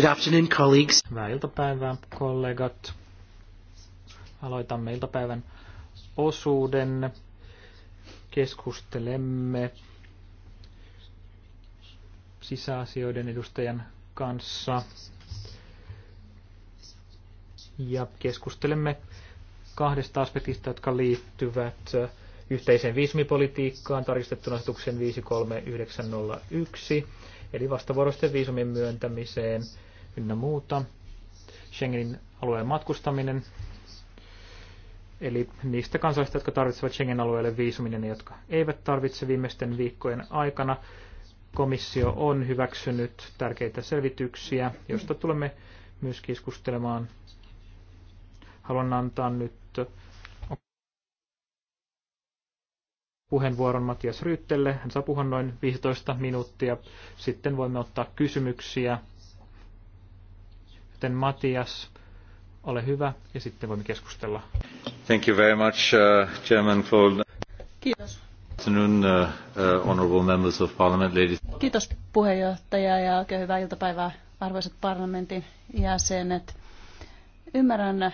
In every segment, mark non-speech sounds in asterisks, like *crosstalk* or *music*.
Good afternoon, colleagues. Hyvää iltapäivää, kollegat. Aloitamme iltapäivän osuuden. Keskustelemme sisäasioiden edustajan kanssa. Ja keskustelemme kahdesta aspektista, jotka liittyvät yhteiseen viisumipolitiikkaan tarkistettuna asetuksen 53901, eli vastavuoroisten viisumin myöntämiseen ynnä muuta. Schengenin alueen matkustaminen, eli niistä kansalaisista, jotka tarvitsevat Schengen-alueelle viisuminen ja jotka eivät tarvitse viimeisten viikkojen aikana. Komissio on hyväksynyt tärkeitä selvityksiä, joista tulemme myös keskustelemaan. Haluan antaa nyt puheenvuoron Matias Ryyttelle. Hän saa puhua noin 15 minuuttia. Sitten voimme ottaa kysymyksiä sitten Matias, ole hyvä ja sitten voimme keskustella. Thank you very much, uh, Chairman Claude. Kiitos. Uh, uh, Kiitos puheenjohtaja ja oikein hyvää iltapäivää arvoisat parlamentin jäsenet. Ymmärrän,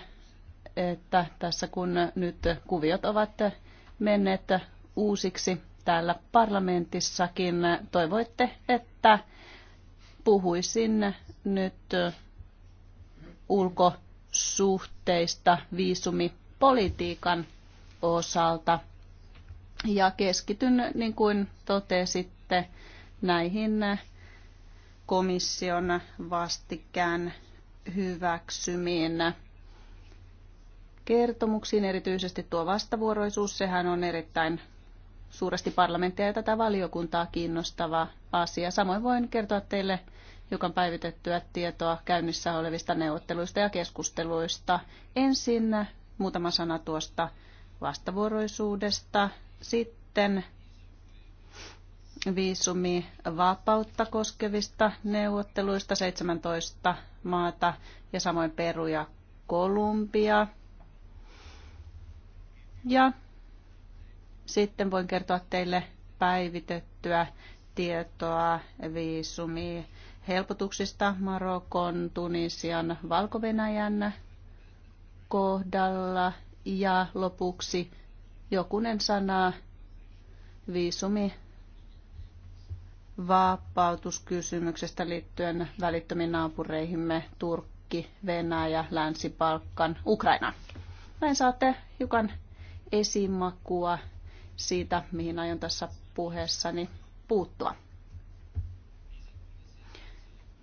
että tässä kun nyt kuviot ovat menneet uusiksi täällä parlamentissakin, toivoitte, että puhuisin nyt ulkosuhteista viisumipolitiikan osalta. Ja keskityn, niin kuin totesitte, näihin komission vastikään hyväksymiin kertomuksiin, erityisesti tuo vastavuoroisuus, sehän on erittäin suuresti parlamenttia ja tätä valiokuntaa kiinnostava asia. Samoin voin kertoa teille hiukan päivitettyä tietoa käynnissä olevista neuvotteluista ja keskusteluista. Ensin muutama sana tuosta vastavuoroisuudesta, sitten viisumi vapautta koskevista neuvotteluista 17 maata ja samoin Peru ja Kolumbia. Ja sitten voin kertoa teille päivitettyä tietoa viisumi helpotuksista Marokon, Tunisian, valko kohdalla. Ja lopuksi jokunen sana viisumi vapautuskysymyksestä liittyen välittömiin naapureihimme Turkki, Venäjä, länsi palkkan Ukraina. Näin saatte hiukan esimakua siitä, mihin aion tässä puheessani puuttua.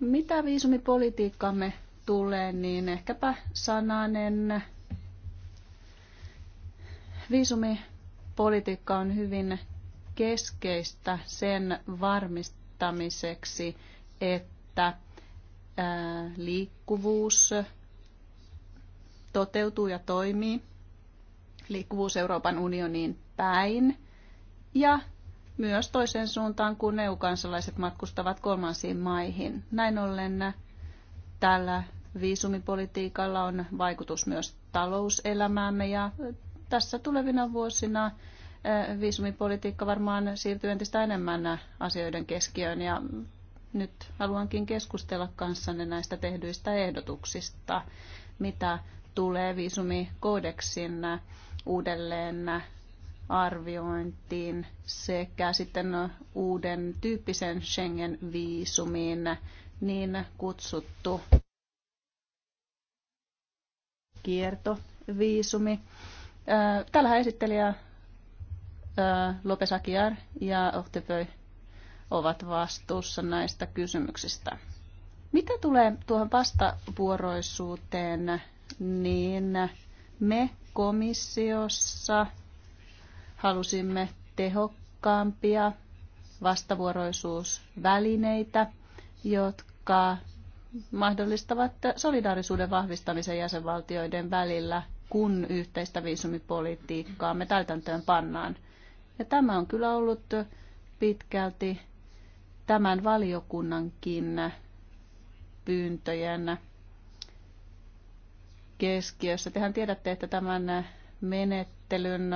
Mitä viisumipolitiikkamme tulee, niin ehkäpä sananen viisumipolitiikka on hyvin keskeistä sen varmistamiseksi, että liikkuvuus toteutuu ja toimii, liikkuvuus Euroopan unioniin päin ja myös toiseen suuntaan, kun EU-kansalaiset matkustavat kolmansiin maihin. Näin ollen tällä viisumipolitiikalla on vaikutus myös talouselämäämme ja tässä tulevina vuosina eh, viisumipolitiikka varmaan siirtyy entistä enemmän asioiden keskiöön ja nyt haluankin keskustella kanssanne näistä tehdyistä ehdotuksista, mitä tulee viisumikodeksin uudelleen arviointiin sekä sitten uuden tyyppisen Schengen-viisumiin niin kutsuttu kiertoviisumi. Tällähän esittelijä Lopes Aguiar ja Ohtepöy ovat vastuussa näistä kysymyksistä. Mitä tulee tuohon vastavuoroisuuteen, niin me komissiossa – Halusimme tehokkaampia vastavuoroisuusvälineitä, jotka mahdollistavat solidaarisuuden vahvistamisen jäsenvaltioiden välillä, kun yhteistä viisumipolitiikkaa me täytäntöön pannaan. Ja tämä on kyllä ollut pitkälti tämän valiokunnankin pyyntöjen keskiössä. Tehän tiedätte, että tämän menettelyn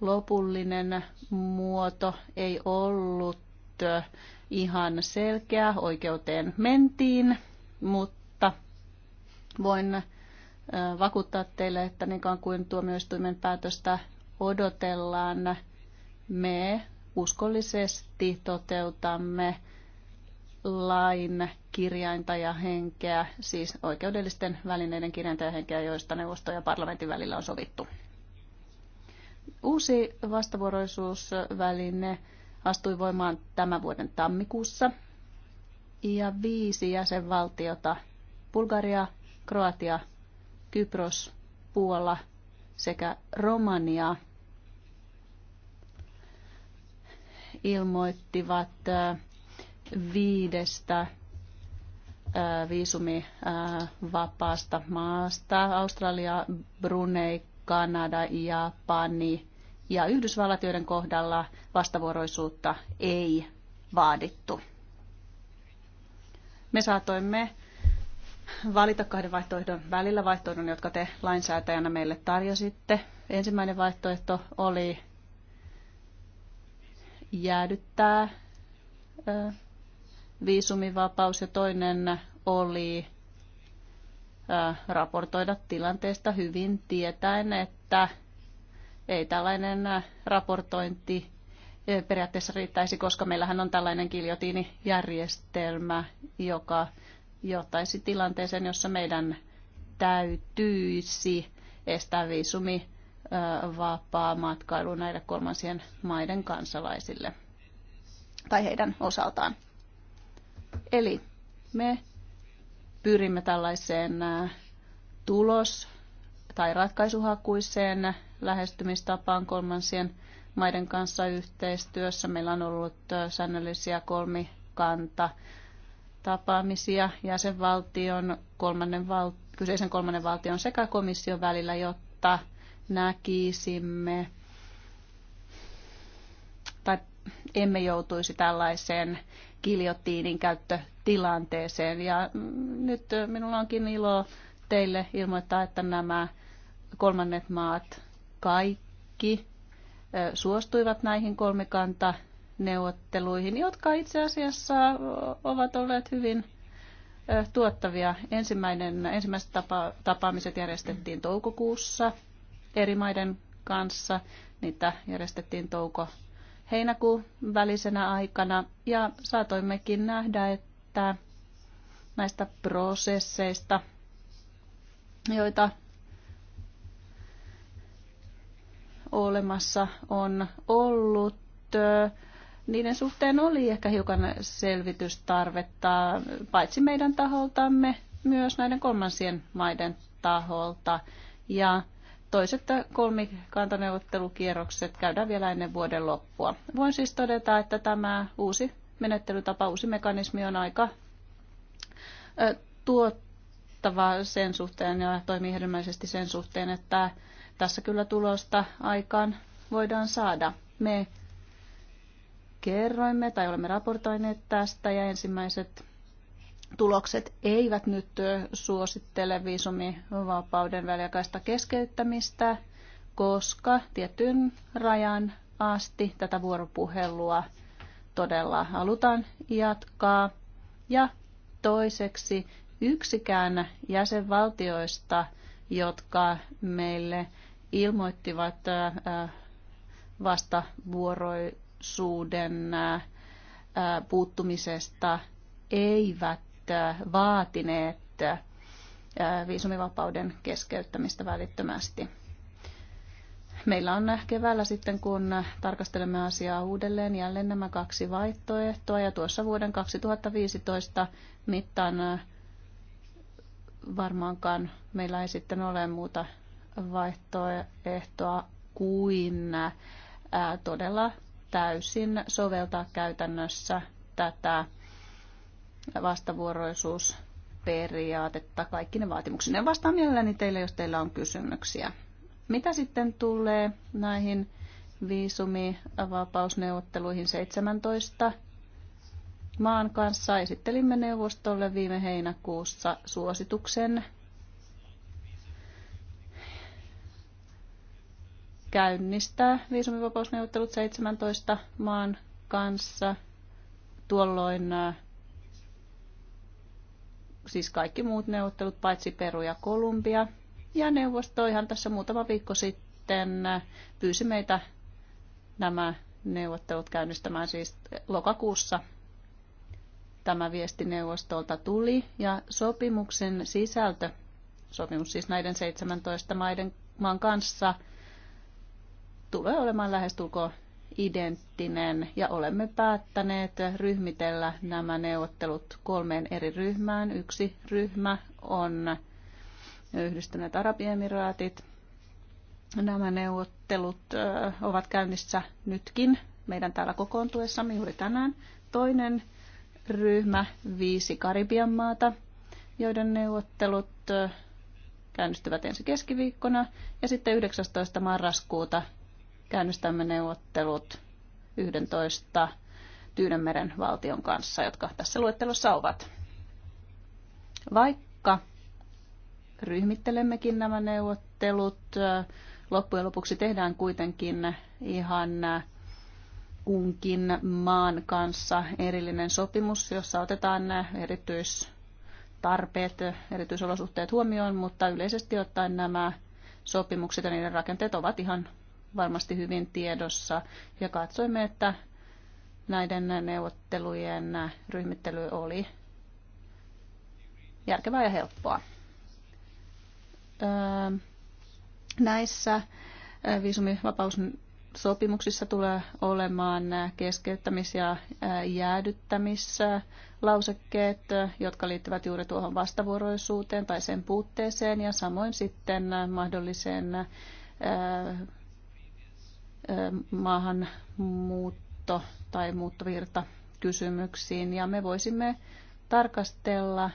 lopullinen muoto ei ollut ihan selkeä. Oikeuteen mentiin, mutta voin vakuuttaa teille, että niin kuin tuomioistuimen päätöstä odotellaan, me uskollisesti toteutamme lain kirjainta ja henkeä, siis oikeudellisten välineiden kirjainta ja henkeä, joista neuvosto ja parlamentin välillä on sovittu. Uusi vastavuoroisuusväline astui voimaan tämän vuoden tammikuussa ja viisi jäsenvaltiota, Bulgaria, Kroatia, Kypros, Puola sekä Romania, ilmoittivat viidestä viisumivapaasta maasta. Australia, Brunei, Kanada, Japani ja Yhdysvallat, joiden kohdalla vastavuoroisuutta ei vaadittu. Me saatoimme valita kahden vaihtoehdon välillä vaihtoehdon, jotka te lainsäätäjänä meille tarjositte. Ensimmäinen vaihtoehto oli jäädyttää viisumivapaus ja toinen oli raportoida tilanteesta hyvin tietäen, että ei tällainen raportointi periaatteessa riittäisi, koska meillähän on tällainen kiljotiinijärjestelmä, joka johtaisi tilanteeseen, jossa meidän täytyisi estää viisumi vapaa matkailu näille kolmansien maiden kansalaisille tai heidän osaltaan. Eli me pyrimme tällaiseen tulos- tai ratkaisuhakuiseen lähestymistapaan kolmansien maiden kanssa yhteistyössä. Meillä on ollut säännöllisiä kolmikanta tapaamisia jäsenvaltion, kolmannen val- kyseisen kolmannen valtion sekä komission välillä, jotta näkisimme tai emme joutuisi tällaiseen giljotiinin käyttötilanteeseen. Ja mm, nyt minulla onkin ilo teille ilmoittaa, että nämä kolmannet maat kaikki suostuivat näihin kolmikanta neuvotteluihin, jotka itse asiassa ovat olleet hyvin tuottavia. Ensimmäinen, ensimmäiset tapa, tapaamiset järjestettiin toukokuussa eri maiden kanssa. Niitä järjestettiin touko heinäkuun välisenä aikana ja saatoimmekin nähdä, että näistä prosesseista, joita olemassa on ollut, niiden suhteen oli ehkä hiukan selvitystarvetta paitsi meidän taholtamme, myös näiden kolmansien maiden taholta. Ja toiset kolmikantaneuvottelukierrokset käydään vielä ennen vuoden loppua. Voin siis todeta, että tämä uusi menettelytapa, uusi mekanismi on aika tuottava sen suhteen ja toimii hedelmällisesti sen suhteen, että tässä kyllä tulosta aikaan voidaan saada. Me kerroimme tai olemme raportoineet tästä ja ensimmäiset tulokset eivät nyt suosittele viisumivapauden väliaikaista keskeyttämistä, koska tietyn rajan asti tätä vuoropuhelua todella halutaan jatkaa. Ja toiseksi yksikään jäsenvaltioista, jotka meille ilmoittivat vastavuoroisuuden puuttumisesta, eivät vaatineet äh, viisumivapauden keskeyttämistä välittömästi. Meillä on keväällä sitten, kun tarkastelemme asiaa uudelleen, jälleen nämä kaksi vaihtoehtoa. Ja tuossa vuoden 2015 mittaan äh, varmaankaan meillä ei sitten ole muuta vaihtoehtoa kuin äh, todella täysin soveltaa käytännössä tätä vastavuoroisuusperiaatetta kaikki ne Ne Vastaan mielelläni teille, jos teillä on kysymyksiä. Mitä sitten tulee näihin viisumivapausneuvotteluihin 17 maan kanssa? Esittelimme neuvostolle viime heinäkuussa suosituksen käynnistää viisumivapausneuvottelut 17 maan kanssa. Tuolloin äh, siis kaikki muut neuvottelut paitsi Peru ja Kolumbia. Ja neuvosto ihan tässä muutama viikko sitten pyysi meitä nämä neuvottelut käynnistämään siis lokakuussa. Tämä viesti neuvostolta tuli ja sopimuksen sisältö, sopimus siis näiden 17 maiden maan kanssa, tulee olemaan lähestulkoon identtinen ja olemme päättäneet ryhmitellä nämä neuvottelut kolmeen eri ryhmään. Yksi ryhmä on Yhdistyneet Arabiemiraatit. Nämä neuvottelut ovat käynnissä nytkin meidän täällä kokoontuessamme juuri tänään. Toinen ryhmä, viisi Karibian maata, joiden neuvottelut käynnistyvät ensi keskiviikkona ja sitten 19. marraskuuta käynnistämme neuvottelut 11 Tyynemeren valtion kanssa, jotka tässä luettelossa ovat. Vaikka ryhmittelemmekin nämä neuvottelut, loppujen lopuksi tehdään kuitenkin ihan kunkin maan kanssa erillinen sopimus, jossa otetaan erityistarpeet, erityisolosuhteet huomioon, mutta yleisesti ottaen nämä sopimukset ja niiden rakenteet ovat ihan varmasti hyvin tiedossa ja katsoimme, että näiden neuvottelujen ryhmittely oli järkevää ja helppoa. Näissä viisumivapaussopimuksissa tulee olemaan keskeyttämis- ja jäädyttämislausekkeet, jotka liittyvät juuri tuohon vastavuoroisuuteen tai sen puutteeseen ja samoin sitten mahdolliseen maahanmuutto- tai muuttovirta kysymyksiin ja me voisimme tarkastella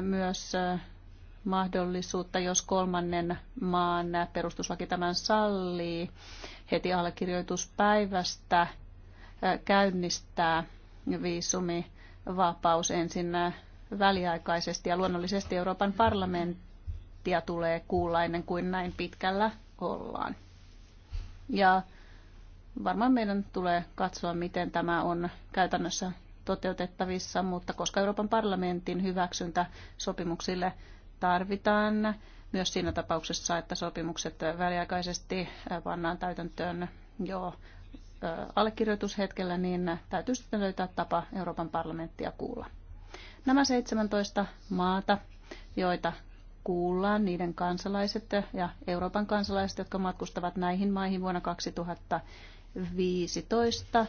myös mahdollisuutta, jos kolmannen maan perustuslaki tämän sallii heti allekirjoituspäivästä käynnistää viisumivapaus ensin väliaikaisesti ja luonnollisesti Euroopan parlamenttia tulee kuulla ennen kuin näin pitkällä ollaan. Ja varmaan meidän tulee katsoa, miten tämä on käytännössä toteutettavissa, mutta koska Euroopan parlamentin hyväksyntä sopimuksille tarvitaan, myös siinä tapauksessa, että sopimukset väliaikaisesti äh, pannaan täytäntöön jo äh, allekirjoitushetkellä, niin täytyy sitten löytää tapa Euroopan parlamenttia kuulla. Nämä 17 maata, joita kuullaan niiden kansalaiset ja Euroopan kansalaiset, jotka matkustavat näihin maihin vuonna 2015,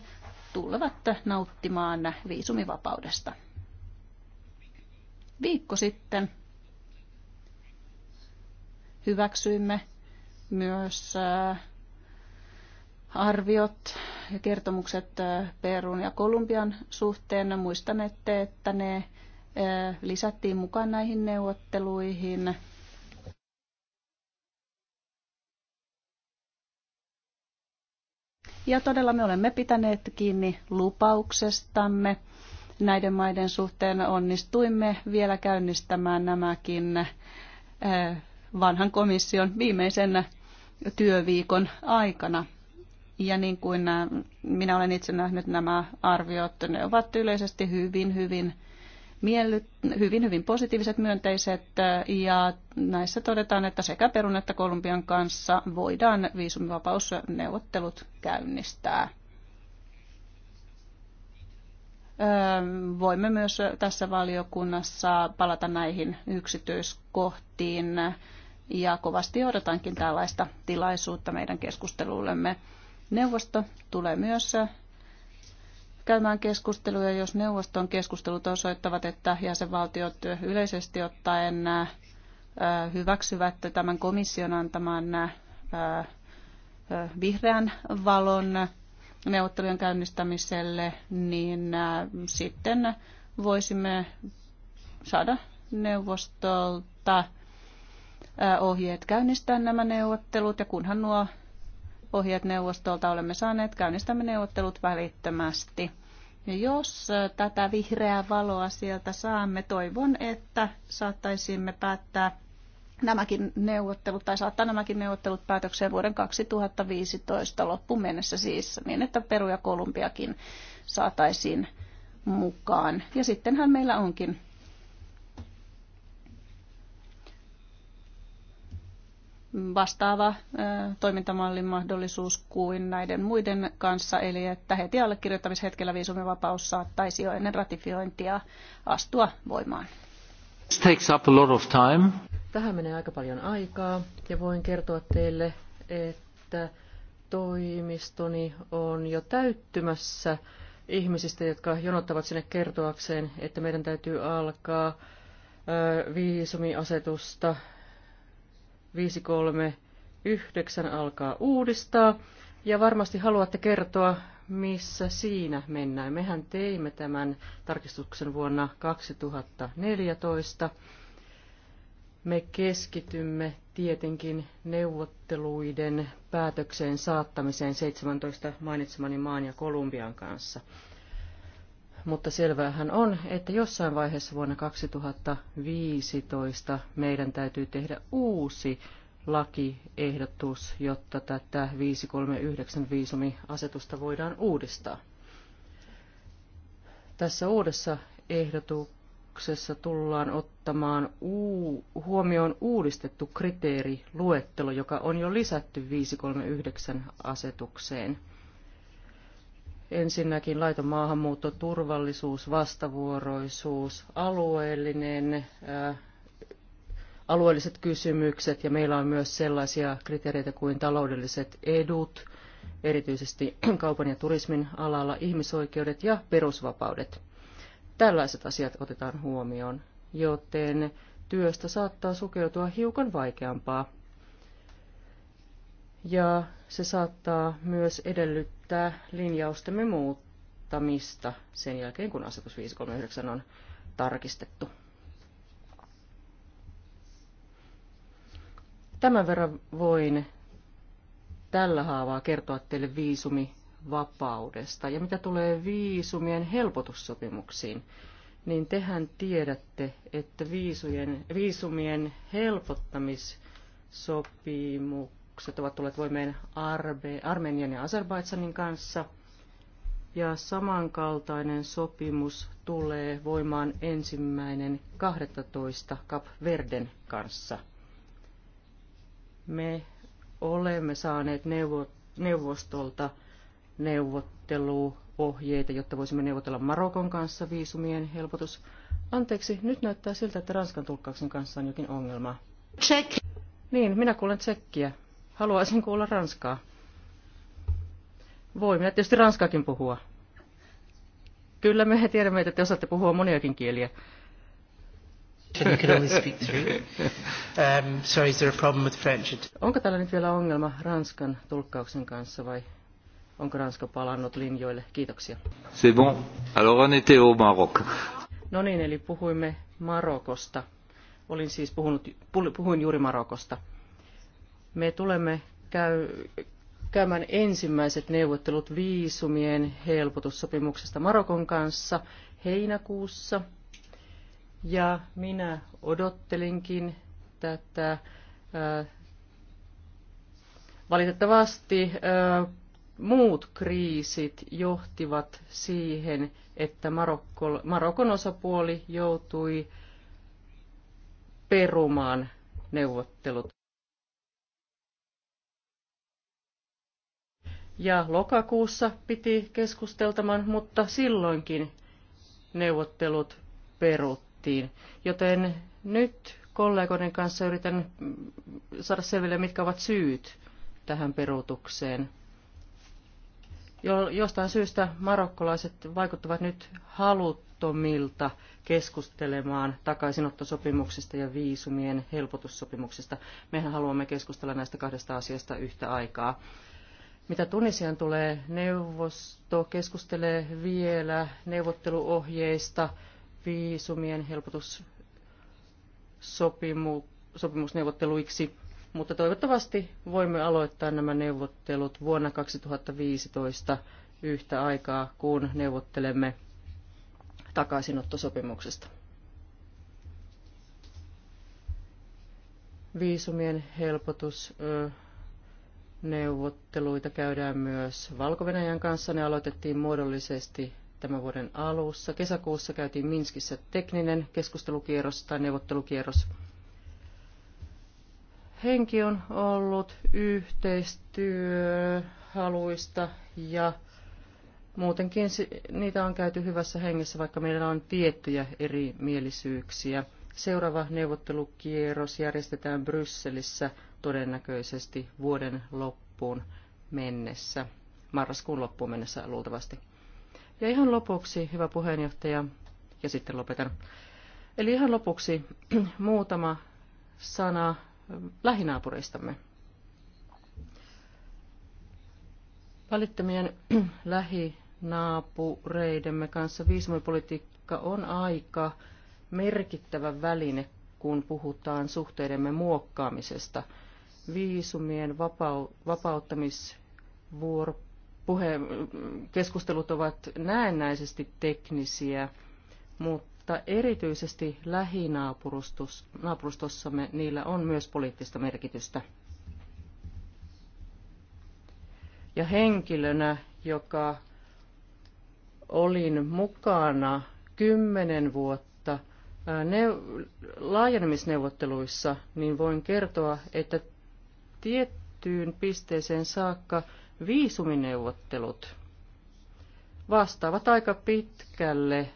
tulevat nauttimaan viisumivapaudesta. Viikko sitten hyväksyimme myös äh, arviot ja kertomukset äh, Perun ja Kolumbian suhteen. Muistanette, että ne lisättiin mukaan näihin neuvotteluihin. Ja todella me olemme pitäneet kiinni lupauksestamme. Näiden maiden suhteen onnistuimme vielä käynnistämään nämäkin vanhan komission viimeisen työviikon aikana. Ja niin kuin minä olen itse nähnyt nämä arviot, ne ovat yleisesti hyvin, hyvin miellyt, hyvin, hyvin positiiviset, myönteiset äh, ja näissä todetaan, että sekä Perun että Kolumbian kanssa voidaan viisumivapausneuvottelut käynnistää. Ähm, voimme myös tässä valiokunnassa palata näihin yksityiskohtiin ja kovasti odotankin tällaista tilaisuutta meidän keskustelullemme. Neuvosto tulee myös käymään keskusteluja, jos neuvoston keskustelut osoittavat, että jäsenvaltiot yleisesti ottaen hyväksyvät tämän komission antaman vihreän valon neuvottelujen käynnistämiselle, niin sitten voisimme saada neuvostolta ohjeet käynnistää nämä neuvottelut ja kunhan nuo ohjeet neuvostolta olemme saaneet, käynnistämme neuvottelut välittömästi. Ja jos tätä vihreää valoa sieltä saamme, toivon, että saattaisimme päättää nämäkin neuvottelut, tai saattaa nämäkin neuvottelut päätökseen vuoden 2015 loppuun mennessä siis, niin että Peru ja Kolumbiakin saataisiin mukaan. Ja sittenhän meillä onkin vastaava toimintamallin mahdollisuus kuin näiden muiden kanssa, eli että heti allekirjoittamishetkellä viisumivapaus saattaisi jo ennen ratifiointia astua voimaan. This takes up a lot of time. Tähän menee aika paljon aikaa ja voin kertoa teille, että toimistoni on jo täyttymässä ihmisistä, jotka jonottavat sinne kertoakseen, että meidän täytyy alkaa viisumiasetusta 539 alkaa uudistaa. Ja varmasti haluatte kertoa, missä siinä mennään. Mehän teimme tämän tarkistuksen vuonna 2014. Me keskitymme tietenkin neuvotteluiden päätökseen saattamiseen 17 mainitsemani maan ja Kolumbian kanssa mutta selväähän on, että jossain vaiheessa vuonna 2015 meidän täytyy tehdä uusi lakiehdotus, jotta tätä 539 viisumiasetusta voidaan uudistaa. Tässä uudessa ehdotuksessa tullaan ottamaan uu, huomioon uudistettu kriteeriluettelo, joka on jo lisätty 539 asetukseen – Ensinnäkin laiton maahanmuutto, turvallisuus, vastavuoroisuus, alueellinen, ää, äh, alueelliset kysymykset ja meillä on myös sellaisia kriteereitä kuin taloudelliset edut, erityisesti *clears throat* kaupan ja turismin alalla, ihmisoikeudet ja perusvapaudet. Tällaiset asiat otetaan huomioon, joten työstä saattaa sukeutua hiukan vaikeampaa. Ja se saattaa myös edellyttää edellyttää linjaustemme muuttamista sen jälkeen, kun asetus 539 on tarkistettu. Tämän verran voin tällä haavaa kertoa teille viisumivapaudesta. Ja mitä tulee viisumien helpotussopimuksiin, niin tehän tiedätte, että viisujen, viisumien helpottamissopimuksia sopimukset ovat tulleet voimeen Armenian ja Azerbaidsanin kanssa. Ja samankaltainen sopimus tulee voimaan ensimmäinen 12. Kap Verden kanssa. Me olemme saaneet neuvostolta neuvotteluohjeita, jotta voisimme neuvotella Marokon kanssa viisumien helpotus. Anteeksi, nyt näyttää siltä, että Ranskan tulkkauksen kanssa on jokin ongelma. Check. Niin, minä kuulen tsekkiä. Haluaisin kuulla ranskaa. Voi minä tietysti ranskaakin puhua. Kyllä me tiedämme, että te osaatte puhua moniakin kieliä. Um, onko täällä nyt vielä ongelma Ranskan tulkkauksen kanssa vai onko Ranska palannut linjoille? Kiitoksia. C'est bon. Alors on était au Maroc. No niin, eli puhuimme Marokosta. Olin siis puhunut, puhuin juuri Marokosta. Me tulemme käy, käymään ensimmäiset neuvottelut viisumien helpotussopimuksesta Marokon kanssa heinäkuussa. Ja minä odottelinkin tätä. valitettavasti muut kriisit johtivat siihen, että Marokko, Marokon osapuoli joutui perumaan neuvottelut. ja lokakuussa piti keskusteltaman, mutta silloinkin neuvottelut peruttiin. Joten nyt kollegoiden kanssa yritän saada selville, mitkä ovat syyt tähän peruutukseen. Jostain syystä marokkolaiset vaikuttavat nyt haluttomilta keskustelemaan takaisinottosopimuksista ja viisumien helpotussopimuksesta. Mehän haluamme keskustella näistä kahdesta asiasta yhtä aikaa. Mitä Tunisian tulee, neuvosto keskustelee vielä neuvotteluohjeista viisumien helpotussopimusneuvotteluiksi, mutta toivottavasti voimme aloittaa nämä neuvottelut vuonna 2015 yhtä aikaa, kun neuvottelemme takaisinottosopimuksesta. Viisumien helpotus Neuvotteluita käydään myös valko kanssa. Ne aloitettiin muodollisesti tämän vuoden alussa. Kesäkuussa käytiin Minskissä tekninen keskustelukierros tai neuvottelukierros. Henki on ollut yhteistyöhaluista ja muutenkin niitä on käyty hyvässä hengessä, vaikka meillä on tiettyjä erimielisyyksiä. mielisyyksiä Seuraava neuvottelukierros järjestetään Brysselissä todennäköisesti vuoden loppuun mennessä, marraskuun loppuun mennessä luultavasti. Ja ihan lopuksi, hyvä puheenjohtaja, ja sitten lopetan. Eli ihan lopuksi *clears throat* muutama sana lähinaapureistamme. Välittömien *clears throat* lähinaapureidemme kanssa viisumipolitiikka on aika merkittävä väline, kun puhutaan suhteidemme muokkaamisesta. Viisumien vapau- puhe- keskustelut ovat näennäisesti teknisiä, mutta erityisesti lähinaapurustossamme niillä on myös poliittista merkitystä. Ja henkilönä, joka olin mukana kymmenen vuotta ne, laajenemisneuvotteluissa, niin voin kertoa, että tiettyyn pisteeseen saakka viisumineuvottelut vastaavat aika pitkälle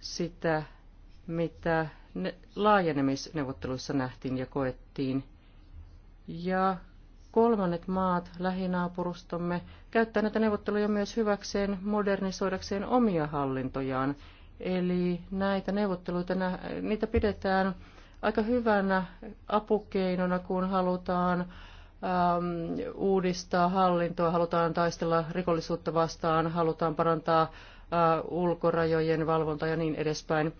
sitä, mitä ne laajenemisneuvotteluissa nähtiin ja koettiin. Ja kolmannet maat lähinaapurustomme käyttää näitä neuvotteluja myös hyväkseen modernisoidakseen omia hallintojaan Eli näitä neuvotteluita, niitä pidetään aika hyvänä apukeinona, kun halutaan äm, uudistaa hallintoa, halutaan taistella rikollisuutta vastaan, halutaan parantaa ä, ulkorajojen valvontaa ja niin edespäin.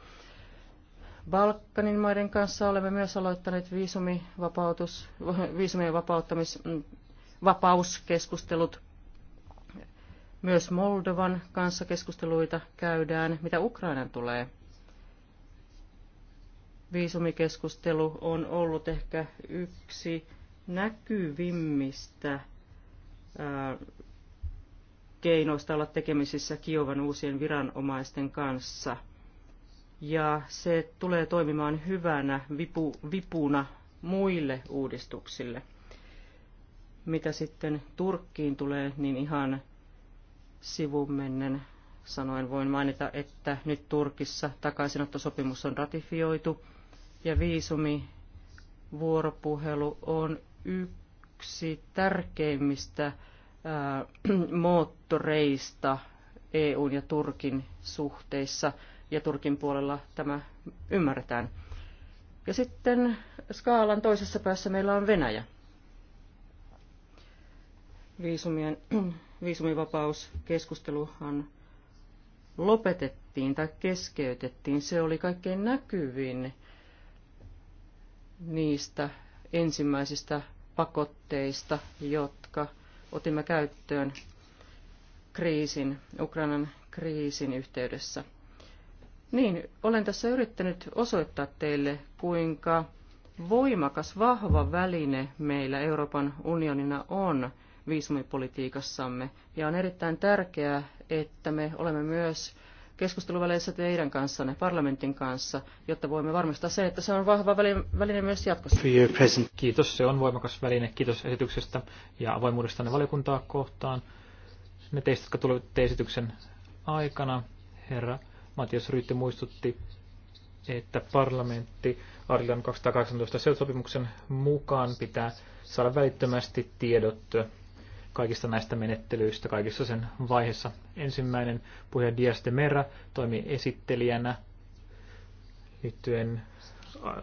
Balkanin maiden kanssa olemme myös aloittaneet viisumivapautus, viisumien vapauttamis, mm, vapauskeskustelut myös Moldovan kanssa keskusteluita käydään. Mitä Ukrainan tulee? Viisumikeskustelu on ollut ehkä yksi näkyvimmistä ää, keinoista olla tekemisissä Kiovan uusien viranomaisten kanssa. Ja se tulee toimimaan hyvänä vipu, vipuna muille uudistuksille. Mitä sitten Turkkiin tulee, niin ihan sivuun mennen sanoen voin mainita, että nyt Turkissa takaisinottosopimus on ratifioitu ja viisumi vuoropuhelu on yksi tärkeimmistä ää, äh, *clears throat* moottoreista EUn ja Turkin suhteissa ja Turkin puolella tämä ymmärretään. Ja sitten skaalan toisessa päässä meillä on Venäjä. Viisumien viisumivapauskeskusteluhan lopetettiin tai keskeytettiin. Se oli kaikkein näkyvin niistä ensimmäisistä pakotteista, jotka otimme käyttöön kriisin, Ukrainan kriisin yhteydessä. Niin, olen tässä yrittänyt osoittaa teille, kuinka voimakas, vahva väline meillä Euroopan unionina on viisumipolitiikassamme. Ja on erittäin tärkeää, että me olemme myös keskusteluväleissä teidän kanssanne, parlamentin kanssa, jotta voimme varmistaa se, että se on vahva väline myös jatkossa. Kiitos, se on voimakas väline. Kiitos esityksestä ja avoimuudestanne valiokuntaa kohtaan. Ne teistä, jotka tulevat esityksen aikana, herra Matias Ryytti muistutti, että parlamentti arjan 218 sopimuksen mukaan pitää saada välittömästi tiedot kaikista näistä menettelyistä kaikissa sen vaiheessa. Ensimmäinen puhe Dias de Mera toimi esittelijänä liittyen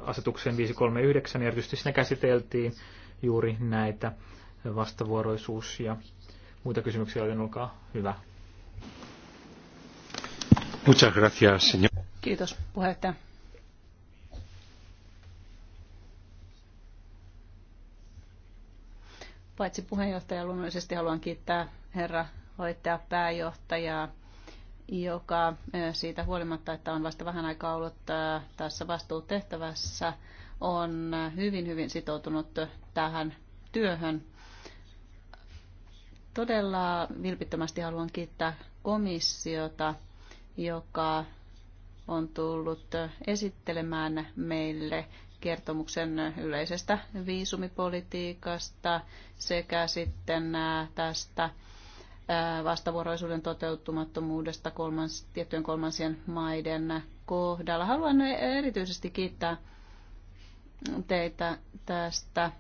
asetukseen 539 ja erityisesti siinä käsiteltiin juuri näitä vastavuoroisuus ja muita kysymyksiä, joten olkaa hyvä. Muchas gracias, señor. Kiitos puheenjohtaja. Paitsi puheenjohtaja luonnollisesti haluan kiittää herra hoitaja pääjohtajaa, joka siitä huolimatta, että on vasta vähän aikaa ollut tässä vastuutehtävässä, on hyvin, hyvin sitoutunut tähän työhön. Todella vilpittömästi haluan kiittää komissiota, joka on tullut esittelemään meille kertomuksen yleisestä viisumipolitiikasta sekä sitten tästä vastavuoroisuuden toteutumattomuudesta kolmans, tiettyjen kolmansien maiden kohdalla. Haluan erityisesti kiittää teitä tästä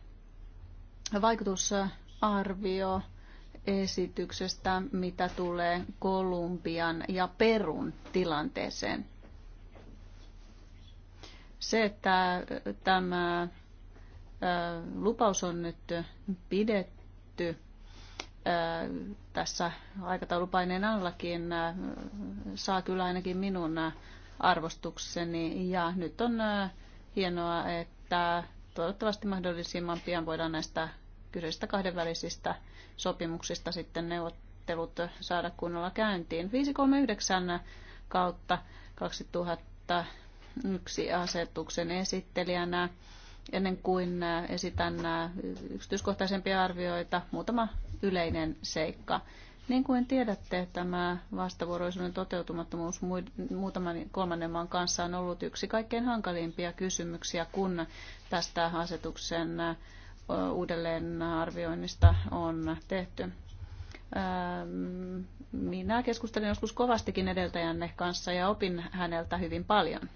vaikutusarvio esityksestä, mitä tulee Kolumbian ja Perun tilanteeseen. Se, että äh, tämä äh, lupaus on nyt pidetty äh, tässä aikataulupaineen allakin, saa kyllä ainakin minun arvostukseni. Ja nyt on hienoa, että toivottavasti mahdollisimman pian voidaan näistä kyseisistä kahdenvälisistä sopimuksista sitten neuvottelut saada kunnolla käyntiin. 539 kautta 2000 yksi asetuksen esittelijänä. Ennen kuin esitän yksityiskohtaisempia arvioita, muutama yleinen seikka. Niin kuin tiedätte, tämä vastavuoroisuuden toteutumattomuus muutaman kolmannen maan kanssa on ollut yksi kaikkein hankalimpia kysymyksiä, kun tästä asetuksen uudelleenarvioinnista on tehty. Minä keskustelin joskus kovastikin edeltäjänne kanssa ja opin häneltä hyvin paljon.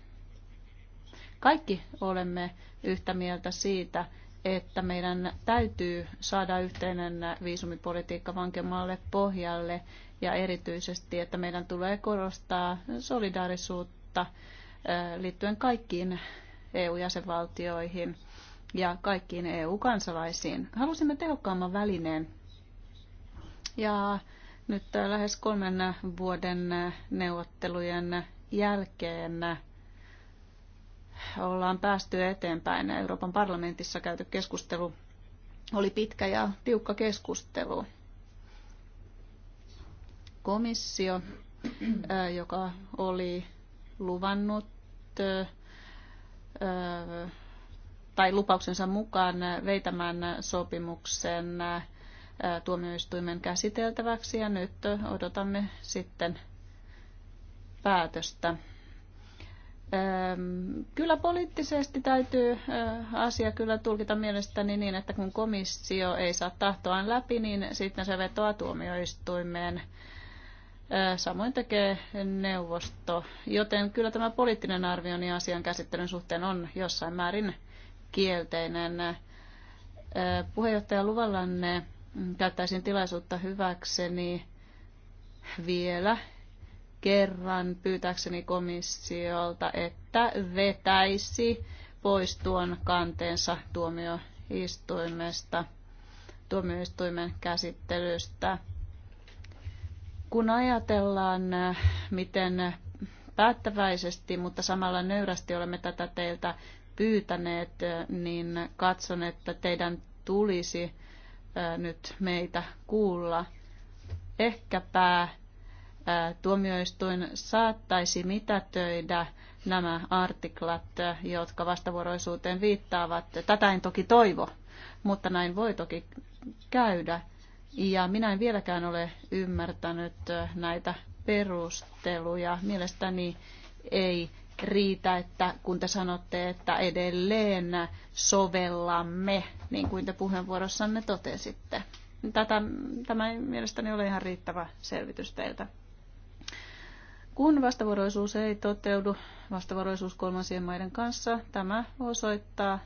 Kaikki olemme yhtä mieltä siitä, että meidän täytyy saada yhteinen viisumipolitiikka vankemmalle pohjalle ja erityisesti, että meidän tulee korostaa solidaarisuutta liittyen kaikkiin EU-jäsenvaltioihin ja kaikkiin EU-kansalaisiin. Halusimme tehokkaamman välineen ja nyt lähes kolmen vuoden neuvottelujen jälkeen ollaan päästy eteenpäin. Euroopan parlamentissa käyty keskustelu oli pitkä ja tiukka keskustelu. Komissio, joka oli luvannut tai lupauksensa mukaan veitämään sopimuksen tuomioistuimen käsiteltäväksi ja nyt odotamme sitten päätöstä. Kyllä poliittisesti täytyy asia kyllä tulkita mielestäni niin, että kun komissio ei saa tahtoaan läpi, niin sitten se vetoa tuomioistuimeen. Samoin tekee neuvosto, joten kyllä tämä poliittinen arvioni niin asian käsittelyn suhteen on jossain määrin kielteinen. Puheenjohtaja Luvallanne mm, käyttäisin tilaisuutta hyväkseni vielä kerran pyytäkseni komissiolta, että vetäisi pois tuon kanteensa tuomioistuimesta, tuomioistuimen käsittelystä. Kun ajatellaan, miten päättäväisesti, mutta samalla nöyrästi olemme tätä teiltä pyytäneet, niin katson, että teidän tulisi nyt meitä kuulla. Ehkäpä tuomioistuin saattaisi mitätöidä nämä artiklat, jotka vastavuoroisuuteen viittaavat. Tätä en toki toivo, mutta näin voi toki käydä. Ja minä en vieläkään ole ymmärtänyt näitä perusteluja. Mielestäni ei riitä, että kun te sanotte, että edelleen sovellamme, niin kuin te puheenvuorossanne totesitte. Tätä, tämä ei mielestäni ole ihan riittävä selvitys teiltä. Kun vastavuoroisuus ei toteudu, vastavuoroisuus kolmansien maiden kanssa, tämä osoittaa,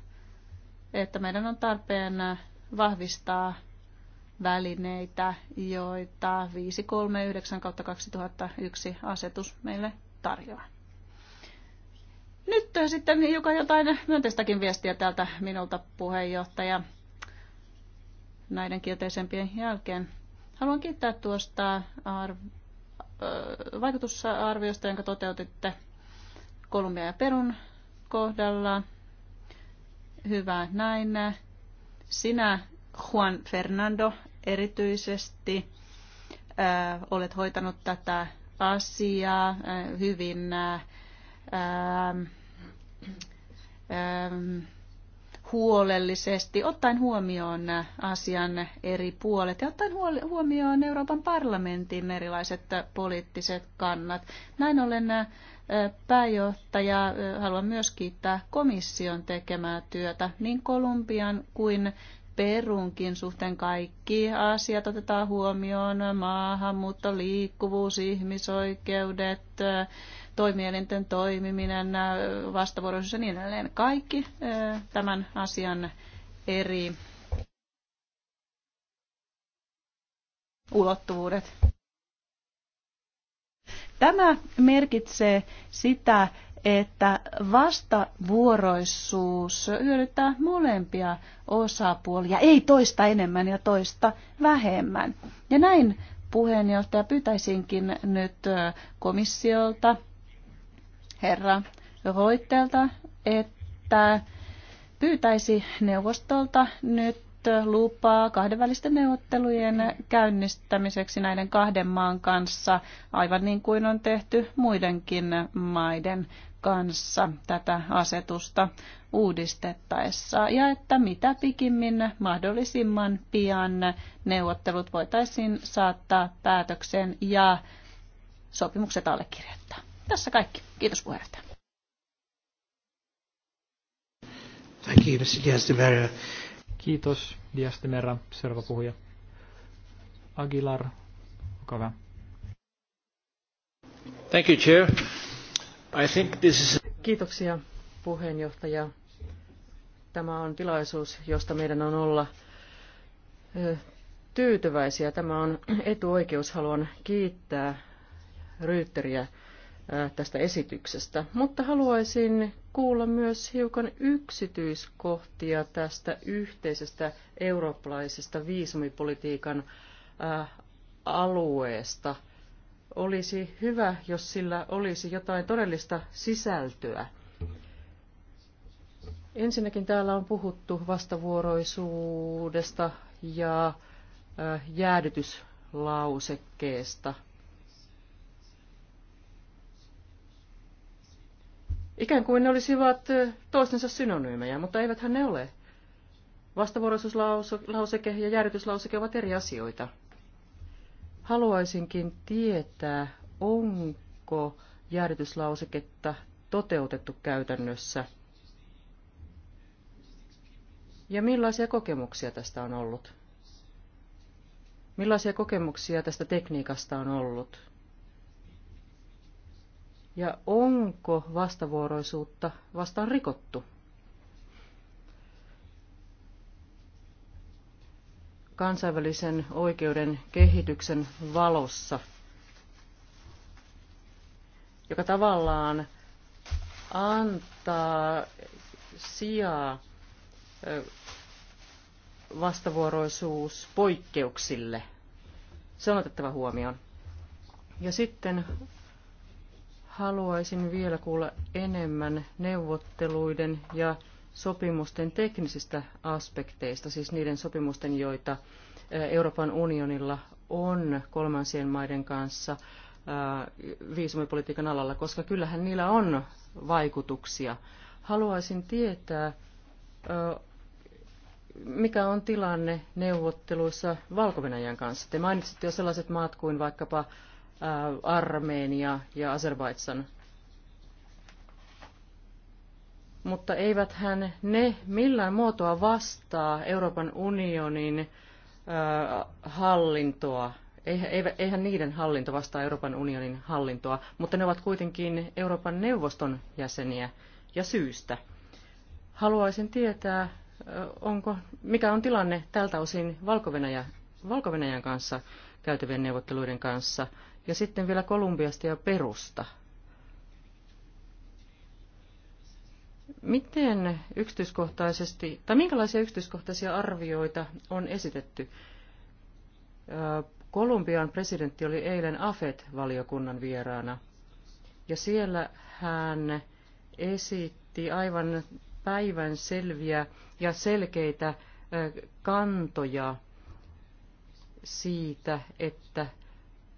että meidän on tarpeen vahvistaa välineitä, joita 539-2001 asetus meille tarjoaa. Nyt sitten joka jotain myönteistäkin viestiä täältä minulta puheenjohtaja näiden kielteisempien jälkeen. Haluan kiittää tuosta arv- vaikutusarviosta, jonka toteutitte Kolumbia ja Perun kohdalla. Hyvä näin. Sinä, Juan Fernando, erityisesti olet hoitanut tätä asiaa hyvin Ö, ö, huolellisesti, ottaen huomioon asian eri puolet ja ottaen huomioon Euroopan parlamentin erilaiset poliittiset kannat. Näin ollen pääjohtaja, haluan myös kiittää komission tekemää työtä niin Kolumbian kuin Perunkin suhteen kaikki asiat otetaan huomioon, maahanmuutto, liikkuvuus, ihmisoikeudet, toimielinten toimiminen, äh, vastavuoroisuus ja niin edelleen. Kaikki äh, tämän asian eri ulottuvuudet. Tämä merkitsee sitä, että vastavuoroisuus hyödyttää molempia osapuolia, ei toista enemmän ja toista vähemmän. Ja näin puheenjohtaja pyytäisinkin nyt äh, komissiolta herra Hoittelta, että pyytäisi neuvostolta nyt lupaa kahdenvälisten neuvottelujen käynnistämiseksi näiden kahden maan kanssa, aivan niin kuin on tehty muidenkin maiden kanssa tätä asetusta uudistettaessa, ja että mitä pikimmin mahdollisimman pian neuvottelut voitaisiin saattaa päätökseen ja sopimukset allekirjoittaa. Tässä kaikki. Kiitos puheenjohtaja. Kiitos Diastimera. Kiitos, Diastimera. seuraava puhuja. Aguilar, olkaa hyvä. Thank you, Chair. I think this is... Kiitoksia, puheenjohtaja. Tämä on tilaisuus, josta meidän on olla tyytyväisiä. Tämä on etuoikeus. Haluan kiittää Ryytteriä tästä esityksestä, mutta haluaisin kuulla myös hiukan yksityiskohtia tästä yhteisestä eurooppalaisesta viisumipolitiikan alueesta. Olisi hyvä, jos sillä olisi jotain todellista sisältöä. Ensinnäkin täällä on puhuttu vastavuoroisuudesta ja jäädytyslausekkeesta – Ikään kuin ne olisivat toistensa synonyymejä, mutta eiväthän ne ole. Vastavuoroisuuslauseke ja jäädytyslauseke ovat eri asioita. Haluaisinkin tietää, onko jäädytyslauseketta toteutettu käytännössä ja millaisia kokemuksia tästä on ollut. Millaisia kokemuksia tästä tekniikasta on ollut? ja onko vastavuoroisuutta vastaan rikottu? Kansainvälisen oikeuden kehityksen valossa, joka tavallaan antaa sijaa vastavuoroisuus poikkeuksille. Se on otettava huomioon. Ja sitten haluaisin vielä kuulla enemmän neuvotteluiden ja sopimusten teknisistä aspekteista, siis niiden sopimusten, joita Euroopan unionilla on kolmansien maiden kanssa viisumipolitiikan alalla, koska kyllähän niillä on vaikutuksia. Haluaisin tietää, mikä on tilanne neuvotteluissa valko kanssa. Te mainitsitte jo sellaiset maat kuin vaikkapa Äh, Armeenia ja Azerbaidsan. Mutta eivät hän ne millään muotoa vastaa Euroopan unionin äh, hallintoa. Eihän niiden hallinto vastaa Euroopan unionin hallintoa, mutta ne ovat kuitenkin Euroopan neuvoston jäseniä ja syystä. Haluaisin tietää, äh, onko, mikä on tilanne tältä osin Valko-Venäjän Valko kanssa käytävien neuvotteluiden kanssa ja sitten vielä Kolumbiasta ja Perusta. Miten yksityiskohtaisesti, tai minkälaisia yksityiskohtaisia arvioita on esitetty? Kolumbian presidentti oli eilen AFET-valiokunnan vieraana, ja siellä hän esitti aivan päivän selviä ja selkeitä kantoja siitä, että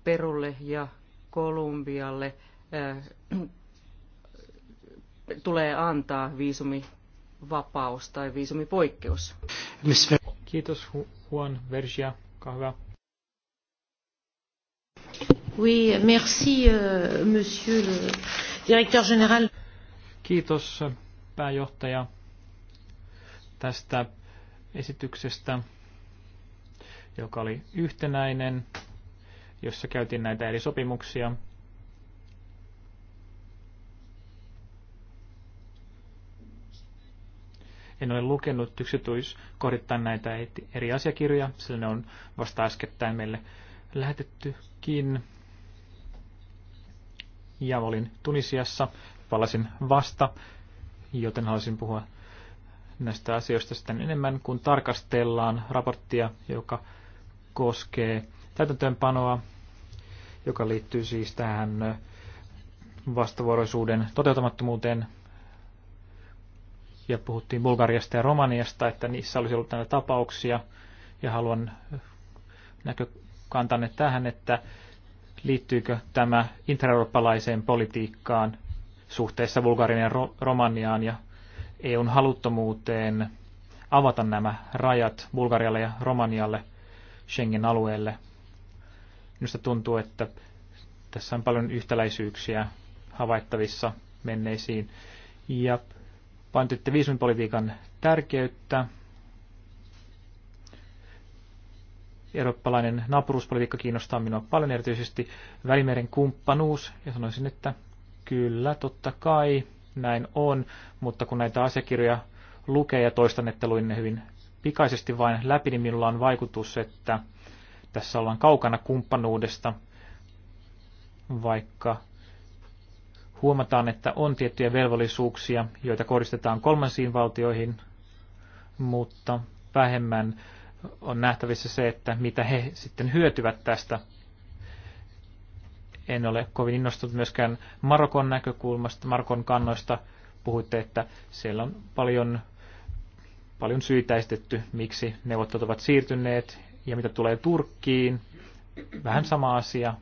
Perulle ja Kolumbialle äh, tulee antaa viisumivapaus tai viisumipoikkeus. Kiitos Juan Vergia, kahva. hyvä. Oui, merci, euh, monsieur le directeur général. Kiitos pääjohtaja tästä esityksestä, joka oli yhtenäinen jossa käytiin näitä eri sopimuksia. En ole lukenut yksityiskohdittain näitä eri asiakirjoja, sillä ne on vasta äskettäin meille lähetettykin. Ja olin Tunisiassa, palasin vasta, joten haluaisin puhua näistä asioista sitten enemmän, kun tarkastellaan raporttia, joka koskee täytäntöönpanoa, joka liittyy siis tähän vastavuoroisuuden toteutamattomuuteen. Ja puhuttiin Bulgariasta ja Romaniasta, että niissä olisi ollut näitä tapauksia. Ja haluan näkökantanne tähän, että liittyykö tämä intraeurooppalaiseen politiikkaan suhteessa Bulgarian ja Romaniaan ja EUn haluttomuuteen avata nämä rajat Bulgarialle ja Romanialle Schengen-alueelle. Minusta tuntuu, että tässä on paljon yhtäläisyyksiä havaittavissa menneisiin. Ja painotitte viisumipolitiikan tärkeyttä. Eurooppalainen naapuruuspolitiikka kiinnostaa minua paljon, erityisesti Välimeren kumppanuus. Ja sanoisin, että kyllä, totta kai, näin on, mutta kun näitä asiakirjoja lukee ja toistan, että luin ne hyvin pikaisesti vain läpi, niin minulla on vaikutus, että tässä ollaan kaukana kumppanuudesta, vaikka huomataan, että on tiettyjä velvollisuuksia, joita kohdistetaan kolmansiin valtioihin, mutta vähemmän on nähtävissä se, että mitä he sitten hyötyvät tästä. En ole kovin innostunut myöskään Marokon näkökulmasta, Marokon kannoista. Puhuitte, että siellä on paljon, paljon syitä esitetty, miksi neuvottelut ovat siirtyneet ja mitä tulee Turkkiin, vähän sama asia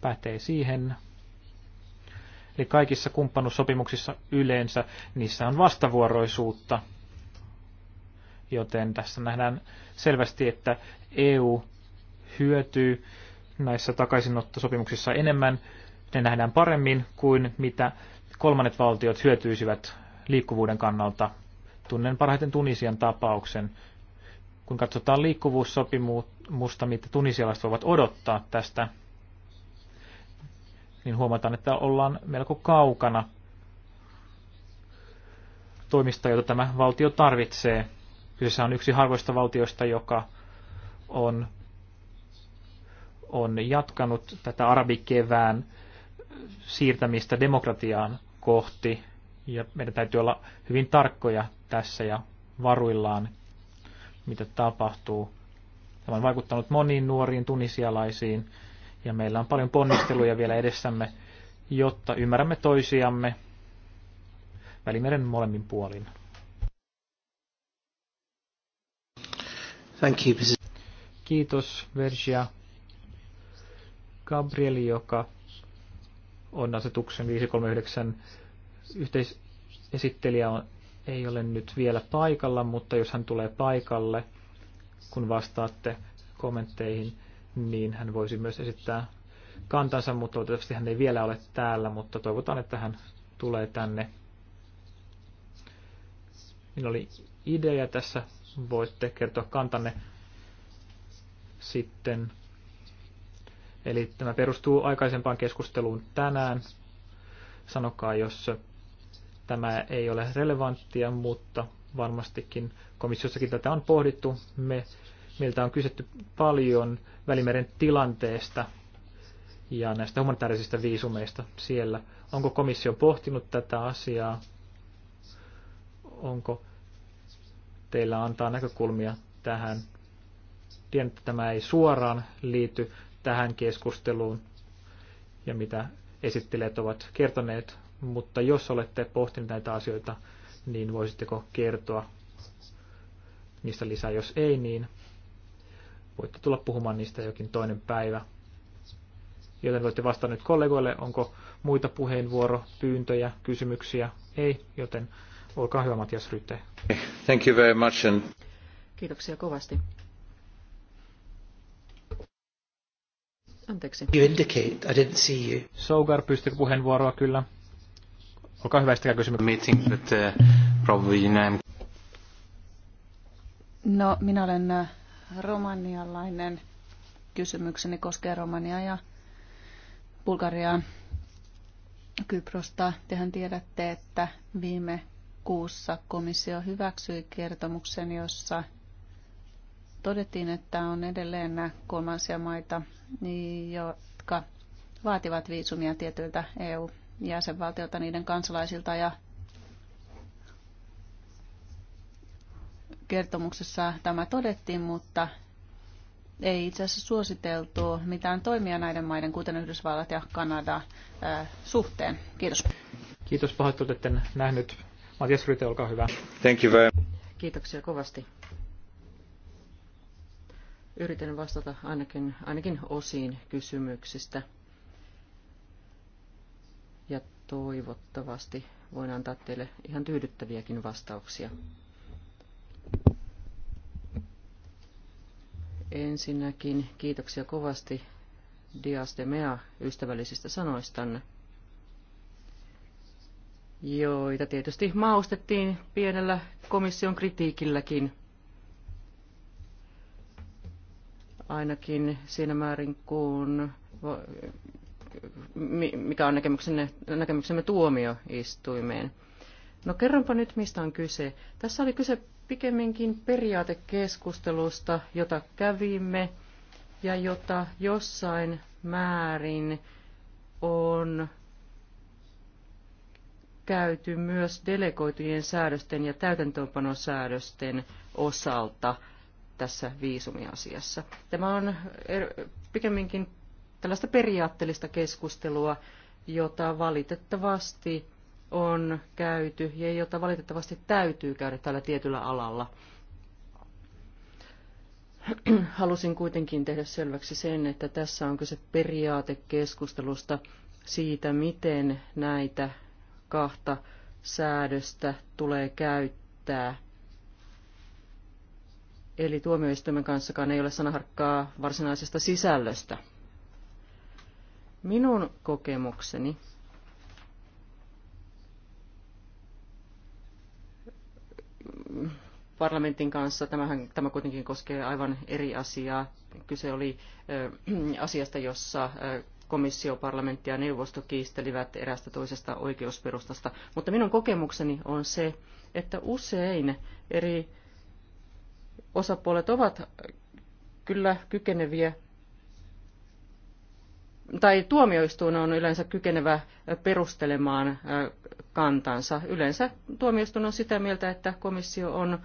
pätee siihen. Eli kaikissa kumppanuussopimuksissa yleensä niissä on vastavuoroisuutta, joten tässä nähdään selvästi, että EU hyötyy näissä takaisinottosopimuksissa enemmän, ne nähdään paremmin kuin mitä kolmannet valtiot hyötyisivät liikkuvuuden kannalta. Tunnen parhaiten Tunisian tapauksen, kun katsotaan liikkuvuussopimusta, mitä tunisialaiset voivat odottaa tästä, niin huomataan, että ollaan melko kaukana toimista, joita tämä valtio tarvitsee. Kyseessä on yksi harvoista valtioista, joka on, on jatkanut tätä arabikevään siirtämistä demokratiaan kohti. Ja meidän täytyy olla hyvin tarkkoja tässä ja varuillaan mitä tapahtuu. Tämä on vaikuttanut moniin nuoriin tunisialaisiin ja meillä on paljon ponnisteluja vielä edessämme, jotta ymmärrämme toisiamme Välimeren molemmin puolin. Thank you. Kiitos Vergia. Gabrieli, joka on asetuksen 539 yhteisesittelijä, on ei ole nyt vielä paikalla, mutta jos hän tulee paikalle, kun vastaatte kommentteihin, niin hän voisi myös esittää kantansa, mutta toivottavasti hän ei vielä ole täällä, mutta toivotaan, että hän tulee tänne. Minulla oli idea tässä, voitte kertoa kantanne sitten. Eli tämä perustuu aikaisempaan keskusteluun tänään. Sanokaa, jos Tämä ei ole relevanttia, mutta varmastikin komissiossakin tätä on pohdittu. Me, meiltä on kysytty paljon Välimeren tilanteesta ja näistä humanitaarisista viisumeista siellä. Onko komissio pohtinut tätä asiaa? Onko teillä antaa näkökulmia tähän? Tiedän, että tämä ei suoraan liity tähän keskusteluun ja mitä esittelijät ovat kertoneet mutta jos olette pohtineet näitä asioita, niin voisitteko kertoa niistä lisää. Jos ei, niin voitte tulla puhumaan niistä jokin toinen päivä. Joten voitte vastata nyt kollegoille, onko muita puheenvuoropyyntöjä, kysymyksiä. Ei, joten olkaa hyvä Matias Rytte. Thank you very much. And... Kiitoksia kovasti. Anteeksi. You indicate, I didn't see you. Sogar, pystykö puheenvuoroa kyllä? Olkaa hyvä, estäkää kysymyksiä. Uh, no, minä olen äh, romanialainen. Kysymykseni koskee Romania ja Bulgariaa. Kyprosta. Tehän tiedätte, että viime kuussa komissio hyväksyi kertomuksen, jossa todettiin, että on edelleen kolmansia maita, jotka vaativat viisumia tietyiltä EU- jäsenvaltiota niiden kansalaisilta ja kertomuksessa tämä todettiin, mutta ei itse asiassa suositeltu mitään toimia näiden maiden, kuten Yhdysvallat ja Kanada, suhteen. Kiitos. Kiitos pahoittelut, että en nähnyt. Matias Ryte, olkaa hyvä. Thank you very Kiitoksia kovasti. Yritän vastata ainakin, ainakin osiin kysymyksistä ja toivottavasti voin antaa teille ihan tyydyttäviäkin vastauksia. Ensinnäkin kiitoksia kovasti Dias de Mea ystävällisistä sanoistanne, joita tietysti maustettiin pienellä komission kritiikilläkin. Ainakin siinä määrin, kun mikä on näkemyksenne, näkemyksemme tuomioistuimeen. No kerronpa nyt, mistä on kyse. Tässä oli kyse pikemminkin periaatekeskustelusta, jota kävimme ja jota jossain määrin on käyty myös delegoitujen säädösten ja täytäntöönpanosäädösten osalta tässä viisumiasiassa. Tämä on er, pikemminkin tällaista periaatteellista keskustelua, jota valitettavasti on käyty ja jota valitettavasti täytyy käydä tällä tietyllä alalla. Halusin kuitenkin tehdä selväksi sen, että tässä on kyse periaatekeskustelusta siitä, miten näitä kahta säädöstä tulee käyttää. Eli tuomioistuimen kanssakaan ei ole sanaharkkaa varsinaisesta sisällöstä. Minun kokemukseni parlamentin kanssa, tämähän, tämä kuitenkin koskee aivan eri asiaa. Kyse oli äh, asiasta, jossa äh, komissio, parlamentti ja neuvosto kiistelivät erästä toisesta oikeusperustasta. Mutta minun kokemukseni on se, että usein eri osapuolet ovat kyllä kykeneviä tai tuomioistuin on yleensä kykenevä perustelemaan kantansa. Yleensä tuomioistuin on sitä mieltä, että komissio on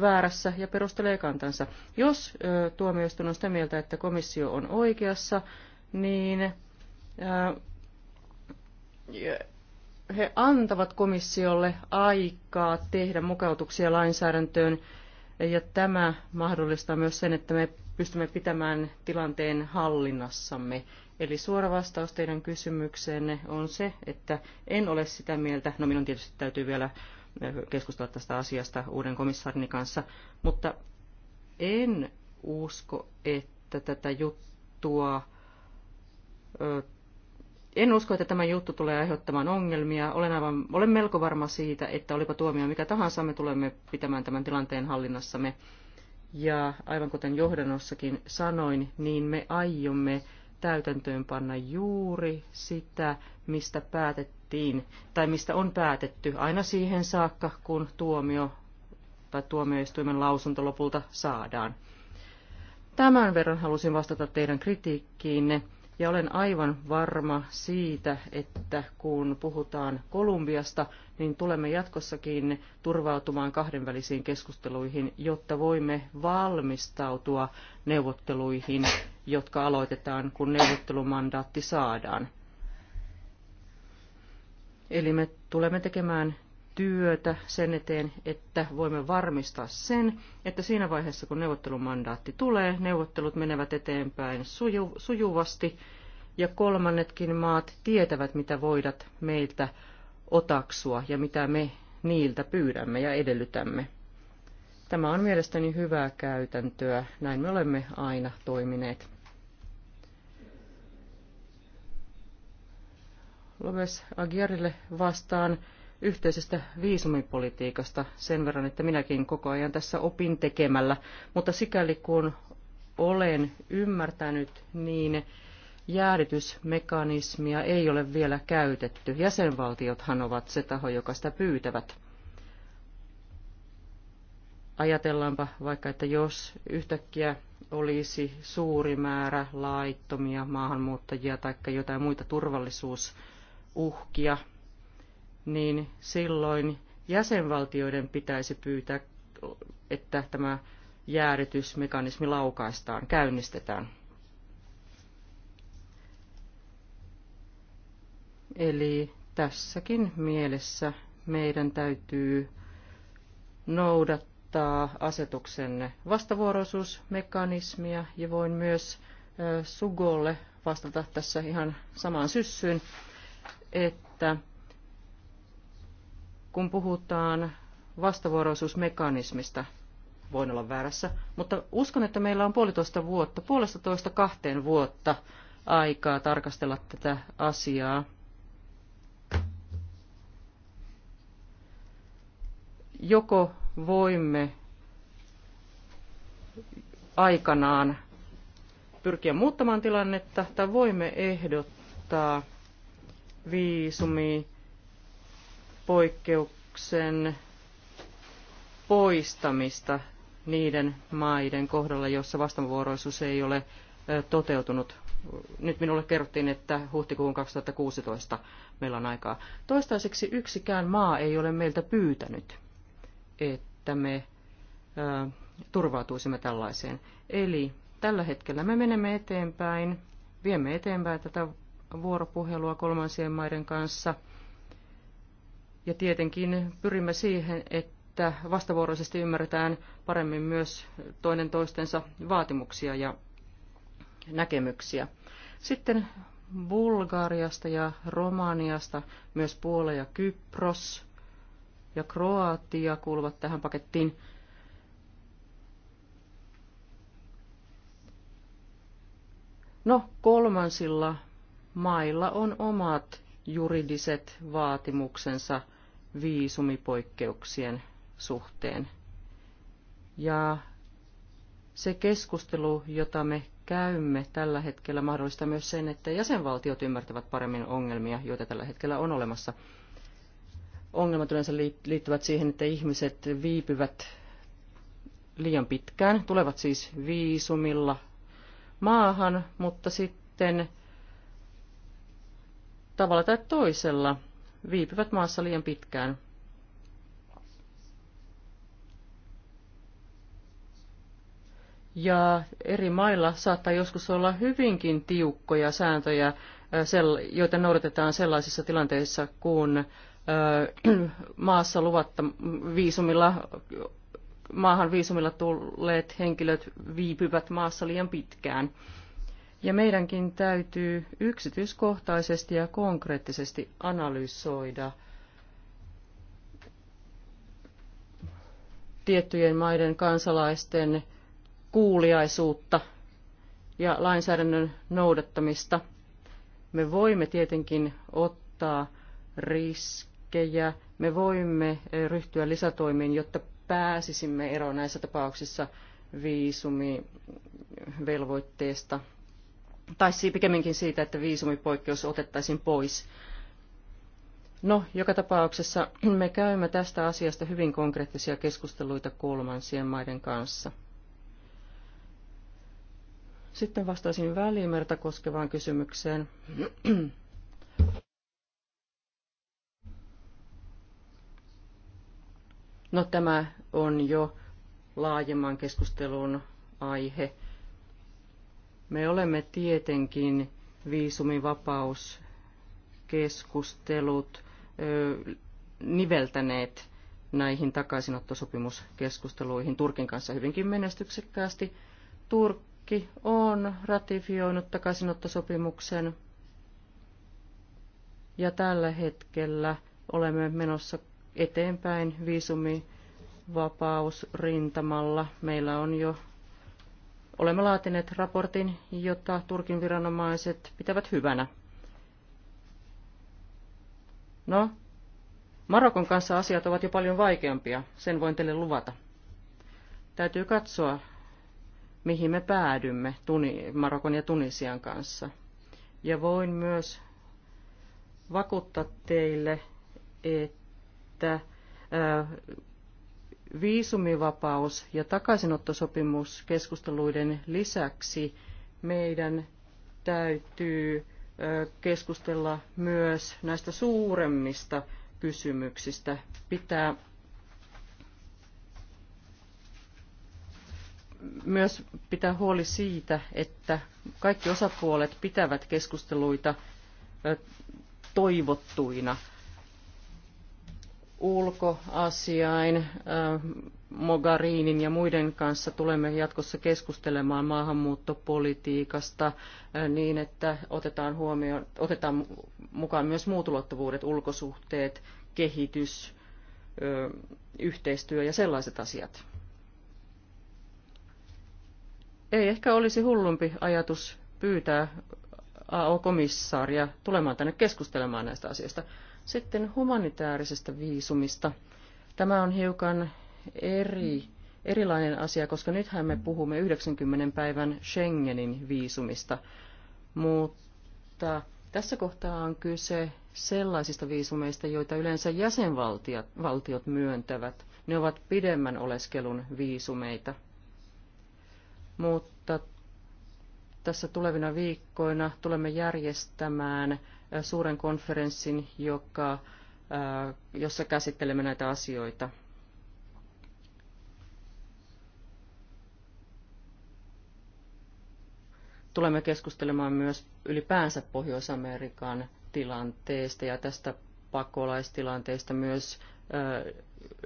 väärässä ja perustelee kantansa. Jos tuomioistuin on sitä mieltä, että komissio on oikeassa, niin he antavat komissiolle aikaa tehdä mukautuksia lainsäädäntöön, ja tämä mahdollistaa myös sen, että me pystymme pitämään tilanteen hallinnassamme Eli suora vastaus teidän kysymykseenne on se, että en ole sitä mieltä, no minun tietysti täytyy vielä äh, keskustella tästä asiasta uuden komissaarini kanssa, mutta en usko, että tätä juttua, äh, en usko, että tämä juttu tulee aiheuttamaan ongelmia. Olen, aivan, olen melko varma siitä, että olipa tuomio mikä tahansa, me tulemme pitämään tämän tilanteen hallinnassamme. Ja aivan kuten johdannossakin sanoin, niin me aiomme täytäntöönpanna juuri sitä, mistä päätettiin tai mistä on päätetty aina siihen saakka, kun tuomio tai tuomioistuimen lausunto lopulta saadaan. Tämän verran halusin vastata teidän kritiikkiinne ja olen aivan varma siitä, että kun puhutaan Kolumbiasta, niin tulemme jatkossakin turvautumaan kahdenvälisiin keskusteluihin, jotta voimme valmistautua neuvotteluihin jotka aloitetaan, kun neuvottelumandaatti saadaan. Eli me tulemme tekemään työtä sen eteen, että voimme varmistaa sen, että siinä vaiheessa kun neuvottelumandaatti tulee, neuvottelut menevät eteenpäin suju, sujuvasti ja kolmannetkin maat tietävät, mitä voidat meiltä otaksua ja mitä me niiltä pyydämme ja edellytämme. Tämä on mielestäni hyvää käytäntöä, näin me olemme aina toimineet. Loves Aguiarille vastaan yhteisestä viisumipolitiikasta sen verran, että minäkin koko ajan tässä opin tekemällä, mutta sikäli kun olen ymmärtänyt, niin jäädytysmekanismia ei ole vielä käytetty. Jäsenvaltiothan ovat se taho, joka sitä pyytävät. Ajatellaanpa vaikka, että jos yhtäkkiä olisi suuri määrä laittomia maahanmuuttajia tai jotain muita turvallisuus uhkia, niin silloin jäsenvaltioiden pitäisi pyytää, että tämä jäädytysmekanismi laukaistaan, käynnistetään. Eli tässäkin mielessä meidän täytyy noudattaa asetuksen vastavuoroisuusmekanismia ja voin myös Sugolle vastata tässä ihan samaan syssyyn että kun puhutaan vastavuoroisuusmekanismista, voin olla väärässä, mutta uskon, että meillä on puolitoista vuotta, puolesta toista kahteen vuotta aikaa tarkastella tätä asiaa. Joko voimme aikanaan pyrkiä muuttamaan tilannetta tai voimme ehdottaa viisumi poikkeuksen poistamista niiden maiden kohdalla, jossa vastavuoroisuus ei ole toteutunut. Nyt minulle kerrottiin, että huhtikuun 2016 meillä on aikaa. Toistaiseksi yksikään maa ei ole meiltä pyytänyt, että me ö, turvautuisimme tällaiseen. Eli tällä hetkellä me menemme eteenpäin, viemme eteenpäin tätä vuoropuhelua kolmansien maiden kanssa. Ja tietenkin pyrimme siihen, että vastavuoroisesti ymmärretään paremmin myös toinen toistensa vaatimuksia ja näkemyksiä. Sitten Bulgariasta ja Romaniasta myös Puola ja Kypros ja Kroatia kuuluvat tähän pakettiin. No, kolmansilla mailla on omat juridiset vaatimuksensa viisumipoikkeuksien suhteen. Ja se keskustelu, jota me käymme tällä hetkellä, mahdollistaa myös sen, että jäsenvaltiot ymmärtävät paremmin ongelmia, joita tällä hetkellä on olemassa. Ongelmat yleensä liittyvät siihen, että ihmiset viipyvät liian pitkään, tulevat siis viisumilla maahan, mutta sitten tavalla tai toisella viipyvät maassa liian pitkään. Ja eri mailla saattaa joskus olla hyvinkin tiukkoja sääntöjä, joita noudatetaan sellaisissa tilanteissa, kun *clears throat* maassa luvatta viisumilla, maahan viisumilla tulleet henkilöt viipyvät maassa liian pitkään. Ja meidänkin täytyy yksityiskohtaisesti ja konkreettisesti analysoida tiettyjen maiden kansalaisten kuuliaisuutta ja lainsäädännön noudattamista. Me voimme tietenkin ottaa riskejä, me voimme eh, ryhtyä lisätoimiin, jotta pääsisimme eroon näissä tapauksissa viisumivelvoitteesta tai pikemminkin siitä, että viisumipoikkeus otettaisiin pois. No, joka tapauksessa *clears throat* me käymme tästä asiasta hyvin konkreettisia keskusteluita kolmansien maiden kanssa. Sitten vastaisin välimerta koskevaan kysymykseen. *clears throat* No tämä on jo laajemman keskustelun aihe. Me olemme tietenkin viisumivapauskeskustelut niveltäneet näihin takaisinottosopimuskeskusteluihin Turkin kanssa hyvinkin menestyksekkäästi. Turkki on ratifioinut takaisinottosopimuksen ja tällä hetkellä olemme menossa eteenpäin viisumivapausrintamalla. Meillä on jo Olemme laatineet raportin, jota Turkin viranomaiset pitävät hyvänä. No, Marokon kanssa asiat ovat jo paljon vaikeampia, sen voin teille luvata. Täytyy katsoa, mihin me päädymme Tuni- Marokon ja Tunisian kanssa. Ja voin myös vakuuttaa teille, että viisumivapaus- ja takaisinottosopimuskeskusteluiden lisäksi meidän täytyy keskustella myös näistä suuremmista kysymyksistä. Pitää myös pitää huoli siitä, että kaikki osapuolet pitävät keskusteluita toivottuina – ulkoasiain, äh, Mogariinin ja muiden kanssa tulemme jatkossa keskustelemaan maahanmuuttopolitiikasta äh, niin, että otetaan, huomioon, otetaan mukaan myös muut ulottuvuudet, ulkosuhteet, kehitys, yhteistyö ja sellaiset asiat. Ei ehkä olisi hullumpi ajatus pyytää AO-komissaaria tulemaan tänne keskustelemaan näistä asioista. Sitten humanitaarisesta viisumista. Tämä on hiukan eri, erilainen asia, koska nythän me puhumme 90 päivän Schengenin viisumista, mutta tässä kohtaa on kyse sellaisista viisumeista, joita yleensä jäsenvaltiot myöntävät. Ne ovat pidemmän oleskelun viisumeita. Mutta tässä tulevina viikkoina tulemme järjestämään suuren konferenssin, joka, jossa käsittelemme näitä asioita. Tulemme keskustelemaan myös ylipäänsä Pohjois-Amerikan tilanteesta ja tästä pakolaistilanteesta myös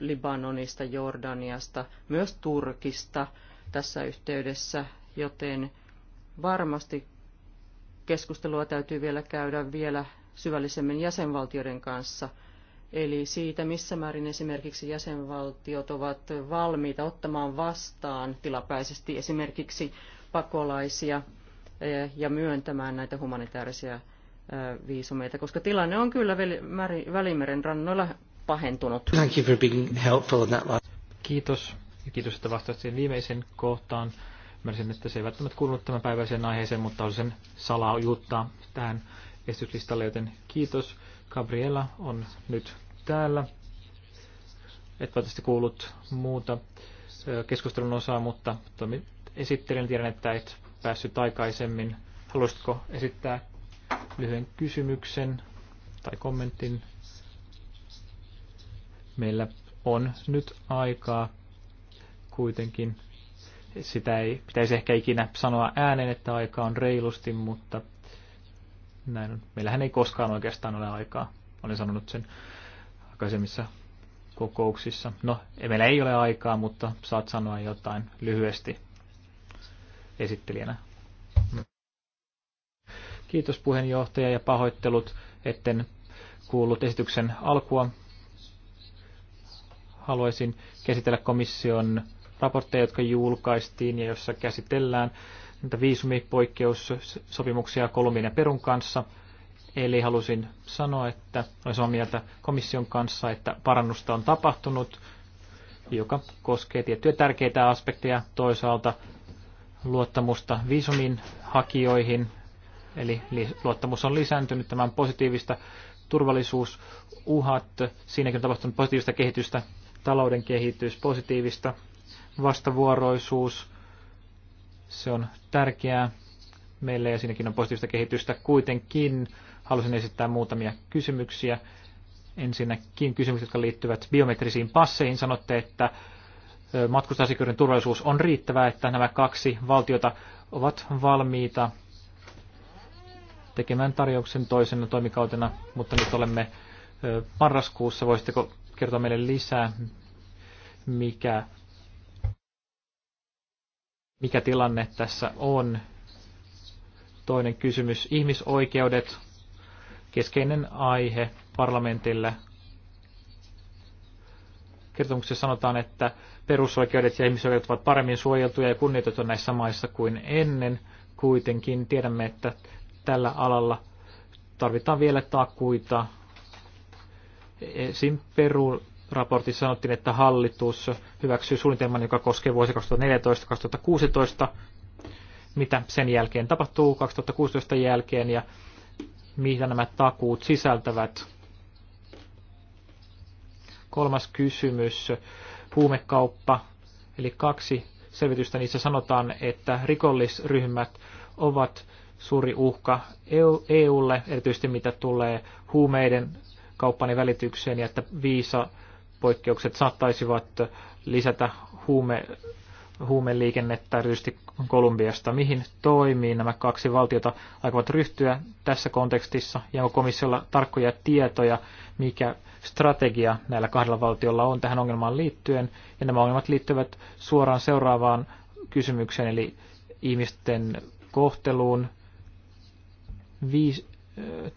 Libanonista, Jordaniasta, myös Turkista tässä yhteydessä, joten varmasti keskustelua täytyy vielä käydä vielä syvällisemmin jäsenvaltioiden kanssa. Eli siitä, missä määrin esimerkiksi jäsenvaltiot ovat valmiita ottamaan vastaan tilapäisesti esimerkiksi pakolaisia eh, ja myöntämään näitä humanitaarisia eh, viisumeita, koska tilanne on kyllä Välimeren rannoilla pahentunut. Thank you for being helpful in that last. Kiitos ja kiitos, että vastasit viimeisen kohtaan. Ymmärsin, että se ei välttämättä kuulunut tämän päiväiseen aiheeseen, mutta olisin sen salaa juttaa tähän esityslistalle, joten kiitos. Gabriela on nyt täällä. Et varmasti kuullut muuta keskustelun osaa, mutta esittelen, tiedän, että et päässyt aikaisemmin. Haluaisitko esittää lyhyen kysymyksen tai kommentin? Meillä on nyt aikaa kuitenkin sitä ei pitäisi ehkä ikinä sanoa ääneen, että aika on reilusti, mutta näin on. Meillähän ei koskaan oikeastaan ole aikaa. Olen sanonut sen aikaisemmissa kokouksissa. No, meillä ei ole aikaa, mutta saat sanoa jotain lyhyesti esittelijänä. Kiitos puheenjohtaja ja pahoittelut, etten kuullut esityksen alkua. Haluaisin käsitellä komission raportteja, jotka julkaistiin ja jossa käsitellään näitä viisumipoikkeussopimuksia Kolumbian ja Perun kanssa. Eli halusin sanoa, että olen samaa mieltä komission kanssa, että parannusta on tapahtunut, joka koskee tiettyjä tärkeitä aspekteja. Toisaalta luottamusta viisumin hakijoihin, eli luottamus on lisääntynyt tämän positiivista turvallisuusuhat. Siinäkin on tapahtunut positiivista kehitystä, talouden kehitys, positiivista vastavuoroisuus. Se on tärkeää meille ja siinäkin on positiivista kehitystä. Kuitenkin halusin esittää muutamia kysymyksiä. Ensinnäkin kysymykset, jotka liittyvät biometrisiin passeihin. Sanotte, että matkustajasikyyden turvallisuus on riittävää, että nämä kaksi valtiota ovat valmiita tekemään tarjouksen toisena toimikautena, mutta nyt olemme marraskuussa. Voisitteko kertoa meille lisää, mikä mikä tilanne tässä on. Toinen kysymys, ihmisoikeudet, keskeinen aihe parlamentille. Kertomuksessa sanotaan, että perusoikeudet ja ihmisoikeudet ovat paremmin suojeltuja ja kunnioitettuja näissä maissa kuin ennen. Kuitenkin tiedämme, että tällä alalla tarvitaan vielä takuita. Esim raportissa sanottiin, että hallitus hyväksyy suunnitelman, joka koskee vuosi 2014-2016, mitä sen jälkeen tapahtuu 2016 jälkeen ja mitä nämä takuut sisältävät. Kolmas kysymys, huumekauppa, eli kaksi selvitystä, niissä sanotaan, että rikollisryhmät ovat suuri uhka EUlle, e erityisesti mitä tulee huumeiden kauppani välitykseen ja että viisa poikkeukset saattaisivat lisätä huume, huumeliikennettä erityisesti Kolumbiasta. Mihin toimiin nämä kaksi valtiota aikovat ryhtyä tässä kontekstissa ja onko komissiolla tarkkoja tietoja, mikä strategia näillä kahdella valtiolla on tähän ongelmaan liittyen. Ja nämä ongelmat liittyvät suoraan seuraavaan kysymykseen, eli ihmisten kohteluun. Viis,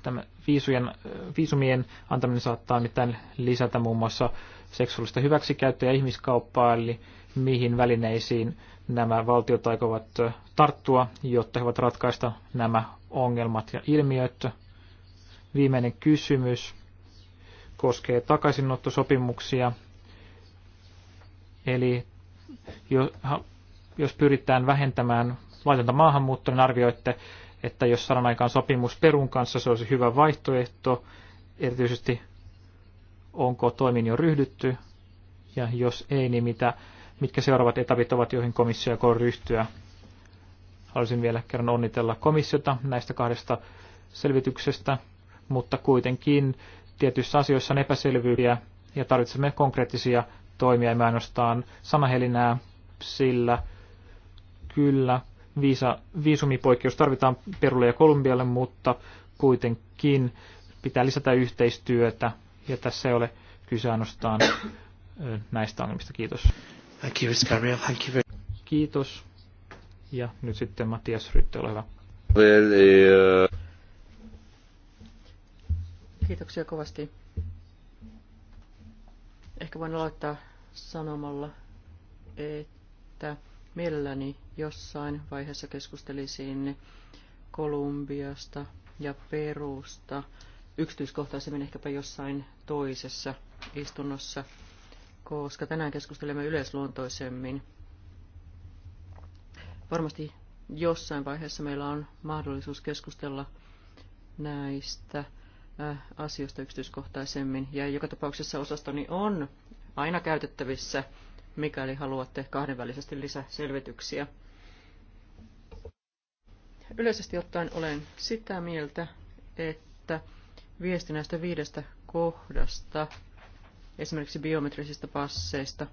tämä viisujen, viisumien antaminen saattaa mitään lisätä muun muassa seksuaalista hyväksikäyttöä ja ihmiskauppaa, eli mihin välineisiin nämä valtiot aikovat tarttua, jotta he voivat ratkaista nämä ongelmat ja ilmiöt. Viimeinen kysymys koskee takaisinottosopimuksia. Eli jos pyritään vähentämään laitonta maahanmuuttoa, niin arvioitte että jos saadaan aikaan sopimus Perun kanssa, se olisi hyvä vaihtoehto, erityisesti onko toimin jo ryhdytty, ja jos ei, niin mitä, mitkä seuraavat etapit ovat, joihin komissio jakoo ryhtyä. Haluaisin vielä kerran onnitella komissiota näistä kahdesta selvityksestä, mutta kuitenkin tietyissä asioissa on epäselvyyksiä ja tarvitsemme konkreettisia toimia, emme ainoastaan sanahelinää, sillä kyllä viisa, viisumipoikkeus tarvitaan Perulle ja Kolumbialle, mutta kuitenkin pitää lisätä yhteistyötä, ja tässä ei ole kyse ainoastaan näistä ongelmista. Kiitos. Thank you, Gabriel. Thank you very... Kiitos. Ja nyt sitten Matias Rytte, ole hyvä. Well, uh... Kiitoksia kovasti. Ehkä voin aloittaa sanomalla, että mielelläni jossain vaiheessa keskustelisin Kolumbiasta ja Perusta yksityiskohtaisemmin ehkäpä jossain toisessa istunnossa, koska tänään keskustelemme yleisluontoisemmin. Varmasti jossain vaiheessa meillä on mahdollisuus keskustella näistä äh, asioista yksityiskohtaisemmin. Ja joka tapauksessa osastoni on aina käytettävissä, mikäli haluatte kahdenvälisesti lisäselvityksiä. Yleisesti ottaen olen sitä mieltä, että viesti näistä viidestä kohdasta, esimerkiksi biometrisistä passeista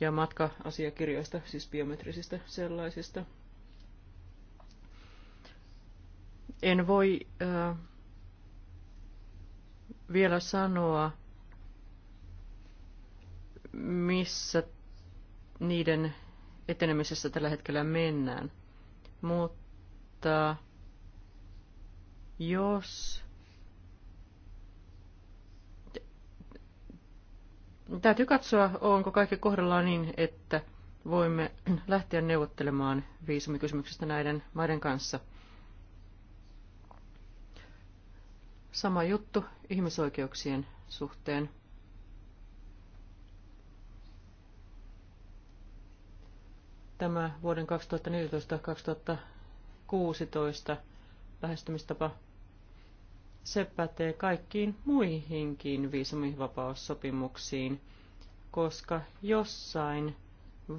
ja matka-asiakirjoista, siis biometrisistä sellaisista, en voi äh, vielä sanoa, missä niiden etenemisessä tällä hetkellä mennään. Mutta jos täytyy katsoa, onko kaikki kohdallaan niin, että voimme lähteä neuvottelemaan viisumikysymyksestä näiden maiden kanssa. Sama juttu ihmisoikeuksien suhteen. tämä vuoden 2014-2016 lähestymistapa se pätee kaikkiin muihinkin viisumivapaussopimuksiin, koska jossain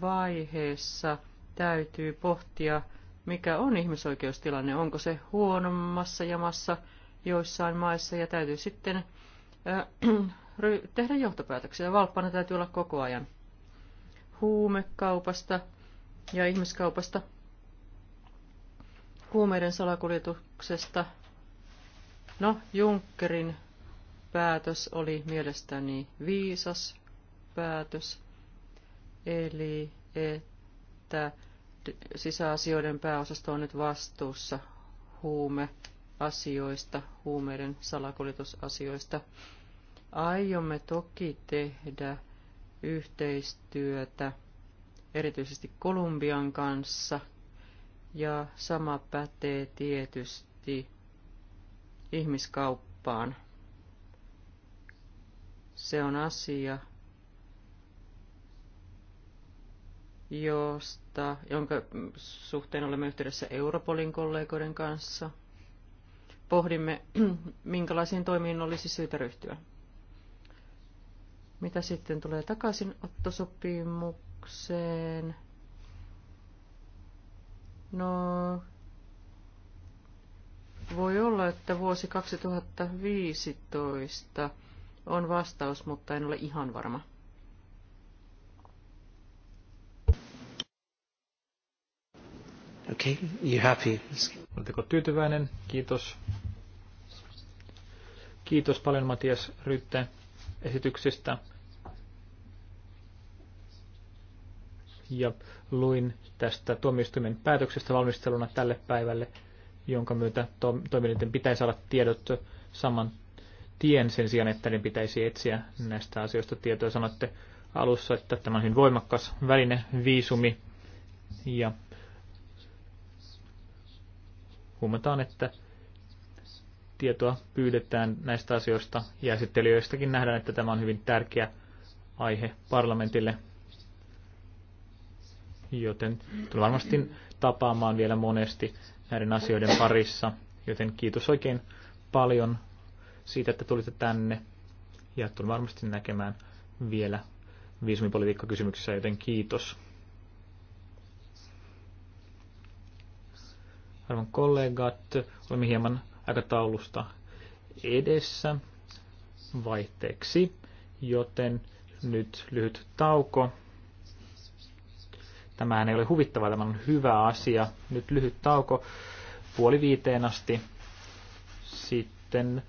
vaiheessa täytyy pohtia, mikä on ihmisoikeustilanne, onko se huonommassa jamassa joissain maissa, ja täytyy sitten äh, *clears throat* tehdä johtopäätöksiä. Valppana täytyy olla koko ajan. Huumekaupasta ja ihmiskaupasta, huumeiden salakuljetuksesta. No, Junckerin päätös oli mielestäni viisas päätös, eli että sisäasioiden pääosasto on nyt vastuussa huumeasioista, huumeiden salakuljetusasioista. Aiomme toki tehdä yhteistyötä erityisesti Kolumbian kanssa. Ja sama pätee tietysti ihmiskauppaan. Se on asia, josta, jonka suhteen olemme yhteydessä Europolin kollegoiden kanssa. Pohdimme, *clears throat* minkälaisiin toimiin olisi syytä ryhtyä. Mitä sitten tulee takaisin takaisinottosopimukseen? sopimukseen. No, voi olla, että vuosi 2015 on vastaus, mutta en ole ihan varma. Okay, you happy? Oletteko tyytyväinen? Kiitos. Kiitos paljon Matias Rytte esityksistä. ja luin tästä tuomioistuimen päätöksestä valmisteluna tälle päivälle, jonka myötä to- toimielinten pitäisi saada tiedot saman tien sen sijaan, että ne pitäisi etsiä näistä asioista tietoa. Sanotte alussa, että tämä on hyvin voimakas väline, viisumi, ja huomataan, että tietoa pyydetään näistä asioista ja esittelijöistäkin nähdään, että tämä on hyvin tärkeä aihe parlamentille joten tulen varmasti tapaamaan vielä monesti näiden asioiden parissa. Joten kiitos oikein paljon siitä, että tulitte tänne ja tulen varmasti näkemään vielä viisumipolitiikkakysymyksissä, joten kiitos. Arvon kollegat, olemme hieman aikataulusta edessä vaihteeksi, joten nyt lyhyt tauko. Tämähän ei ole huvittava, tämä on hyvä asia. Nyt lyhyt tauko puoli viiteen asti. Sitten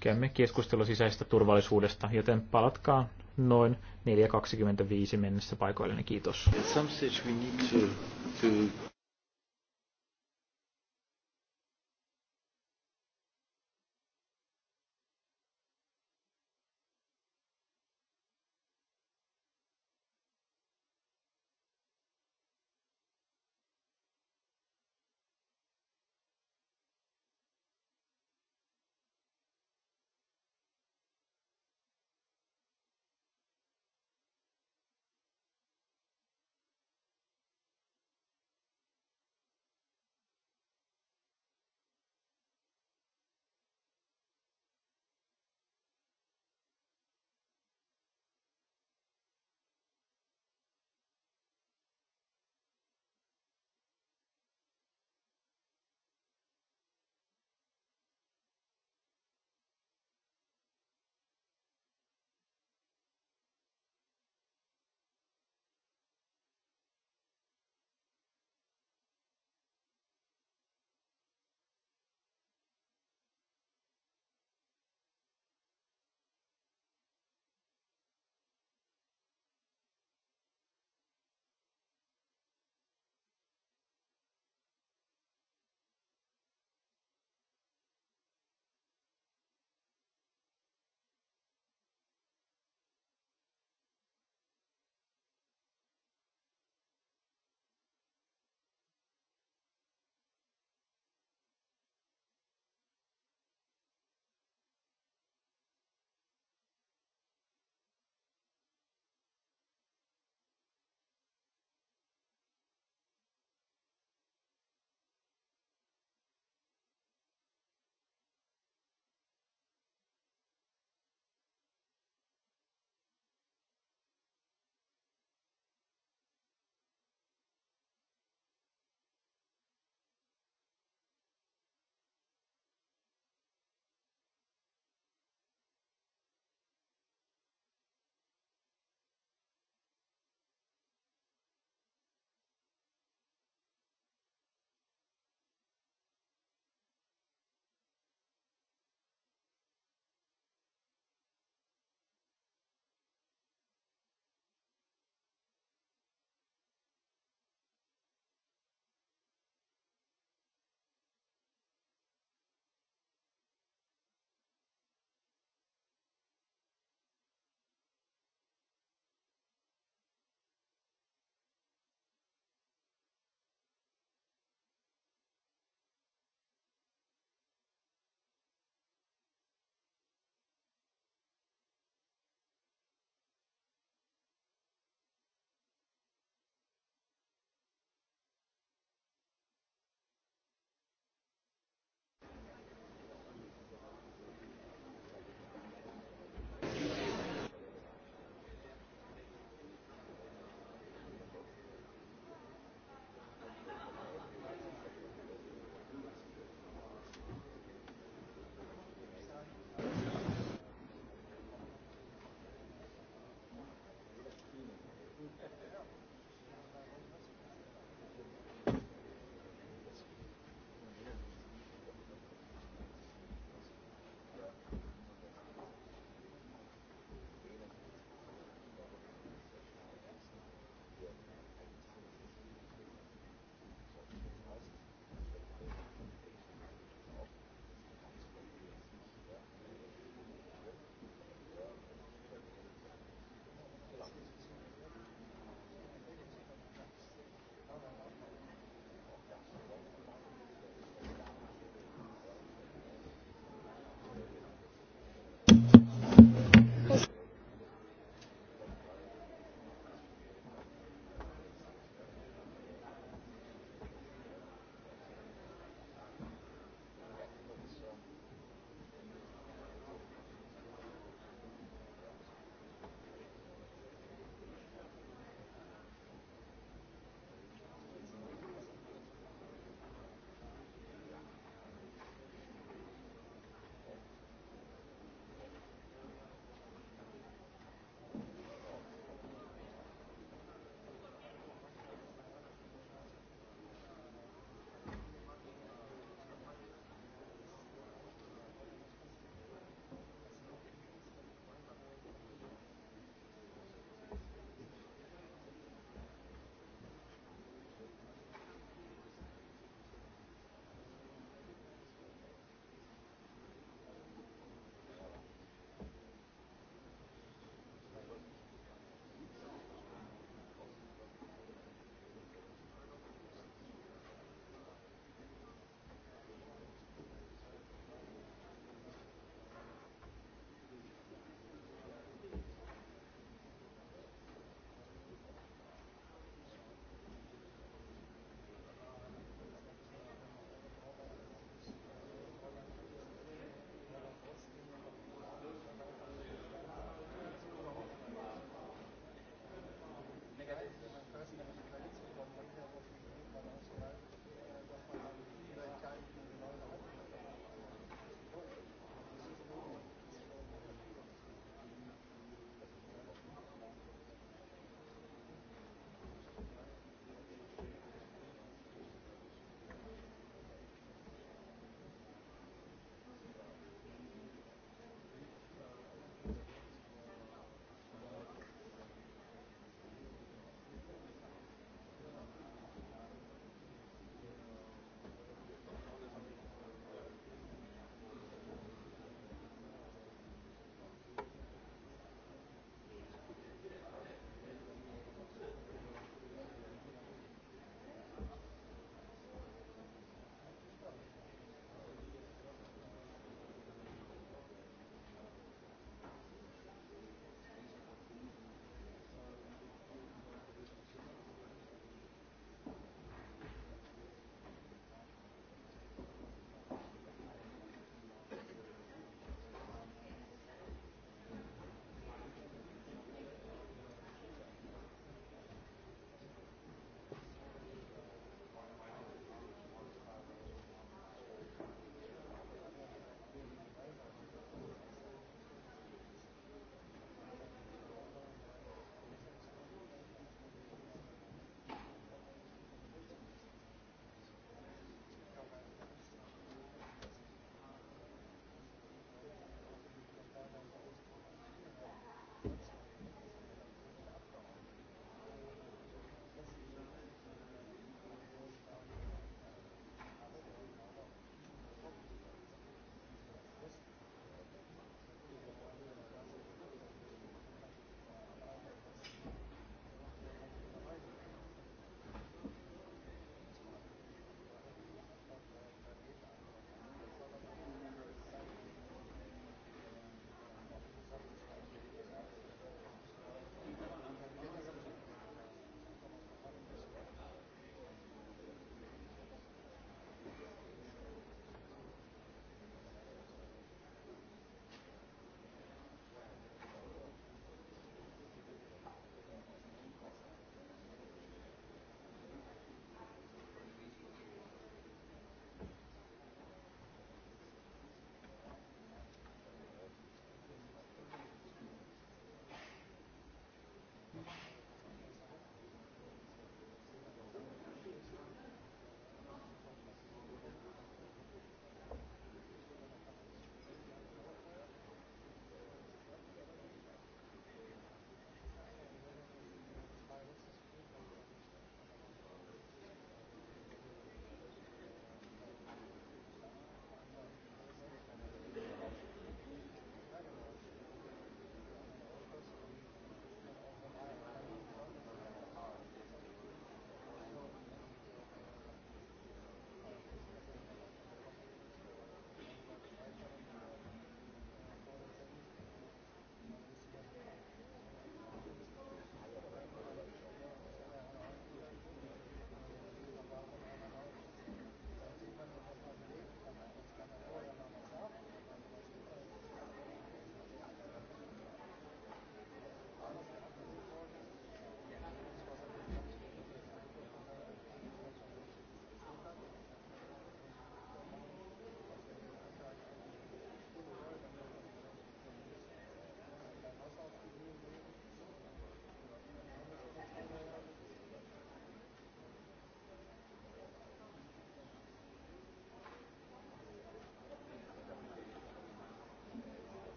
käymme keskustelua sisäisestä turvallisuudesta, joten palatkaa noin 4.25 mennessä paikoillinen. Kiitos.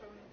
showing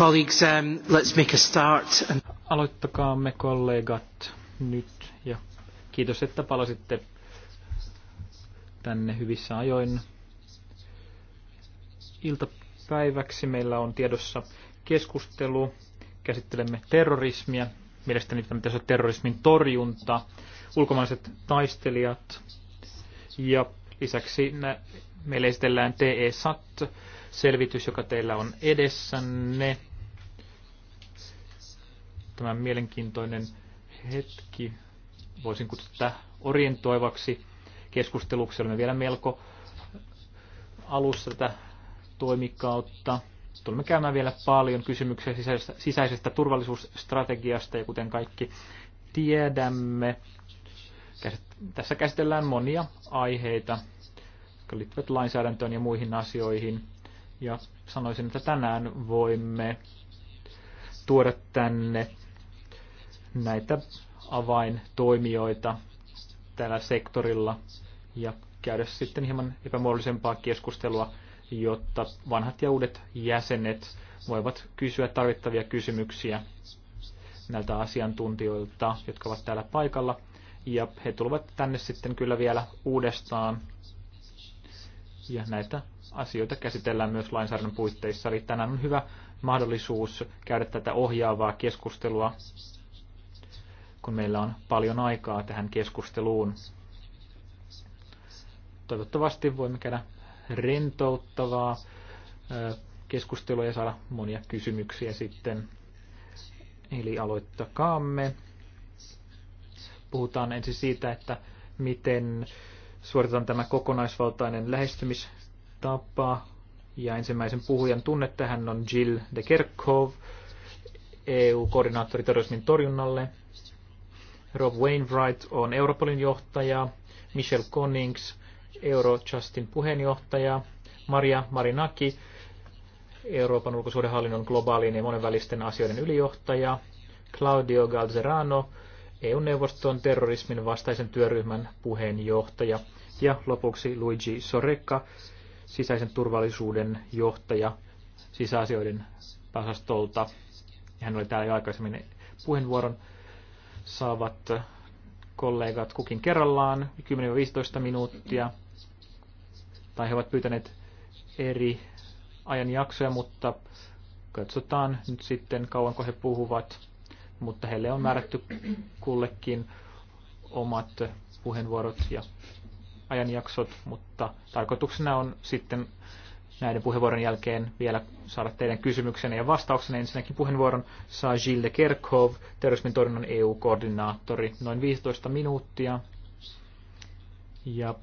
Colleagues, um, let's make a start. Aloittakaamme kollegat nyt ja kiitos, että palasitte tänne hyvissä ajoin. Iltapäiväksi meillä on tiedossa keskustelu. Käsittelemme terrorismia. Mielestäni tämä pitäisi olla terrorismin torjunta, ulkomaiset taistelijat ja lisäksi meille esitellään TE-SAT e selvitys, joka teillä on edessänne tämä mielenkiintoinen hetki, voisin kutsua tätä orientoivaksi keskusteluksi. Olemme vielä melko alussa tätä toimikautta. Tulemme käymään vielä paljon kysymyksiä sisäisestä, sisäisestä turvallisuusstrategiasta ja kuten kaikki tiedämme, tässä käsitellään monia aiheita, jotka liittyvät lainsäädäntöön ja muihin asioihin. Ja sanoisin, että tänään voimme tuoda tänne näitä avaintoimijoita tällä sektorilla ja käydä sitten hieman epämuodollisempaa keskustelua, jotta vanhat ja uudet jäsenet voivat kysyä tarvittavia kysymyksiä näiltä asiantuntijoilta, jotka ovat täällä paikalla. Ja he tulevat tänne sitten kyllä vielä uudestaan. Ja näitä asioita käsitellään myös lainsäädännön puitteissa. Eli tänään on hyvä mahdollisuus käydä tätä ohjaavaa keskustelua kun meillä on paljon aikaa tähän keskusteluun. Toivottavasti voimme käydä rentouttavaa keskustelua ja saada monia kysymyksiä sitten. Eli aloittakaamme. Puhutaan ensin siitä, että miten suoritetaan tämä kokonaisvaltainen lähestymistapa. Ja ensimmäisen puhujan tunne tähän on Jill de Kerkhove, EU-koordinaattori terrorismin torjunnalle Rob Wainwright on Europolin johtaja, Michelle Connings Eurojustin puheenjohtaja, Maria Marinaki Euroopan ulkosuhdehallinnon globaalien ja monenvälisten asioiden ylijohtaja, Claudio Galzerano EU-neuvoston terrorismin vastaisen työryhmän puheenjohtaja ja lopuksi Luigi Sorekka, sisäisen turvallisuuden johtaja sisäasioiden tasastolta. Hän oli täällä jo aikaisemmin puheenvuoron saavat kollegat kukin kerrallaan 10-15 minuuttia. Tai he ovat pyytäneet eri ajanjaksoja, mutta katsotaan nyt sitten kauanko he puhuvat. Mutta heille on määrätty kullekin omat puheenvuorot ja ajanjaksot, mutta tarkoituksena on sitten näiden puheenvuoron jälkeen vielä saada teidän kysymyksenne ja vastauksenne. Ensinnäkin puheenvuoron saa Gilles Kerkhov, terrorismin torjunnan EU-koordinaattori, noin 15 minuuttia. Ja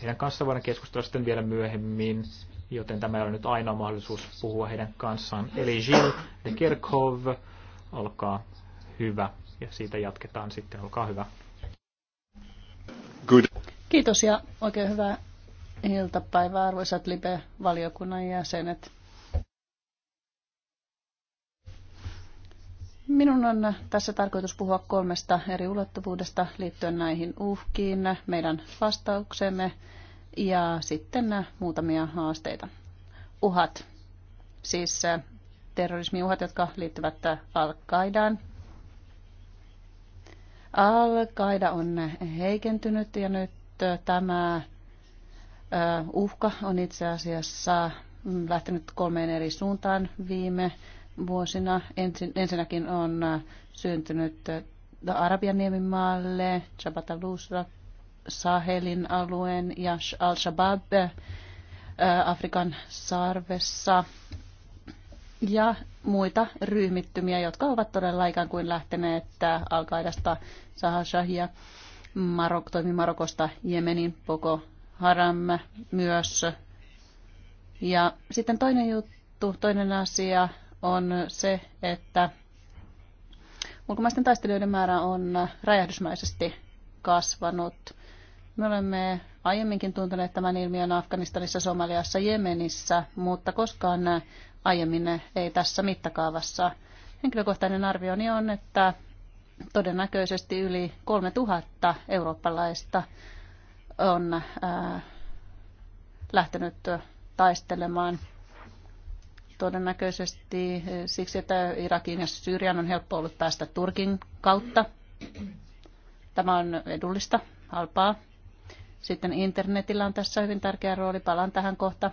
heidän kanssaan voidaan keskustella sitten vielä myöhemmin, joten tämä ei ole nyt ainoa mahdollisuus puhua heidän kanssaan. Eli Gilles de Kerkhov, olkaa hyvä. Ja siitä jatketaan sitten, olkaa hyvä. Good. Kiitos ja oikein hyvää iltapäivää, arvoisat Libe-valiokunnan jäsenet. Minun on tässä tarkoitus puhua kolmesta eri ulottuvuudesta liittyen näihin uhkiin, meidän vastauksemme ja sitten muutamia haasteita. Uhat, siis terrorismiuhat, jotka liittyvät Al-Qaidaan. Al-Qaida on heikentynyt ja nyt tämä uhka on itse asiassa lähtenyt kolmeen eri suuntaan viime vuosina. Ensin Ensinnäkin on syntynyt Arabian niemimaalle, Jabhat al Sahelin alueen ja Al-Shabaab Afrikan sarvessa ja muita ryhmittymiä, jotka ovat todella ikään kuin lähteneet Al-Qaidasta, Sahashahia, Marok, toimi Marokosta Jemenin, Poko haramme myös. Ja sitten toinen juttu, toinen asia on se, että ulkomaisten taistelijoiden määrä on räjähdysmäisesti kasvanut. Me olemme aiemminkin tunteneet tämän ilmiön Afganistanissa, Somaliassa, Jemenissä, mutta koskaan aiemmin ei tässä mittakaavassa. Henkilökohtainen arvioni on, että todennäköisesti yli 3000 eurooppalaista on lähtenyt taistelemaan todennäköisesti siksi, että Irakiin ja Syyrian on helppo ollut päästä Turkin kautta. Tämä on edullista, halpaa. Sitten internetillä on tässä hyvin tärkeä rooli, palaan tähän kohta.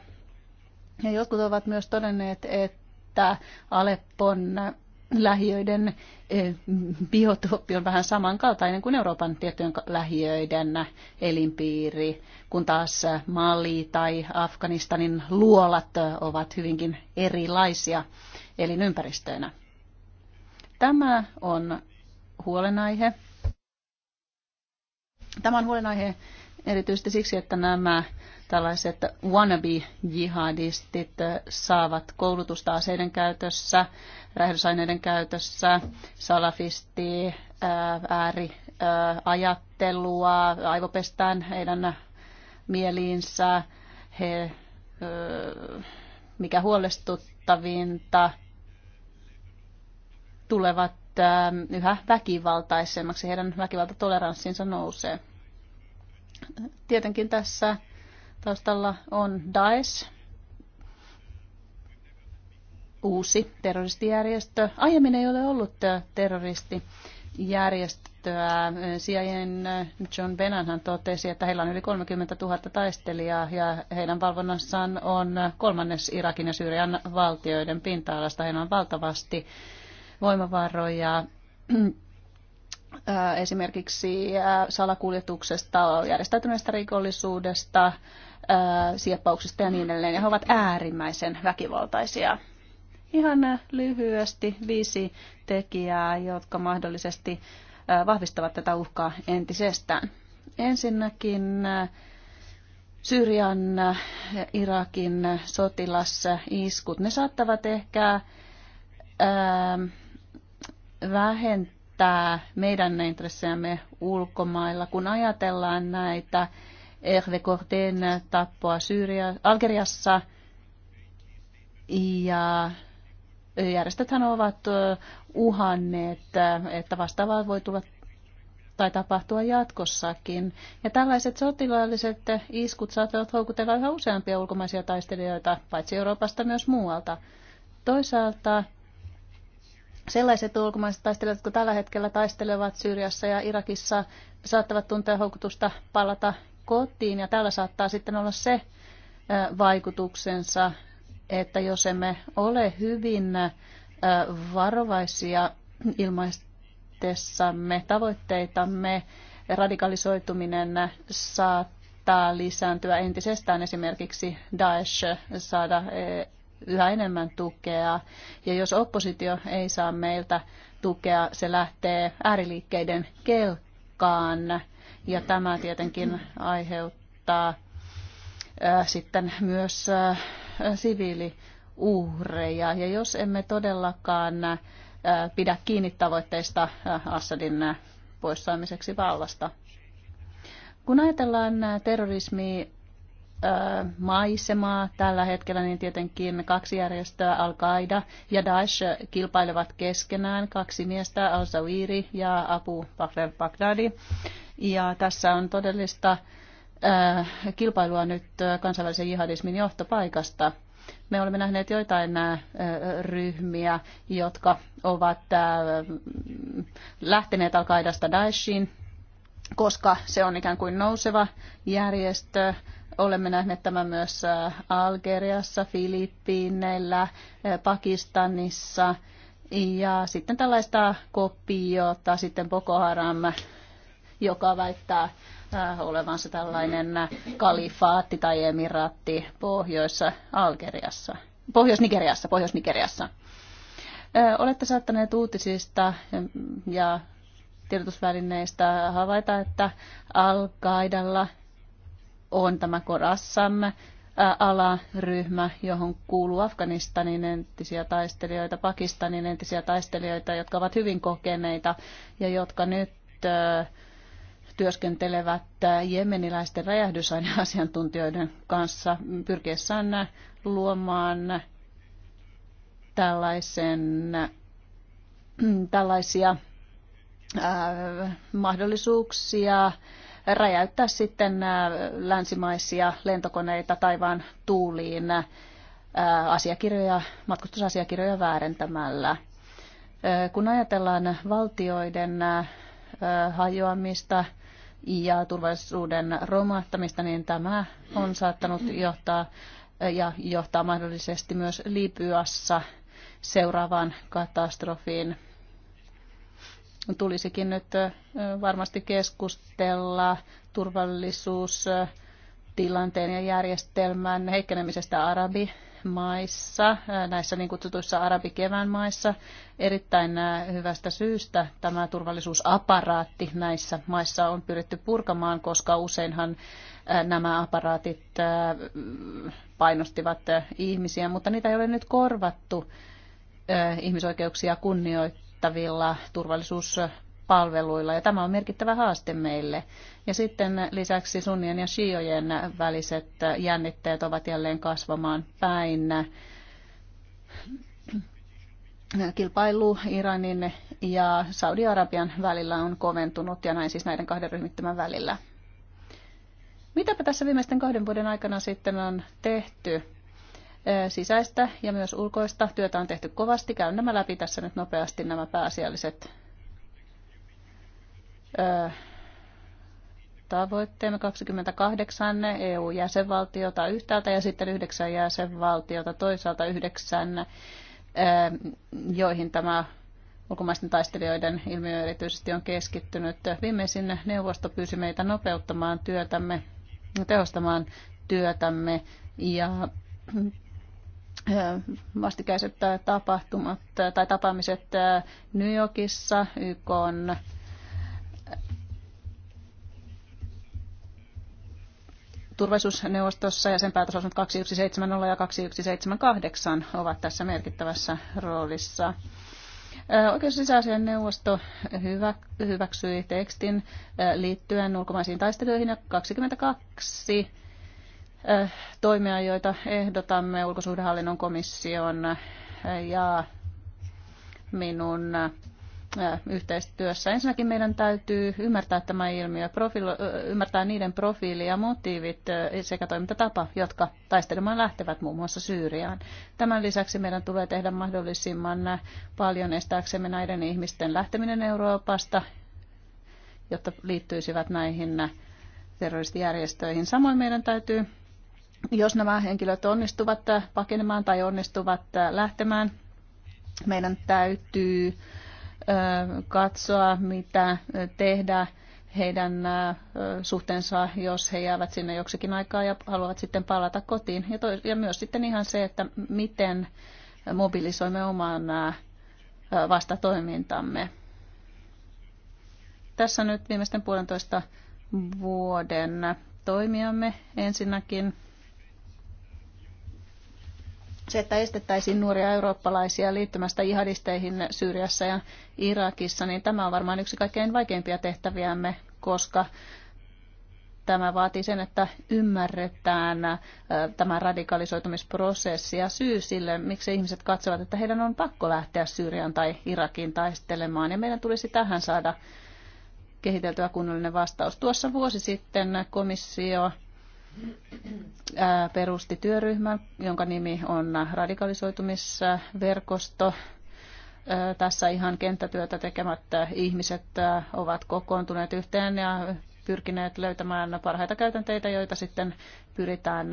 Ja jotkut ovat myös todenneet, että Aleppon lähiöiden eh, biotooppi on vähän samankaltainen kuin Euroopan tiettyjen lähiöiden elinpiiri, kun taas Mali tai Afganistanin luolat ovat hyvinkin erilaisia elinympäristöinä. Tämä on huolenaihe. Tämä on huolenaihe, erityisesti siksi, että nämä tällaiset wannabe-jihadistit saavat koulutusta aseiden käytössä, räjähdysaineiden käytössä, salafisti, ajattelua, aivopestään heidän mieliinsä, he, mikä huolestuttavinta, tulevat yhä väkivaltaisemmaksi, heidän väkivaltatoleranssinsa nousee. Tietenkin tässä taustalla on Daesh, uusi terroristijärjestö. Aiemmin ei ole ollut terroristijärjestöä. Sijajen äh, John Bennanhan totesi, että heillä on yli 30 000 taistelijaa ja heidän valvonnassaan on kolmannes Irakin ja Syyrian valtioiden pinta-alasta. Heillä on valtavasti voimavaroja Äh, esimerkiksi äh, salakuljetuksesta, järjestäytyneestä rikollisuudesta, äh, sieppauksista ja niin edelleen. Ja he ovat äärimmäisen väkivaltaisia. Ihan lyhyesti viisi tekijää, jotka mahdollisesti vahvistavat tätä uhkaa entisestään. Ensinnäkin Syyrian, Irakin sotilasiskut, ne saattavat ehkä vähentää edistää meidän intressejämme ulkomailla, kun ajatellaan näitä Erve Cordén tappoa Syyria, Algeriassa ja järjestöthän ovat uhanneet, että vastaavaa voi tulla tai tapahtua jatkossakin. Ja tällaiset sotilaalliset iskut saattavat houkutella yhä useampia ulkomaisia taistelijoita, paitsi Euroopasta myös muualta. Toisaalta Sellaiset ulkomaiset taistelijat, jotka tällä hetkellä taistelevat Syyriassa ja Irakissa, saattavat tuntea houkutusta palata kotiin ja tällä saattaa sitten olla se vaikutuksensa, että jos emme ole hyvin varovaisia ilmaistessamme tavoitteitamme, radikalisoituminen saattaa lisääntyä entisestään esimerkiksi Daesh saada yhä enemmän tukea. Ja jos oppositio ei saa meiltä tukea, se lähtee ääriliikkeiden kelkaan. Ja tämä tietenkin aiheuttaa sitten myös siviiliuhreja. Ja jos emme todellakaan pidä kiinni tavoitteista Assadin poissaamiseksi vallasta. Kun ajatellaan terrorismi maisemaa tällä hetkellä, niin tietenkin kaksi järjestöä, Al-Qaida ja Daesh, kilpailevat keskenään. Kaksi miestä, Al-Zawiri ja Abu Bakr Bagdadi. Ja tässä on todellista kilpailua nyt kansainvälisen jihadismin johtopaikasta. Me olemme nähneet joitain nämä ryhmiä, jotka ovat lähteneet Al-Qaidasta Daeshiin, koska se on ikään kuin nouseva järjestö Olemme nähneet tämän myös Algeriassa, Filippiineillä, Pakistanissa ja sitten tällaista kopiota sitten Boko Haram, joka väittää olevansa tällainen kalifaatti tai emiraatti pohjoissa Algeriassa, Pohjois-Nigeriassa, Pohjois-Nigeriassa. Olette saattaneet uutisista ja tiedotusvälineistä havaita, että Al-Qaidalla on tämä Korassam alaryhmä, johon kuuluu Afganistanin entisiä taistelijoita, Pakistanin entisiä taistelijoita, jotka ovat hyvin kokeneita ja jotka nyt työskentelevät jemeniläisten räjähdysaineasiantuntijoiden kanssa pyrkiessään luomaan tällaisen, tällaisia ää, mahdollisuuksia räjäyttää sitten äh, länsimaisia lentokoneita taivaan tuuliin äh, asiakirjoja, matkustusasiakirjoja väärentämällä. Äh, kun ajatellaan valtioiden hajoamista ja turvallisuuden romahtamista, niin tämä on saattanut johtaa ja johtaa mahdollisesti myös Libyassa seuraavaan katastrofiin tulisikin nyt varmasti keskustella turvallisuustilanteen ja järjestelmän heikkenemisestä arabi maissa, näissä niin kutsutuissa arabikevään maissa, erittäin hyvästä syystä tämä turvallisuusaparaatti näissä maissa on pyritty purkamaan, koska useinhan nämä aparaatit painostivat ihmisiä, mutta niitä ei ole nyt korvattu ihmisoikeuksia kunnioittaa turvallisuus palveluilla ja tämä on merkittävä haaste meille. Ja sitten lisäksi sunnien ja shiojen väliset jännitteet ovat jälleen kasvamaan päin. Kilpailu Iranin ja Saudi-Arabian välillä on koventunut ja näin siis näiden kahden ryhmittymän välillä. Mitäpä tässä viimeisten kahden vuoden aikana sitten on tehty? sisäistä ja myös ulkoista. Työtä on tehty kovasti. Käyn nämä läpi tässä nyt nopeasti nämä pääasialliset tavoitteemme 28 EU-jäsenvaltiota yhtäältä ja sitten yhdeksän jäsenvaltiota toisaalta yhdeksän, joihin tämä ulkomaisten taistelijoiden ilmiö erityisesti on keskittynyt. Viimeisin neuvosto pyysi meitä nopeuttamaan työtämme, tehostamaan työtämme ja vastikäiset tapahtumat tai tapaamiset New Yorkissa YK on turvallisuusneuvostossa ja sen päätöslausumat 2170 ja 2178 ovat tässä merkittävässä roolissa. Oikeus- ja neuvosto hyväksyi tekstin liittyen ulkomaisiin taisteluihin ja 22 Eh, toimia, joita ehdotamme ulkosuhdehallinnon komission eh, ja minun eh, yhteistyössä. Ensinnäkin meidän täytyy ymmärtää tämä ilmiö, profiilo, ymmärtää niiden profiili ja motiivit sekä toimintatapa, jotka taistelemaan lähtevät muun muassa Syyriaan. Tämän lisäksi meidän tulee tehdä mahdollisimman paljon estääksemme näiden ihmisten lähteminen Euroopasta, jotta liittyisivät näihin terroristijärjestöihin. Samoin meidän täytyy jos nämä henkilöt onnistuvat äh, pakenemaan tai onnistuvat äh, lähtemään, meidän täytyy äh, katsoa, mitä tehdä heidän suhteensa, jos he jäävät sinne joksikin aikaa ja haluavat sitten palata kotiin. Ja, to, ja myös sitten ihan se, että miten mobilisoimme oman vastatoimintamme. Tässä nyt viimeisten puolentoista vuoden toimiamme ensinnäkin se, että estettäisiin nuoria eurooppalaisia liittymästä jihadisteihin Syyriassa ja Irakissa, niin tämä on varmaan yksi kaikkein vaikeimpia tehtäviämme, koska tämä vaatii sen, että ymmärretään äh, tämä radikalisoitumisprosessi ja syy sille, miksi ihmiset katsovat, että heidän on pakko lähteä Syyrian tai Irakiin taistelemaan. Ja meidän tulisi tähän saada kehiteltyä kunnollinen vastaus. Tuossa vuosi sitten komissio perusti työryhmän, jonka nimi on radikalisoitumisverkosto. Tässä ihan kenttätyötä tekemättä ihmiset ovat kokoontuneet yhteen ja pyrkineet löytämään parhaita käytänteitä, joita sitten pyritään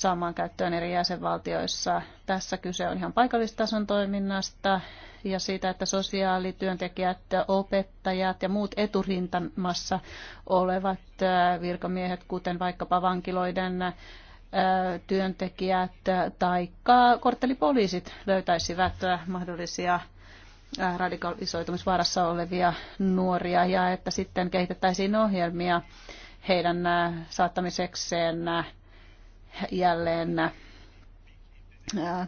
saamaan käyttöön eri jäsenvaltioissa. Tässä kyse on ihan paikallistason toiminnasta ja siitä, että sosiaalityöntekijät, opettajat ja muut eturintamassa olevat äh, virkamiehet, kuten vaikkapa vankiloiden äh, työntekijät tai korttelipoliisit löytäisivät äh, mahdollisia radikalisoitumisvaarassa olevia nuoria ja että sitten kehitettäisiin ohjelmia heidän saattamisekseen jälleen äh,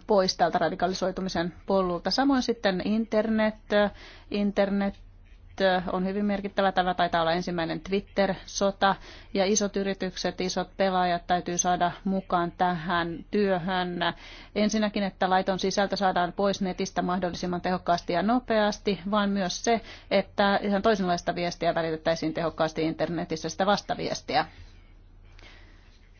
pois tältä radikalisoitumisen polulta. Samoin sitten internet. Internet äh, on hyvin merkittävä. Tämä taitaa olla ensimmäinen Twitter-sota ja isot yritykset, isot pelaajat täytyy saada mukaan tähän työhön. Ensinnäkin, että laiton sisältö saadaan pois netistä mahdollisimman tehokkaasti ja nopeasti, vaan myös se, että ihan toisenlaista viestiä välitettäisiin tehokkaasti internetissä sitä vastaviestiä.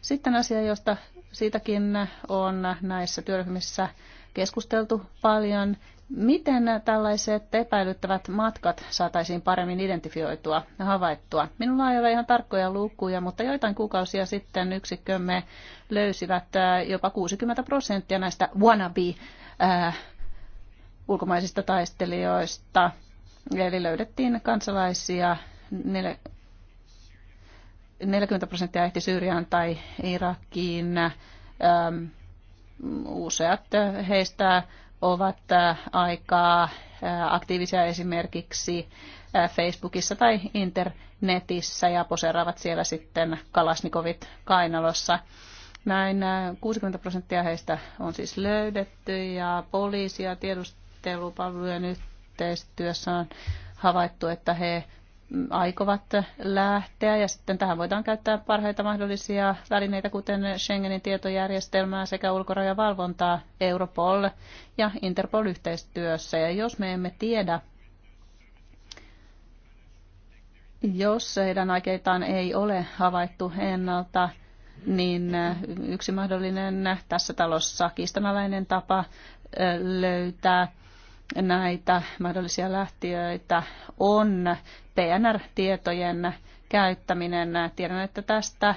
Sitten asia, josta siitäkin on näissä työryhmissä keskusteltu paljon. Miten tällaiset epäilyttävät matkat saataisiin paremmin identifioitua ja havaittua? Minulla ei ole ihan tarkkoja lukuja, mutta joitain kuukausia sitten yksikkömme löysivät äh, jopa 60 prosenttia näistä wannabe ää, äh, ulkomaisista taistelijoista. Eli löydettiin kansalaisia 40 prosenttia ehti Syyriaan tai Irakiin. Useat heistä ovat aika aktiivisia esimerkiksi Facebookissa tai internetissä ja poseeraavat siellä sitten Kalasnikovit kainalossa. Näin 60 prosenttia heistä on siis löydetty ja poliisia ja tiedustelupalvelujen yhteistyössä on havaittu, että he aikovat lähteä ja sitten tähän voidaan käyttää parhaita mahdollisia välineitä, kuten Schengenin tietojärjestelmää sekä ulkorajavalvontaa Europol ja Interpol yhteistyössä. Ja jos me emme tiedä, jos heidän aikeitaan ei ole havaittu ennalta, niin yksi mahdollinen tässä talossa kiistanalainen tapa löytää näitä mahdollisia lähtiöitä on PNR-tietojen käyttäminen. Tiedän, että tästä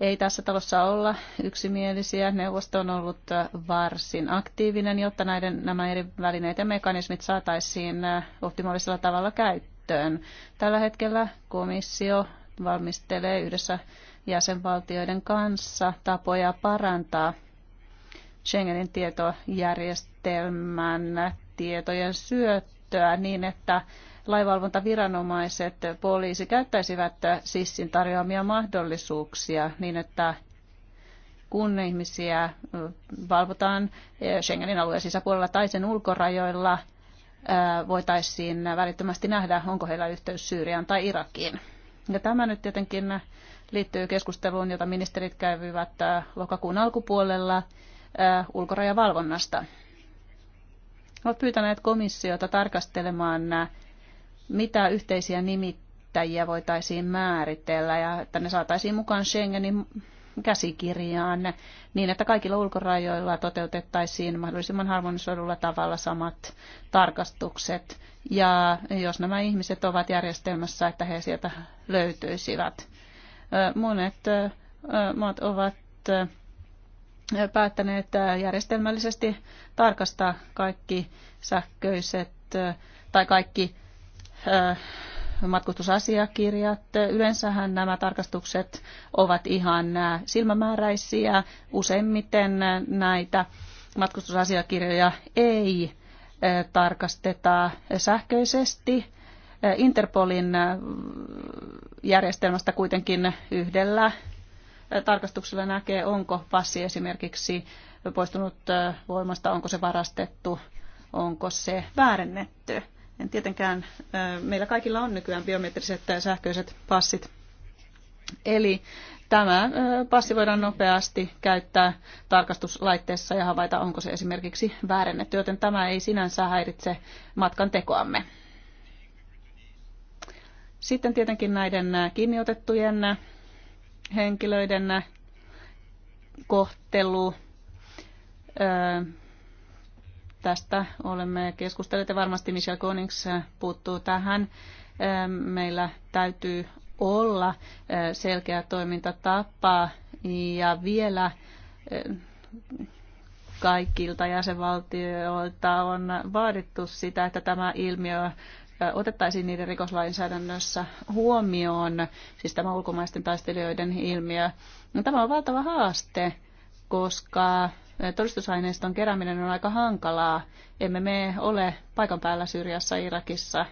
ei tässä talossa olla yksimielisiä. Neuvosto on ollut varsin aktiivinen, jotta näiden, nämä eri välineet ja mekanismit saataisiin optimaalisella tavalla käyttöön. Tällä hetkellä komissio valmistelee yhdessä jäsenvaltioiden kanssa tapoja parantaa Schengenin tietojärjestelmän tietojen syöttöä niin, että laivalvontaviranomaiset, poliisi käyttäisivät SISin tarjoamia mahdollisuuksia niin, että kun ihmisiä valvotaan Schengenin alueen sisäpuolella tai sen ulkorajoilla, voitaisiin välittömästi nähdä, onko heillä yhteys Syyriaan tai Irakiin. Ja tämä nyt tietenkin liittyy keskusteluun, jota ministerit käyvivät lokakuun alkupuolella Äh, ulkorajavalvonnasta. Ovat pyytäneet komissiota tarkastelemaan, äh, mitä yhteisiä nimittäjiä voitaisiin määritellä ja että ne saataisiin mukaan Schengenin käsikirjaan niin, että kaikilla ulkorajoilla toteutettaisiin mahdollisimman harmonisoidulla tavalla samat tarkastukset. Ja jos nämä ihmiset ovat järjestelmässä, että he sieltä löytyisivät. Äh, monet maat ovat päättäneet järjestelmällisesti tarkastaa kaikki sähköiset tai kaikki matkustusasiakirjat. Yleensähän nämä tarkastukset ovat ihan silmämääräisiä. Useimmiten näitä matkustusasiakirjoja ei tarkasteta sähköisesti. Interpolin järjestelmästä kuitenkin yhdellä tarkastuksella näkee, onko passi esimerkiksi poistunut voimasta, onko se varastettu, onko se väärennetty. En tietenkään, meillä kaikilla on nykyään biometriset sähköiset passit. Eli tämä passi voidaan nopeasti käyttää tarkastuslaitteessa ja havaita, onko se esimerkiksi väärennetty, joten tämä ei sinänsä häiritse matkan tekoamme. Sitten tietenkin näiden kiinniotettujen henkilöiden äh, kohtelu. Tästä olemme keskustelleet ja varmasti Michelle Konings äh, puuttuu tähän. Meillä täytyy olla selkeä toimintatapa ja vielä kaikilta jäsenvaltioilta on vaadittu sitä, että tämä ilmiö otettaisiin niiden rikoslainsäädännössä huomioon, siis tämä ulkomaisten taistelijoiden ilmiö. No, tämä on valtava haaste, koska todistusaineiston kerääminen on aika hankalaa. Emme me ole paikan päällä Syyriassa, Irakissa,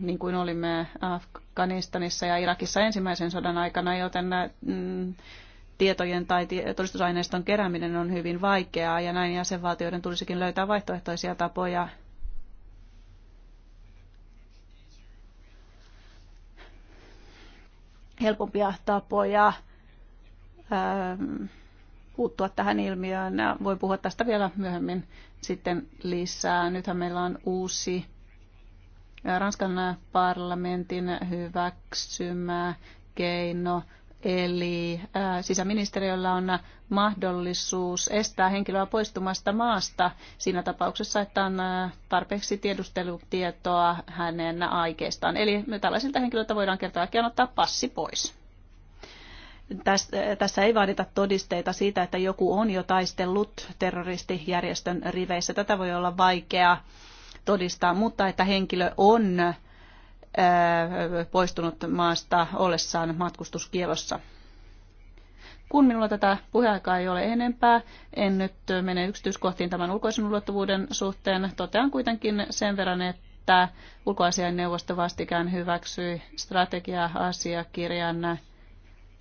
niin kuin olimme Afganistanissa ja Irakissa ensimmäisen sodan aikana, joten mm, tietojen tai todistusaineiston kerääminen on hyvin vaikeaa ja näin jäsenvaltioiden tulisikin löytää vaihtoehtoisia tapoja helpompia tapoja ähm, puuttua tähän ilmiöön. voi puhua tästä vielä myöhemmin sitten lisää. Nythän meillä on uusi äh, Ranskan äh, parlamentin hyväksymä keino Eli sisäministeriöllä on mahdollisuus estää henkilöä poistumasta maasta siinä tapauksessa, että on tarpeeksi tiedustelutietoa hänen aikeistaan. Eli tällaisilta henkilöiltä voidaan kertoa äkkiä ottaa passi pois. Tässä ei vaadita todisteita siitä, että joku on jo taistellut terroristijärjestön riveissä. Tätä voi olla vaikea todistaa, mutta että henkilö on poistunut maasta ollessaan matkustuskielossa. Kun minulla tätä puheaikaa ei ole enempää, en nyt mene yksityiskohtiin tämän ulkoisen ulottuvuuden suhteen. Totean kuitenkin sen verran, että neuvosto vastikään hyväksyi strategia-asiakirjan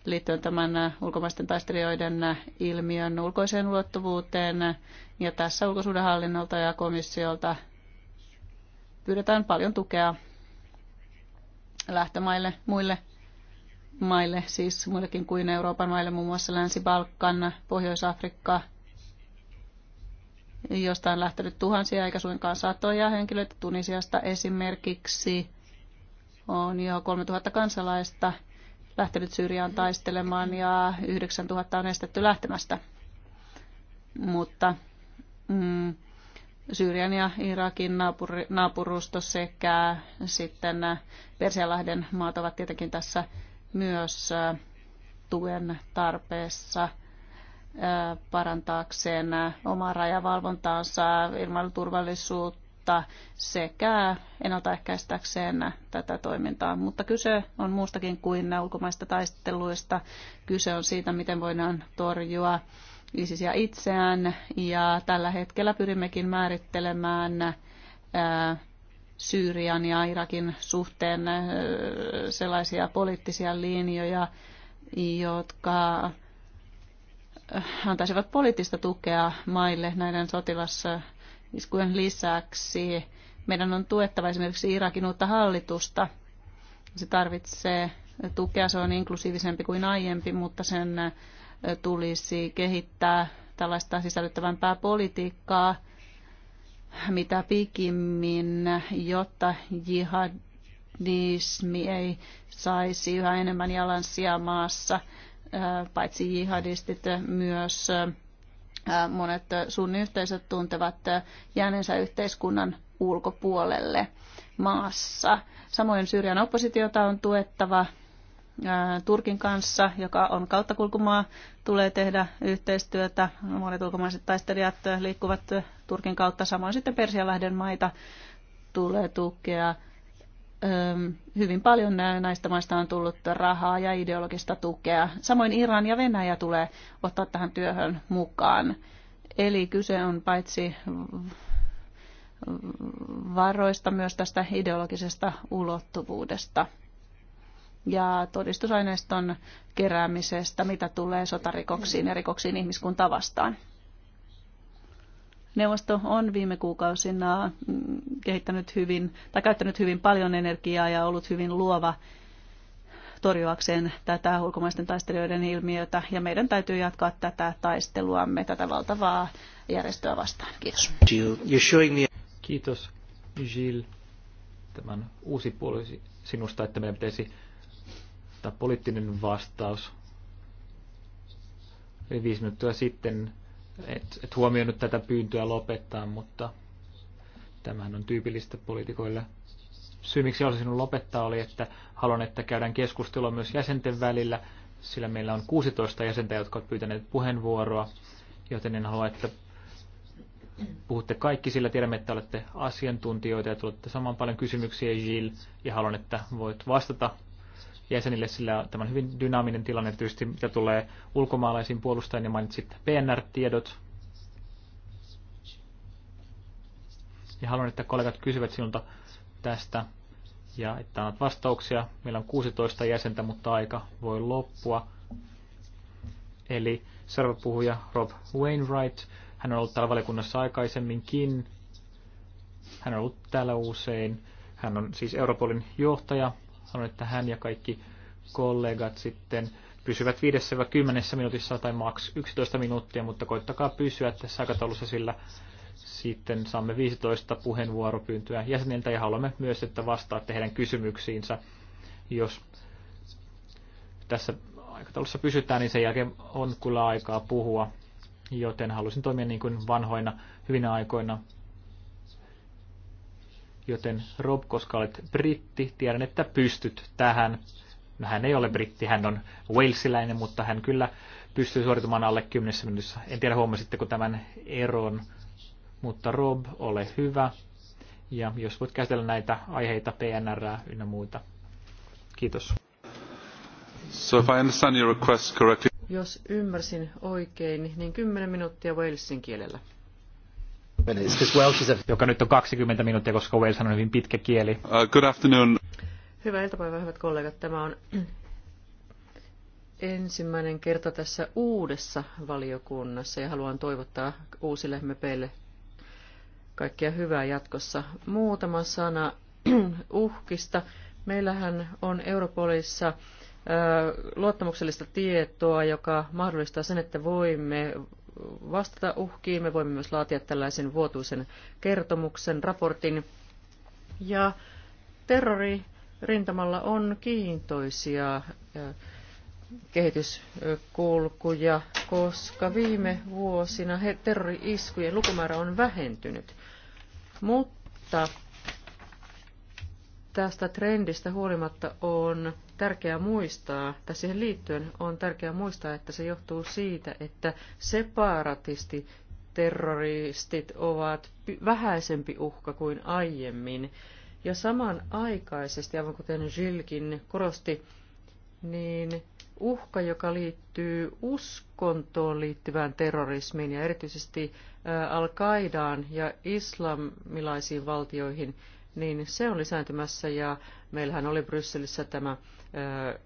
liittyen tämän ulkomaisten taistelijoiden ilmiön ulkoiseen ulottuvuuteen. Ja tässä ulkosuudenhallinnolta ja komissiolta pyydetään paljon tukea lähtömaille, muille maille, siis muillekin kuin Euroopan maille, muun muassa Länsi-Balkan, Pohjois-Afrikka, josta on lähtenyt tuhansia eikä suinkaan satoja henkilöitä. Tunisiasta esimerkiksi on jo 3000 kansalaista lähtenyt Syyriaan taistelemaan ja 9000 on estetty lähtemästä. Mutta mm, Syyrian ja Irakin naapurusto sekä sitten äh, Persialahden maat ovat tietenkin tässä myös äh, tuen tarpeessa äh, parantaakseen omaa rajavalvontaansa, ilmailuturvallisuutta sekä ennaltaehkäistäkseen tätä toimintaa. Mutta kyse on muustakin kuin ulkomaista taisteluista. Kyse on siitä, miten voidaan torjua ISISiä itseään ja tällä hetkellä pyrimmekin määrittelemään äh, Syyrian ja Irakin suhteen äh, sellaisia poliittisia linjoja, jotka äh, antaisivat poliittista tukea maille näiden sotilasiskujen lisäksi. Meidän on tuettava esimerkiksi Irakin uutta hallitusta. Se tarvitsee tukea, se on inklusiivisempi kuin aiempi, mutta sen tulisi kehittää tällaista sisällyttävämpää politiikkaa mitä pikimmin, jotta jihadismi ei saisi yhä enemmän jalansia maassa, paitsi jihadistit myös monet yhteisöt tuntevat jääneensä yhteiskunnan ulkopuolelle maassa. Samoin Syyrian oppositiota on tuettava Turkin kanssa, joka on kauttakulkumaa tulee tehdä yhteistyötä. Monet ulkomaiset taistelijat liikkuvat Turkin kautta, samoin sitten Persialahden maita tulee tukea. Hyvin paljon näistä maista on tullut rahaa ja ideologista tukea. Samoin Iran ja Venäjä tulee ottaa tähän työhön mukaan. Eli kyse on paitsi varoista myös tästä ideologisesta ulottuvuudesta ja todistusaineiston keräämisestä, mitä tulee sotarikoksiin ja rikoksiin ihmiskuntaa vastaan. Neuvosto on viime kuukausina mm, kehittänyt hyvin, tai käyttänyt hyvin paljon energiaa ja ollut hyvin luova torjuakseen tätä ulkomaisten taistelijoiden ilmiötä, ja meidän täytyy jatkaa tätä taisteluamme tätä valtavaa järjestöä vastaan. Kiitos. Kiitos, Gilles. Tämän uusi puoli sinusta, että meidän pitäisi antaa poliittinen vastaus. Eli viisi minuuttia sitten et, et huomioinut tätä pyyntöä lopettaa, mutta tämähän on tyypillistä poliitikoille. Syy, miksi sinun lopettaa, oli, että haluan, että käydään keskustelua myös jäsenten välillä, sillä meillä on 16 jäsentä, jotka ovat pyytäneet puheenvuoroa, joten en halua, että puhutte kaikki, sillä tiedämme, että olette asiantuntijoita ja tulette saman paljon kysymyksiä, Jill, ja haluan, että voit vastata jäsenille, sillä tämä on hyvin dynaaminen tilanne, tietysti, mitä tulee ulkomaalaisiin puolustajien ja niin mainitsit PNR-tiedot. Ja haluan, että kollegat kysyvät sinulta tästä ja että annat vastauksia. Meillä on 16 jäsentä, mutta aika voi loppua. Eli seuraava puhuja Rob Wainwright. Hän on ollut täällä valiokunnassa aikaisemminkin. Hän on ollut täällä usein. Hän on siis Europolin johtaja sanoi, että hän ja kaikki kollegat sitten pysyvät 5-10 minuutissa tai maks 11 minuuttia, mutta koittakaa pysyä tässä aikataulussa, sillä sitten saamme 15 puheenvuoropyyntöä jäseniltä ja haluamme myös, että vastaatte heidän kysymyksiinsä. Jos tässä aikataulussa pysytään, niin sen jälkeen on kyllä aikaa puhua, joten halusin toimia niin kuin vanhoina hyvinä aikoina Joten Rob, koska olet britti, tiedän, että pystyt tähän. No, hän ei ole britti, hän on walesiläinen, mutta hän kyllä pystyy suoritumaan alle 10 minuutissa. En tiedä, huomasitteko tämän eron, mutta Rob, ole hyvä. Ja jos voit käsitellä näitä aiheita, PNR ynnä muuta. Kiitos. So if I understand your request correctly. Jos ymmärsin oikein, niin 10 minuuttia Walesin kielellä joka nyt on 20 minuuttia, koska Wales on hyvin pitkä kieli. Uh, good afternoon. Hyvää iltapäivää, hyvät kollegat. Tämä on *clears throat* ensimmäinen kerta tässä uudessa valiokunnassa ja haluan toivottaa uusille mepeille kaikkea hyvää jatkossa. Muutama sana *clears throat* uhkista. Meillähän on Europolissa äh, luottamuksellista tietoa, joka mahdollistaa sen, että voimme vastata uhkiin. Me voimme myös laatia tällaisen vuotuisen kertomuksen, raportin. Ja terrori rintamalla on kiintoisia kehityskulkuja, koska viime vuosina terrori-iskujen lukumäärä on vähentynyt. Mutta tästä trendistä huolimatta on tärkeää muistaa, tai siihen liittyen on tärkeää muistaa, että se johtuu siitä, että separatisti terroristit ovat vähäisempi uhka kuin aiemmin. Ja samanaikaisesti, aivan kuten Jilkin korosti, niin uhka, joka liittyy uskontoon liittyvään terrorismiin ja erityisesti Al-Qaidaan ja islamilaisiin valtioihin, niin se on lisääntymässä ja meillähän oli Brysselissä tämä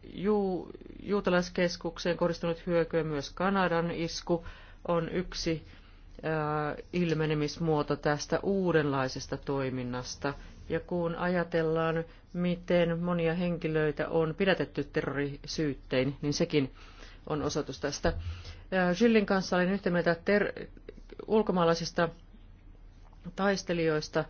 Ju, juutalaiskeskukseen kohdistunut ja myös Kanadan isku on yksi äh, ilmenemismuoto tästä uudenlaisesta toiminnasta. Ja kun ajatellaan, miten monia henkilöitä on pidätetty terrorisyyttein, niin sekin on osoitus tästä. Äh, Jyllin kanssa olin yhtä mieltä ter- ulkomaalaisista taistelijoista.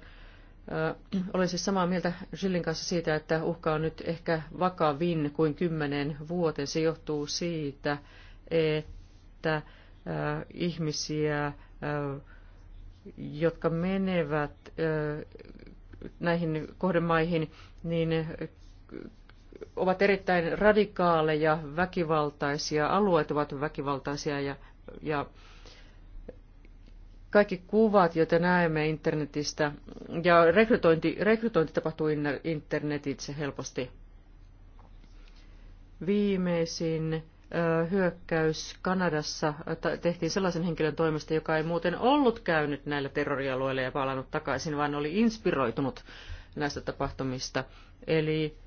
Olen siis samaa mieltä Jillin kanssa siitä, että uhka on nyt ehkä vakavin kuin kymmenen vuoteen. Se johtuu siitä, että ihmisiä, jotka menevät näihin kohdemaihin, niin ovat erittäin radikaaleja, väkivaltaisia, alueet ovat väkivaltaisia ja, ja kaikki kuvat, joita näemme internetistä, ja rekrytointi, rekrytointi tapahtuu internetitse helposti. Viimeisin hyökkäys Kanadassa tehtiin sellaisen henkilön toimesta, joka ei muuten ollut käynyt näillä terrorialueilla ja palannut takaisin, vaan oli inspiroitunut näistä tapahtumista. Eli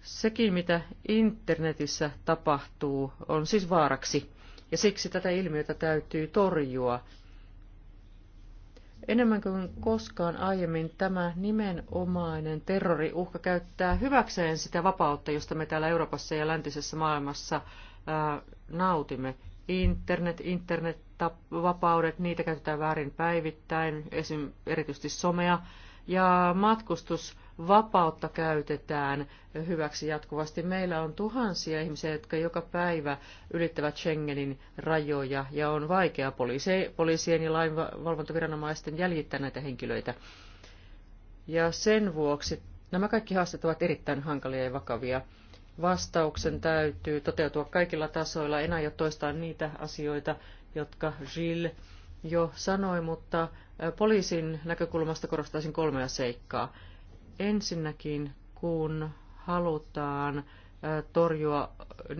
sekin, mitä internetissä tapahtuu, on siis vaaraksi ja siksi tätä ilmiötä täytyy torjua. Enemmän kuin koskaan aiemmin tämä nimenomainen terroriuhka käyttää hyväkseen sitä vapautta, josta me täällä Euroopassa ja läntisessä maailmassa ää, nautimme. Internet, internetvapaudet, niitä käytetään väärin päivittäin, esim. erityisesti somea ja matkustus vapautta käytetään hyväksi jatkuvasti. Meillä on tuhansia ihmisiä, jotka joka päivä ylittävät Schengenin rajoja ja on vaikea poliisien ja lainvalvontaviranomaisten jäljittää näitä henkilöitä. Ja sen vuoksi nämä kaikki haasteet ovat erittäin hankalia ja vakavia. Vastauksen täytyy toteutua kaikilla tasoilla. En aio toistaa niitä asioita, jotka Gilles jo sanoi, mutta poliisin näkökulmasta korostaisin kolmea seikkaa. Ensinnäkin, kun halutaan torjua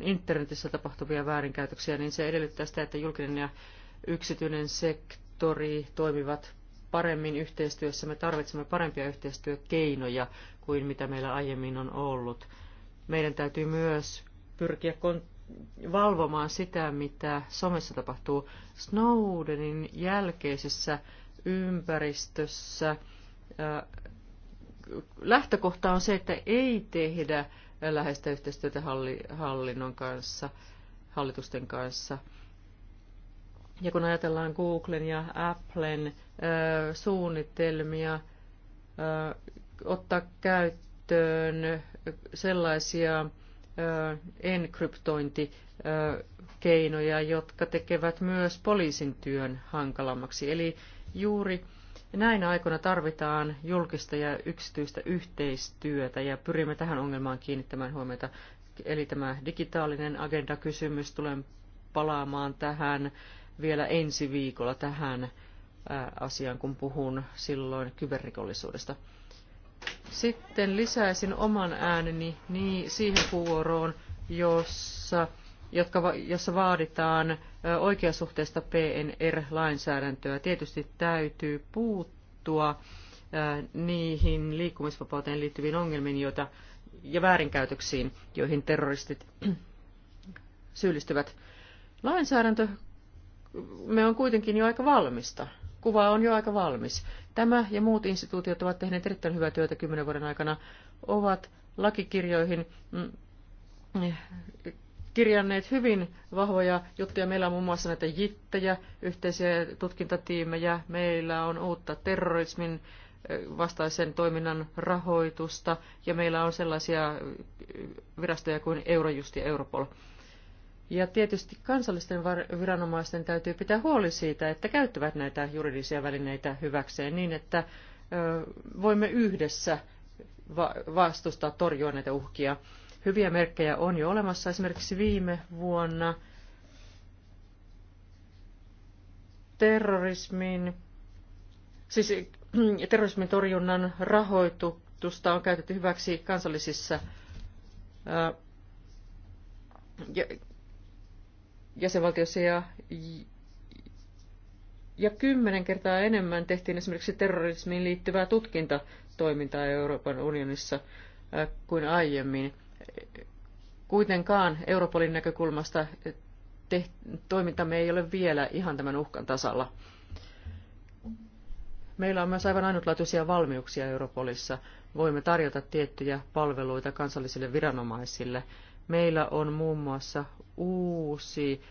internetissä tapahtuvia väärinkäytöksiä, niin se edellyttää sitä, että julkinen ja yksityinen sektori toimivat paremmin yhteistyössä. Me tarvitsemme parempia yhteistyökeinoja kuin mitä meillä aiemmin on ollut. Meidän täytyy myös pyrkiä valvomaan sitä, mitä somessa tapahtuu. Snowdenin jälkeisessä ympäristössä lähtökohta on se, että ei tehdä läheistä yhteistyötä hallinnon kanssa, hallitusten kanssa. Ja kun ajatellaan Googlen ja Applen suunnitelmia ottaa käyttöön sellaisia enkryptointikeinoja, jotka tekevät myös poliisin työn hankalammaksi. Eli juuri Näinä aikoina tarvitaan julkista ja yksityistä yhteistyötä ja pyrimme tähän ongelmaan kiinnittämään huomiota. Eli tämä digitaalinen agenda-kysymys, tulen palaamaan tähän vielä ensi viikolla tähän asiaan, kun puhun silloin kyberrikollisuudesta. Sitten lisäisin oman ääneni niin siihen vuoroon, jossa jotka, jossa vaaditaan oikeasuhteista PNR-lainsäädäntöä. Tietysti täytyy puuttua niihin liikkumisvapauteen liittyviin ongelmiin joita, ja väärinkäytöksiin, joihin terroristit *clears throat* syyllistyvät. Lainsäädäntö me on kuitenkin jo aika valmista. Kuva on jo aika valmis. Tämä ja muut instituutiot ovat tehneet erittäin hyvää työtä kymmenen vuoden aikana, ovat lakikirjoihin mm, kirjanneet hyvin vahvoja juttuja. Meillä on muun muassa näitä jittejä, yhteisiä tutkintatiimejä, meillä on uutta terrorismin vastaisen toiminnan rahoitusta ja meillä on sellaisia virastoja kuin Eurojust ja Europol. Ja tietysti kansallisten viranomaisten täytyy pitää huoli siitä, että käyttävät näitä juridisia välineitä hyväkseen niin, että voimme yhdessä vastustaa, torjua näitä uhkia. Hyviä merkkejä on jo olemassa. Esimerkiksi viime vuonna terrorismin, siis äh, terrorismin torjunnan rahoitusta on käytetty hyväksi kansallisissa äh, jäsenvaltioissa ja, ja kymmenen kertaa enemmän tehtiin esimerkiksi terrorismiin liittyvää tutkintatoimintaa Euroopan unionissa äh, kuin aiemmin. Kuitenkaan Europolin näkökulmasta toimintamme ei ole vielä ihan tämän uhkan tasalla. Meillä on myös aivan ainutlaatuisia valmiuksia Europolissa. Voimme tarjota tiettyjä palveluita kansallisille viranomaisille. Meillä on muun muassa uusi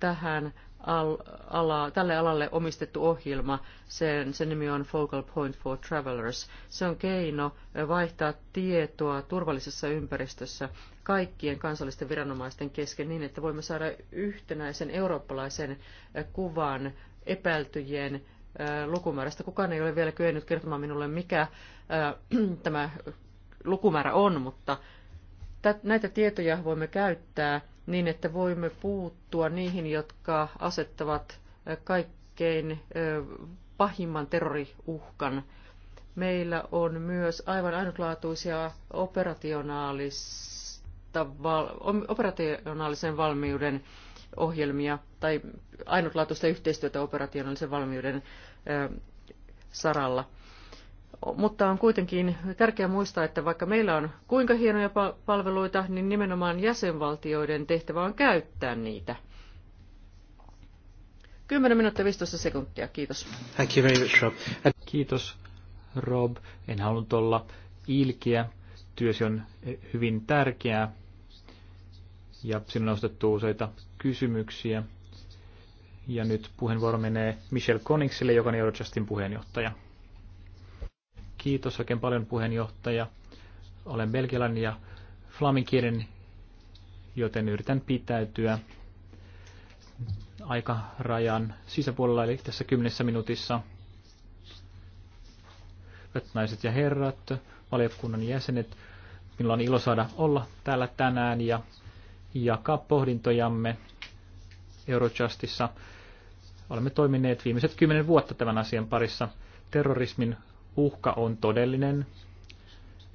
tähän al, ala, tälle alalle omistettu ohjelma. Sen, sen nimi on Focal Point for Travelers. Se on keino vaihtaa tietoa turvallisessa ympäristössä kaikkien kansallisten viranomaisten kesken niin, että voimme saada yhtenäisen eurooppalaisen eh, kuvan epäiltyjen eh, lukumäärästä. Kukaan ei ole vielä kyennyt kertomaan minulle, mikä eh, *clears throat* tämä lukumäärä on, mutta näitä tietoja voimme käyttää niin että voimme puuttua niihin, jotka asettavat kaikkein pahimman terroriuhkan. Meillä on myös aivan ainutlaatuisia operationaalista, operationaalisen valmiuden ohjelmia tai ainutlaatuista yhteistyötä operationaalisen valmiuden saralla. Mutta on kuitenkin tärkeää muistaa, että vaikka meillä on kuinka hienoja palveluita, niin nimenomaan jäsenvaltioiden tehtävä on käyttää niitä. 10 minuuttia 15 sekuntia, kiitos. Thank you very much, Rob. And... Kiitos, Rob. En halunnut olla ilkeä. Työsi on hyvin tärkeää. Ja sinun on nostettu useita kysymyksiä. Ja nyt puheenvuoro menee Michel Konikselle, joka on Eurojustin puheenjohtaja. Kiitos oikein paljon puheenjohtaja. Olen belgialainen ja flaminkielinen, joten yritän pitäytyä aikarajan sisäpuolella, eli tässä kymmenessä minuutissa. Hyvät naiset ja herrat, valiokunnan jäsenet, minulla on ilo saada olla täällä tänään ja jakaa pohdintojamme Eurojustissa. Olemme toimineet viimeiset kymmenen vuotta tämän asian parissa terrorismin uhka on todellinen,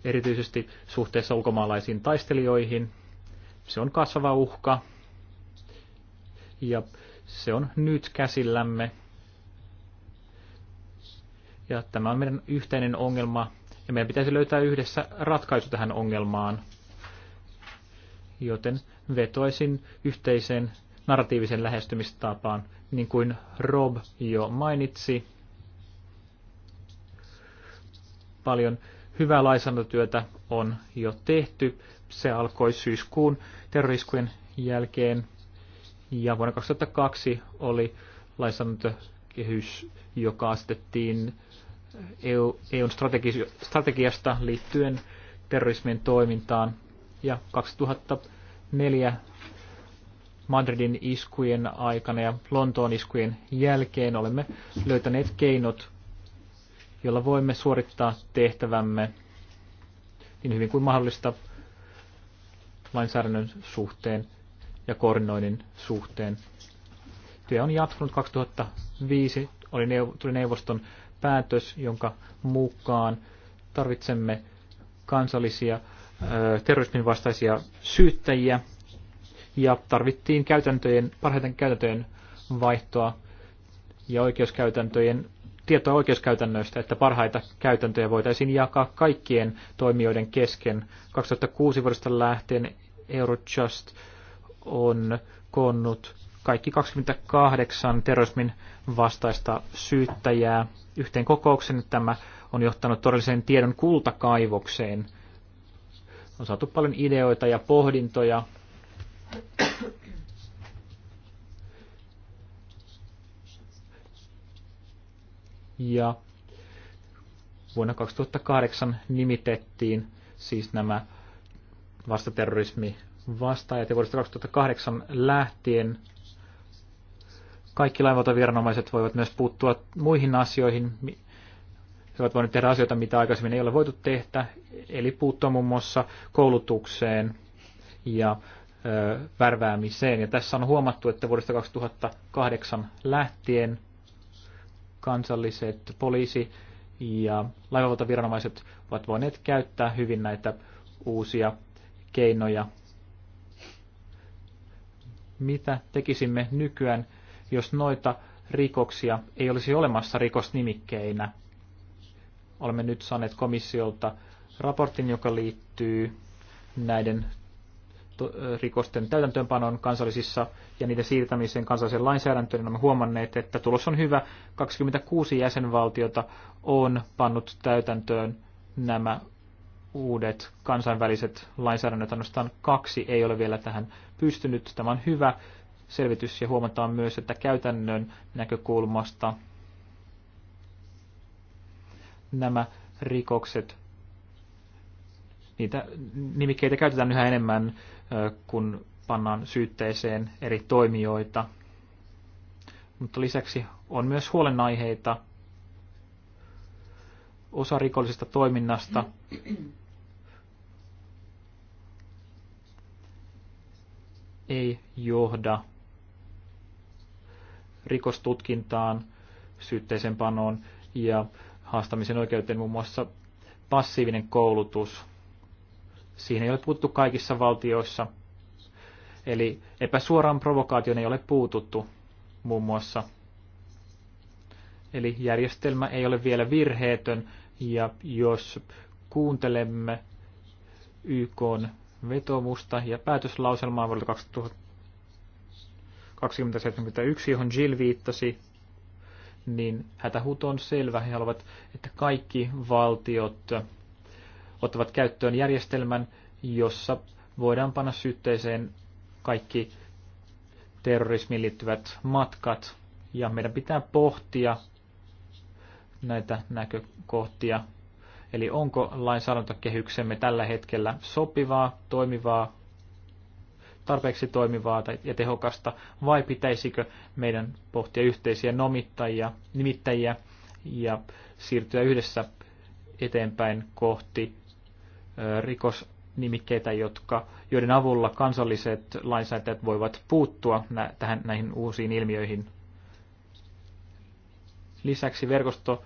erityisesti suhteessa ulkomaalaisiin taistelijoihin. Se on kasvava uhka ja se on nyt käsillämme. Ja tämä on meidän yhteinen ongelma ja meidän pitäisi löytää yhdessä ratkaisu tähän ongelmaan. Joten vetoisin yhteiseen narratiivisen lähestymistapaan, niin kuin Rob jo mainitsi Paljon hyvää lainsäädäntötyötä on jo tehty. Se alkoi syyskuun terroriskujen jälkeen ja vuonna 2002 oli lainsäädäntökehys, joka astettiin EU, EUn strategi, strategiasta liittyen terrorismin toimintaan. Ja 2004 Madridin iskujen aikana ja Lontoon iskujen jälkeen olemme löytäneet keinot jolla voimme suorittaa tehtävämme niin hyvin kuin mahdollista lainsäädännön suhteen ja koordinoinnin suhteen. Työ on jatkunut 2005, oli neuv- tuli neuvoston päätös, jonka mukaan tarvitsemme kansallisia terrorismin vastaisia syyttäjiä ja tarvittiin käytäntöjen, parhaiten käytäntöjen vaihtoa ja oikeuskäytäntöjen tietoa oikeuskäytännöistä, että parhaita käytäntöjä voitaisiin jakaa kaikkien toimijoiden kesken. 2006 vuodesta lähtien Eurojust on koonnut kaikki 28 terrorismin vastaista syyttäjää yhteen kokouksen. Tämä on johtanut todelliseen tiedon kultakaivokseen. On saatu paljon ideoita ja pohdintoja ja vuonna 2008 nimitettiin siis nämä vastaterrorismi vastaajat ja vuodesta 2008 lähtien kaikki laivaltaviranomaiset voivat myös puuttua muihin asioihin. He ovat voineet tehdä asioita, mitä aikaisemmin ei ole voitu tehdä, eli puuttua muun muassa koulutukseen ja ö, värväämiseen. Ja tässä on huomattu, että vuodesta 2008 lähtien kansalliset poliisi ja laivavaltaviranomaiset ovat voineet käyttää hyvin näitä uusia keinoja. Mitä tekisimme nykyään, jos noita rikoksia ei olisi olemassa rikosnimikkeinä? Olemme nyt saaneet komissiolta raportin, joka liittyy näiden rikosten täytäntöönpanon kansallisissa ja niiden siirtämisen kansalliseen lainsäädäntöön, niin olemme huomanneet, että tulos on hyvä. 26 jäsenvaltiota on pannut täytäntöön nämä uudet kansainväliset lainsäädännöt, ainoastaan kaksi ei ole vielä tähän pystynyt. Tämä on hyvä selvitys ja huomataan myös, että käytännön näkökulmasta nämä rikokset niitä nimikkeitä käytetään yhä enemmän, kun pannaan syytteeseen eri toimijoita. Mutta lisäksi on myös huolenaiheita osa rikollisesta toiminnasta. ei johda rikostutkintaan, syytteisen panoon ja haastamisen oikeuteen muun muassa passiivinen koulutus Siihen ei ole puuttu kaikissa valtioissa. Eli epäsuoraan provokaation ei ole puututtu muun muassa. Eli järjestelmä ei ole vielä virheetön, ja jos kuuntelemme YK vetomusta ja päätöslauselmaa vuodelta 2071, johon Jill viittasi, niin hätähuuto on selvä. He haluavat, että kaikki valtiot ottavat käyttöön järjestelmän, jossa voidaan panna syytteeseen kaikki terrorismiin liittyvät matkat. Ja meidän pitää pohtia näitä näkökohtia. Eli onko lainsäädäntökehyksemme tällä hetkellä sopivaa, toimivaa, tarpeeksi toimivaa tai, ja tehokasta, vai pitäisikö meidän pohtia yhteisiä nomittajia, nimittäjiä ja siirtyä yhdessä eteenpäin kohti rikosnimikkeitä, jotka, joiden avulla kansalliset lainsäätäjät voivat puuttua nä, tähän, näihin uusiin ilmiöihin. Lisäksi verkosto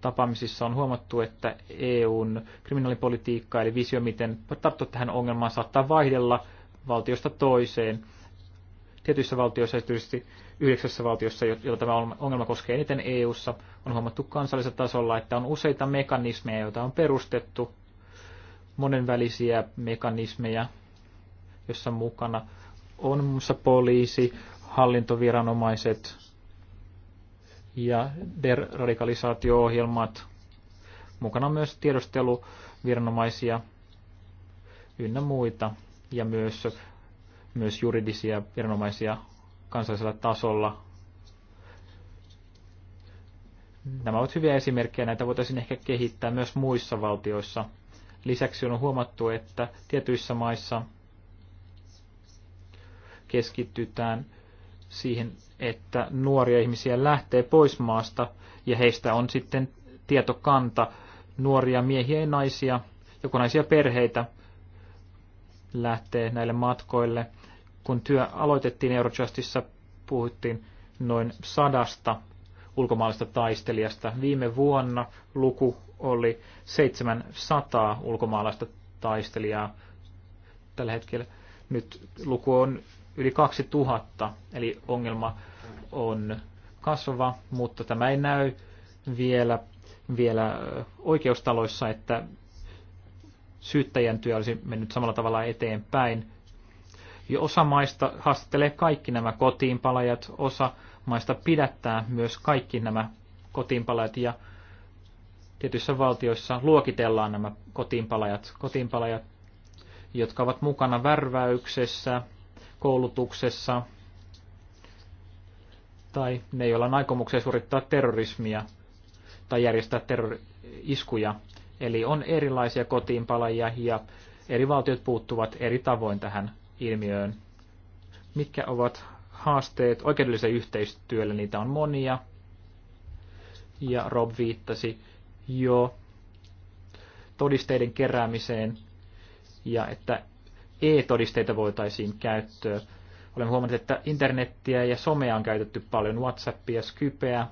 tapaamisissa on huomattu, että EUn kriminaalipolitiikka eli visio, miten tarttua tähän ongelmaan, saattaa vaihdella valtiosta toiseen. Tietyissä valtioissa, erityisesti yhdeksässä valtiossa, joita tämä ongelma koskee eniten EUssa, on huomattu kansallisella tasolla, että on useita mekanismeja, joita on perustettu monenvälisiä mekanismeja, jossa mukana on muun muassa poliisi, hallintoviranomaiset ja deradikalisaatio-ohjelmat. Mukana on myös tiedusteluviranomaisia ynnä muita ja myös, myös juridisia viranomaisia kansallisella tasolla. Nämä ovat hyviä esimerkkejä, näitä voitaisiin ehkä kehittää myös muissa valtioissa – Lisäksi on huomattu, että tietyissä maissa keskitytään siihen, että nuoria ihmisiä lähtee pois maasta ja heistä on sitten tietokanta nuoria miehiä ja naisia, jokonaisia perheitä lähtee näille matkoille. Kun työ aloitettiin Eurojustissa, puhuttiin noin sadasta ulkomaalaista taistelijasta. Viime vuonna luku oli 700 ulkomaalaista taistelijaa tällä hetkellä. Nyt luku on yli 2000, eli ongelma on kasvava, mutta tämä ei näy vielä, vielä oikeustaloissa, että syyttäjän työ olisi mennyt samalla tavalla eteenpäin. Ja osa maista haastattelee kaikki nämä kotiinpalajat, osa maista pidättää myös kaikki nämä kotiinpalajat ja tietyissä valtioissa luokitellaan nämä kotiinpalajat, kotiinpalajat jotka ovat mukana värväyksessä, koulutuksessa tai ne, joilla on aikomuksia suorittaa terrorismia tai järjestää terroriskuja. Eli on erilaisia kotiinpalajia ja eri valtiot puuttuvat eri tavoin tähän ilmiöön. Mitkä ovat haasteet oikeudelliselle yhteistyölle? Niitä on monia. Ja Rob viittasi jo todisteiden keräämiseen ja että e-todisteita voitaisiin käyttöä. Olen huomannut, että internettiä ja somea on käytetty paljon, Whatsappia, Skypeä,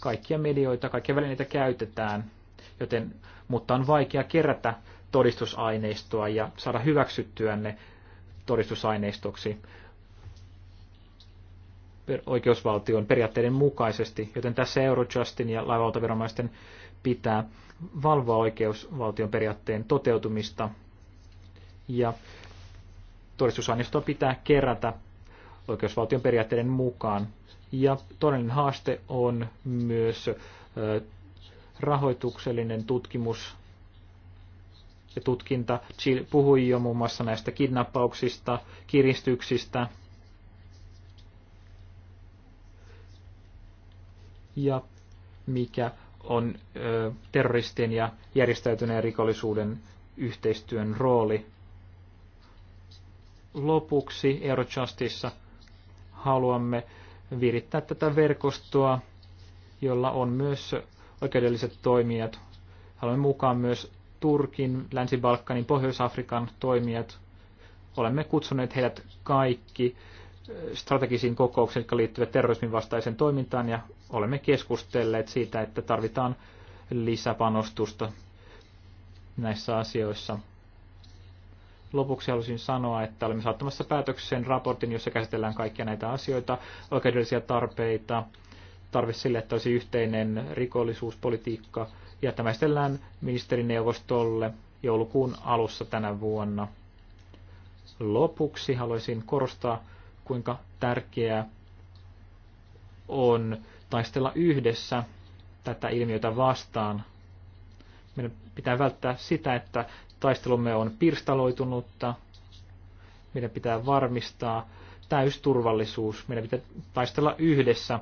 kaikkia medioita, kaikkia välineitä käytetään, joten, mutta on vaikea kerätä todistusaineistoa ja saada hyväksyttyä ne todistusaineistoksi oikeusvaltion periaatteiden mukaisesti, joten tässä Eurojustin ja laivaltaviranomaisten pitää valvoa oikeusvaltion periaatteen toteutumista ja todistusaineistoa pitää kerätä oikeusvaltion periaatteiden mukaan. Ja todellinen haaste on myös rahoituksellinen tutkimus ja tutkinta. puhui jo muun muassa näistä kidnappauksista, kiristyksistä ja mikä on ö, terroristin ja järjestäytyneen rikollisuuden yhteistyön rooli. Lopuksi Eurojustissa haluamme virittää tätä verkostoa, jolla on myös oikeudelliset toimijat. Haluamme mukaan myös Turkin, Länsi-Balkanin, Pohjois-Afrikan toimijat. Olemme kutsuneet heidät kaikki strategisiin kokouksiin, jotka liittyvät terrorismin vastaiseen toimintaan, ja olemme keskustelleet siitä, että tarvitaan lisäpanostusta näissä asioissa. Lopuksi halusin sanoa, että olemme saattamassa päätöksen raportin, jossa käsitellään kaikkia näitä asioita, oikeudellisia tarpeita, tarve sille, että olisi yhteinen rikollisuuspolitiikka, ja tämä esitellään ministerineuvostolle joulukuun alussa tänä vuonna. Lopuksi haluaisin korostaa kuinka tärkeää on taistella yhdessä tätä ilmiötä vastaan. Meidän pitää välttää sitä, että taistelumme on pirstaloitunutta. Meidän pitää varmistaa täysturvallisuus. Meidän pitää taistella yhdessä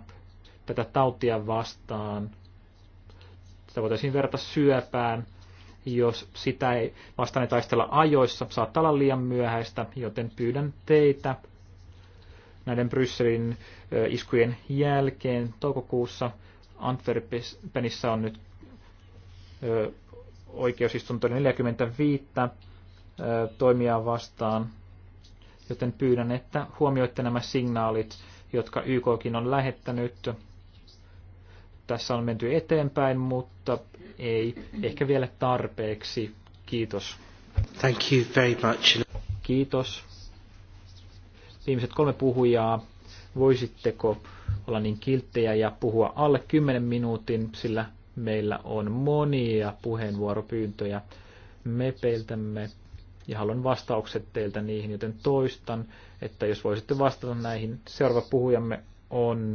tätä tautia vastaan. Sitä voitaisiin verrata syöpään. Jos sitä ei vastaan ei taistella ajoissa, saattaa olla liian myöhäistä, joten pyydän teitä näiden Brysselin iskujen jälkeen toukokuussa Antwerpenissä on nyt oikeusistunto 45 toimijaa vastaan, joten pyydän, että huomioitte nämä signaalit, jotka YKkin on lähettänyt. Tässä on menty eteenpäin, mutta ei ehkä vielä tarpeeksi. Kiitos. Thank you very much. Kiitos viimeiset kolme puhujaa, voisitteko olla niin kilttejä ja puhua alle 10 minuutin, sillä meillä on monia puheenvuoropyyntöjä mepeiltämme ja haluan vastaukset teiltä niihin, joten toistan, että jos voisitte vastata näihin. Seuraava puhujamme on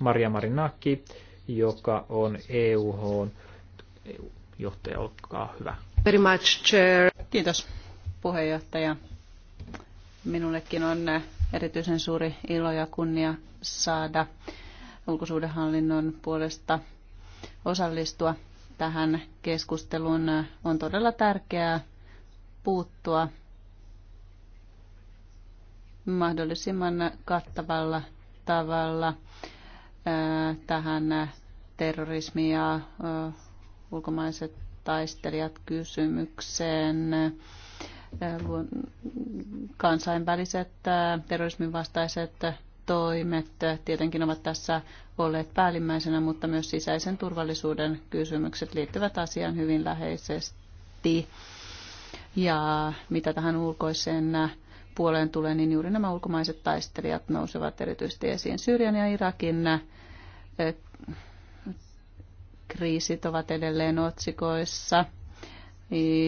Maria Marinaki, joka on EUH johtaja, olkaa hyvä. Very much, chair. Kiitos puheenjohtaja. Minullekin on erityisen suuri ilo ja kunnia saada ulkosuudenhallinnon puolesta osallistua tähän keskusteluun. On todella tärkeää puuttua mahdollisimman kattavalla tavalla tähän terrorismi ja ulkomaiset taistelijat kysymykseen kansainväliset terrorismin vastaiset toimet tietenkin ovat tässä olleet päällimmäisenä, mutta myös sisäisen turvallisuuden kysymykset liittyvät asiaan hyvin läheisesti. Ja mitä tähän ulkoiseen puoleen tulee, niin juuri nämä ulkomaiset taistelijat nousevat erityisesti esiin. Syyrian ja Irakin kriisit ovat edelleen otsikoissa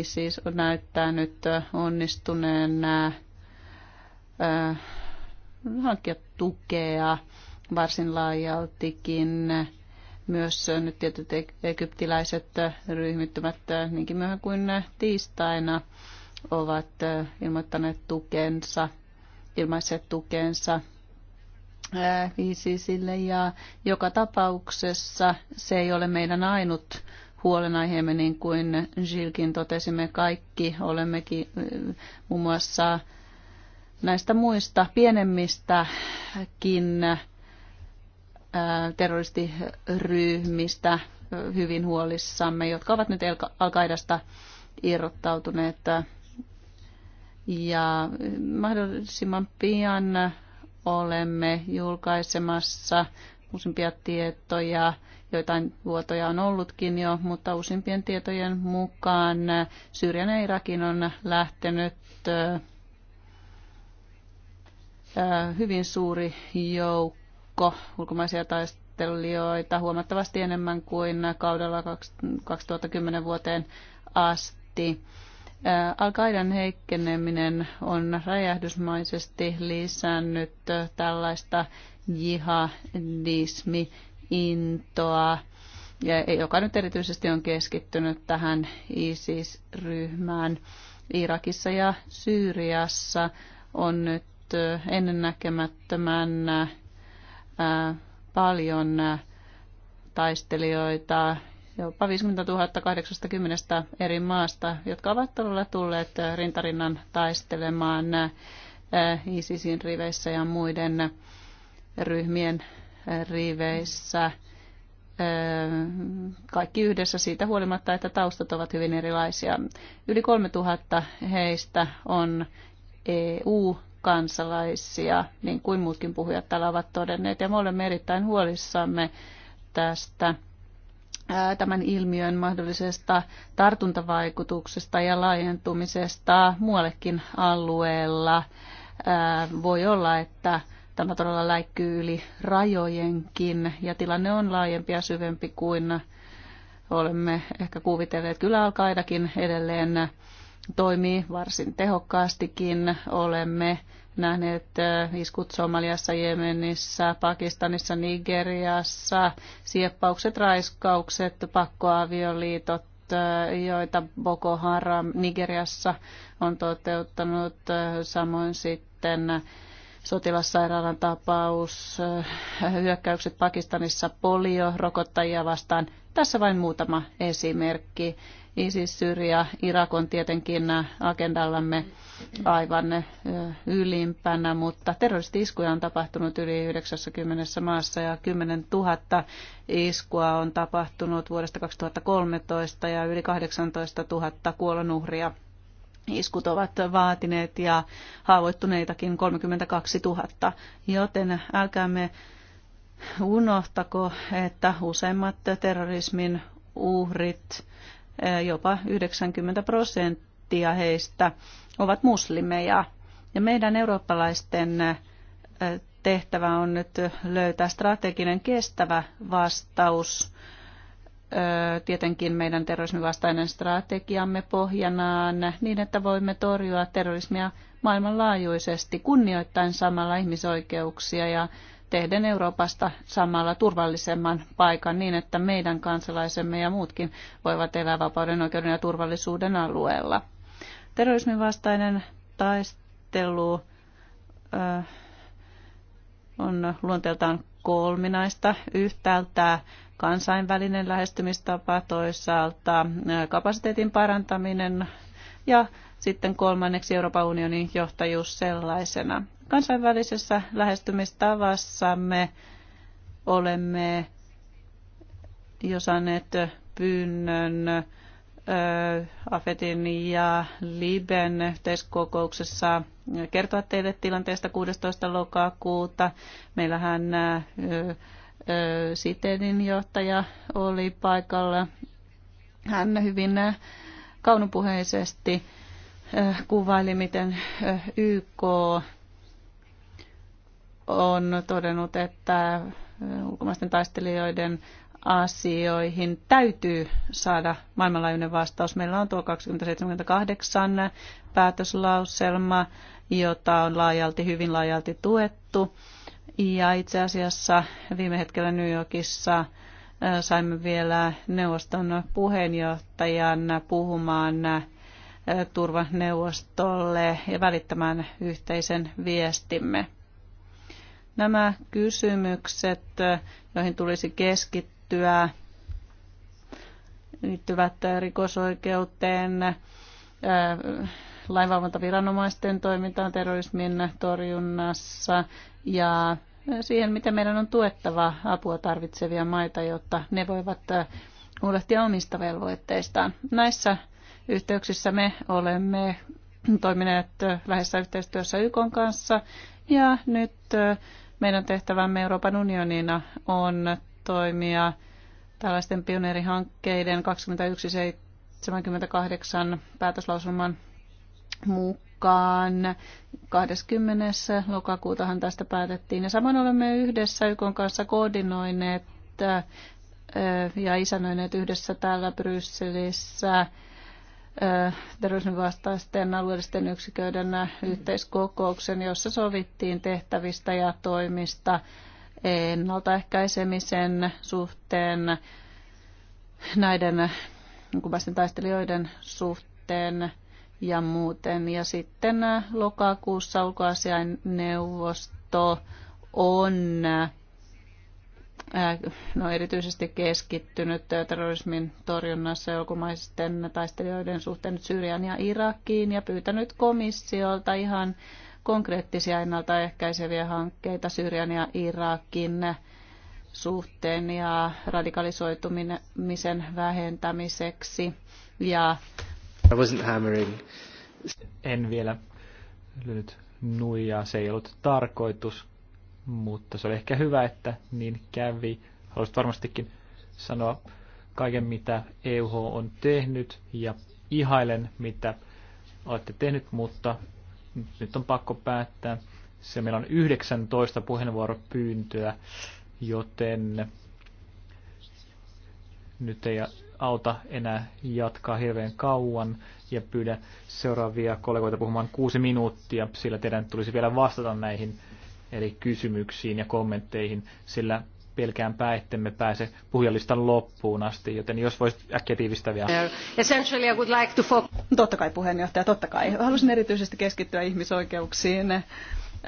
siis näyttää nyt onnistuneen äh, hankkia tukea varsin laajaltikin. Myös nyt tietyt e- egyptiläiset ryhmittymät äh, niinkin myöhään kuin tiistaina ovat äh, ilmoittaneet tukensa, ilmaiset tukensa ISISille ja joka tapauksessa se ei ole meidän ainut huolenaiheemme, niin kuin Jilkin totesimme kaikki, olemmekin eh, muun mm. muassa näistä muista pienemmistäkin eh, terroristiryhmistä eh, hyvin huolissamme, jotka ovat nyt alkaidasta irrottautuneet. Ja mahdollisimman pian olemme julkaisemassa uusimpia tietoja Joitain vuotoja on ollutkin jo, mutta uusimpien tietojen mukaan Syyrian ja Irakin on lähtenyt hyvin suuri joukko ulkomaisia taistelijoita, huomattavasti enemmän kuin kaudella 2010 vuoteen asti. Al-Qaidan heikkeneminen on räjähdysmaisesti lisännyt tällaista jihadismi intoa, ja e- joka nyt erityisesti on keskittynyt tähän ISIS-ryhmään Irakissa ja Syyriassa, on nyt ennennäkemättömän paljon taistelijoita, jopa 50 000 80 eri maasta, jotka ovat todella tulleet rintarinnan taistelemaan ISISin riveissä ja muiden ryhmien riveissä öö, kaikki yhdessä siitä huolimatta, että taustat ovat hyvin erilaisia. Yli 3000 heistä on EU-kansalaisia, niin kuin muutkin puhujat täällä ovat todenneet, ja me olemme erittäin huolissamme tästä öö, tämän ilmiön mahdollisesta tartuntavaikutuksesta ja laajentumisesta muuallekin alueella. Öö, voi olla, että Tämä todella läikkyy yli rajojenkin ja tilanne on laajempi ja syvempi kuin olemme ehkä kuvitelleet. Kyllä alkaidakin edelleen toimii varsin tehokkaastikin. Olemme nähneet äh, iskut Somaliassa, Jemenissä, Pakistanissa, Nigeriassa, sieppaukset, raiskaukset, pakkoavioliitot, äh, joita Boko Haram Nigeriassa on toteuttanut, äh, samoin sitten sotilassairaalan tapaus, äh, hyökkäykset Pakistanissa, polio, rokottajia vastaan. Tässä vain muutama esimerkki. ISIS, Syria, Irak on tietenkin agendallamme aivan äh, ylimpänä, mutta terroristi-iskuja on tapahtunut yli 90 maassa ja 10 000 iskua on tapahtunut vuodesta 2013 ja yli 18 000 kuolonuhria iskut ovat vaatineet ja haavoittuneitakin 32 000, joten älkäämme unohtako, että useimmat terrorismin uhrit, e, jopa 90 prosenttia heistä, ovat muslimeja. Ja meidän eurooppalaisten e, tehtävä on nyt löytää strateginen kestävä vastaus tietenkin meidän terrorismivastainen strategiamme pohjanaan niin, että voimme torjua terrorismia maailmanlaajuisesti kunnioittain samalla ihmisoikeuksia ja tehden Euroopasta samalla turvallisemman paikan niin, että meidän kansalaisemme ja muutkin voivat elää vapauden, oikeuden ja turvallisuuden alueella. Terrorismin vastainen taistelu on luonteeltaan kolminaista yhtäältä kansainvälinen lähestymistapa, toisaalta kapasiteetin parantaminen ja sitten kolmanneksi Euroopan unionin johtajuus sellaisena. Kansainvälisessä lähestymistavassa me olemme jo saaneet pyynnön AFETin ja LIBEN yhteiskokouksessa kertoa teille tilanteesta 16. lokakuuta. Meillähän Sitenin johtaja oli paikalla. Hän hyvin kaunopuheisesti kuvaili, miten YK on todennut, että ulkomaisten taistelijoiden asioihin täytyy saada maailmanlaajuinen vastaus. Meillä on tuo 2078 päätöslauselma, jota on laajalti, hyvin laajalti tuettu. Ja itse asiassa viime hetkellä New Yorkissa saimme vielä neuvoston puheenjohtajan puhumaan turvaneuvostolle ja välittämään yhteisen viestimme. Nämä kysymykset, joihin tulisi keskittyä, liittyä, liittyvät rikosoikeuteen, lainvalvontaviranomaisten toimintaan terrorismin torjunnassa ja siihen, miten meidän on tuettava apua tarvitsevia maita, jotta ne voivat huolehtia omista velvoitteistaan. Näissä yhteyksissä me olemme toimineet lähes yhteistyössä YK kanssa ja nyt meidän tehtävämme Euroopan unionina on toimia tällaisten pioneerihankkeiden 2178 päätöslausuman mukaan. 20. lokakuutahan tästä päätettiin. Ja samoin olemme yhdessä YK kanssa koordinoineet ja isännöineet yhdessä täällä Brysselissä terrorismin vastaisten alueellisten yksiköiden yhteiskokouksen, jossa sovittiin tehtävistä ja toimista ennaltaehkäisemisen suhteen, näiden niin kubaisten taistelijoiden suhteen ja muuten. Ja sitten lokakuussa ulkoasiainneuvosto on äh, no erityisesti keskittynyt terrorismin torjunnassa ulkomaisten taistelijoiden suhteen Syyrian ja Irakiin ja pyytänyt komissiolta ihan konkreettisia ennaltaehkäiseviä hankkeita Syyrian ja Irakin suhteen ja radikalisoitumisen vähentämiseksi. Ja I wasn't hammering. En vielä lyönyt nuijaa, se ei ollut tarkoitus, mutta se oli ehkä hyvä, että niin kävi. Haluaisit varmastikin sanoa kaiken, mitä EUH on tehnyt ja ihailen, mitä olette tehnyt, mutta nyt on pakko päättää. Se meillä on 19 puheenvuoropyyntöä, joten nyt ei auta enää jatkaa hirveän kauan ja pyydän seuraavia kollegoita puhumaan kuusi minuuttia, sillä teidän tulisi vielä vastata näihin eli kysymyksiin ja kommentteihin, sillä pelkäänpä, ettemme pääse puhujalistan loppuun asti, joten jos voisit äkkiä tiivistää vielä. Essentially I would like to focus... No, totta kai puheenjohtaja, totta kai. Halusin erityisesti keskittyä ihmisoikeuksiin.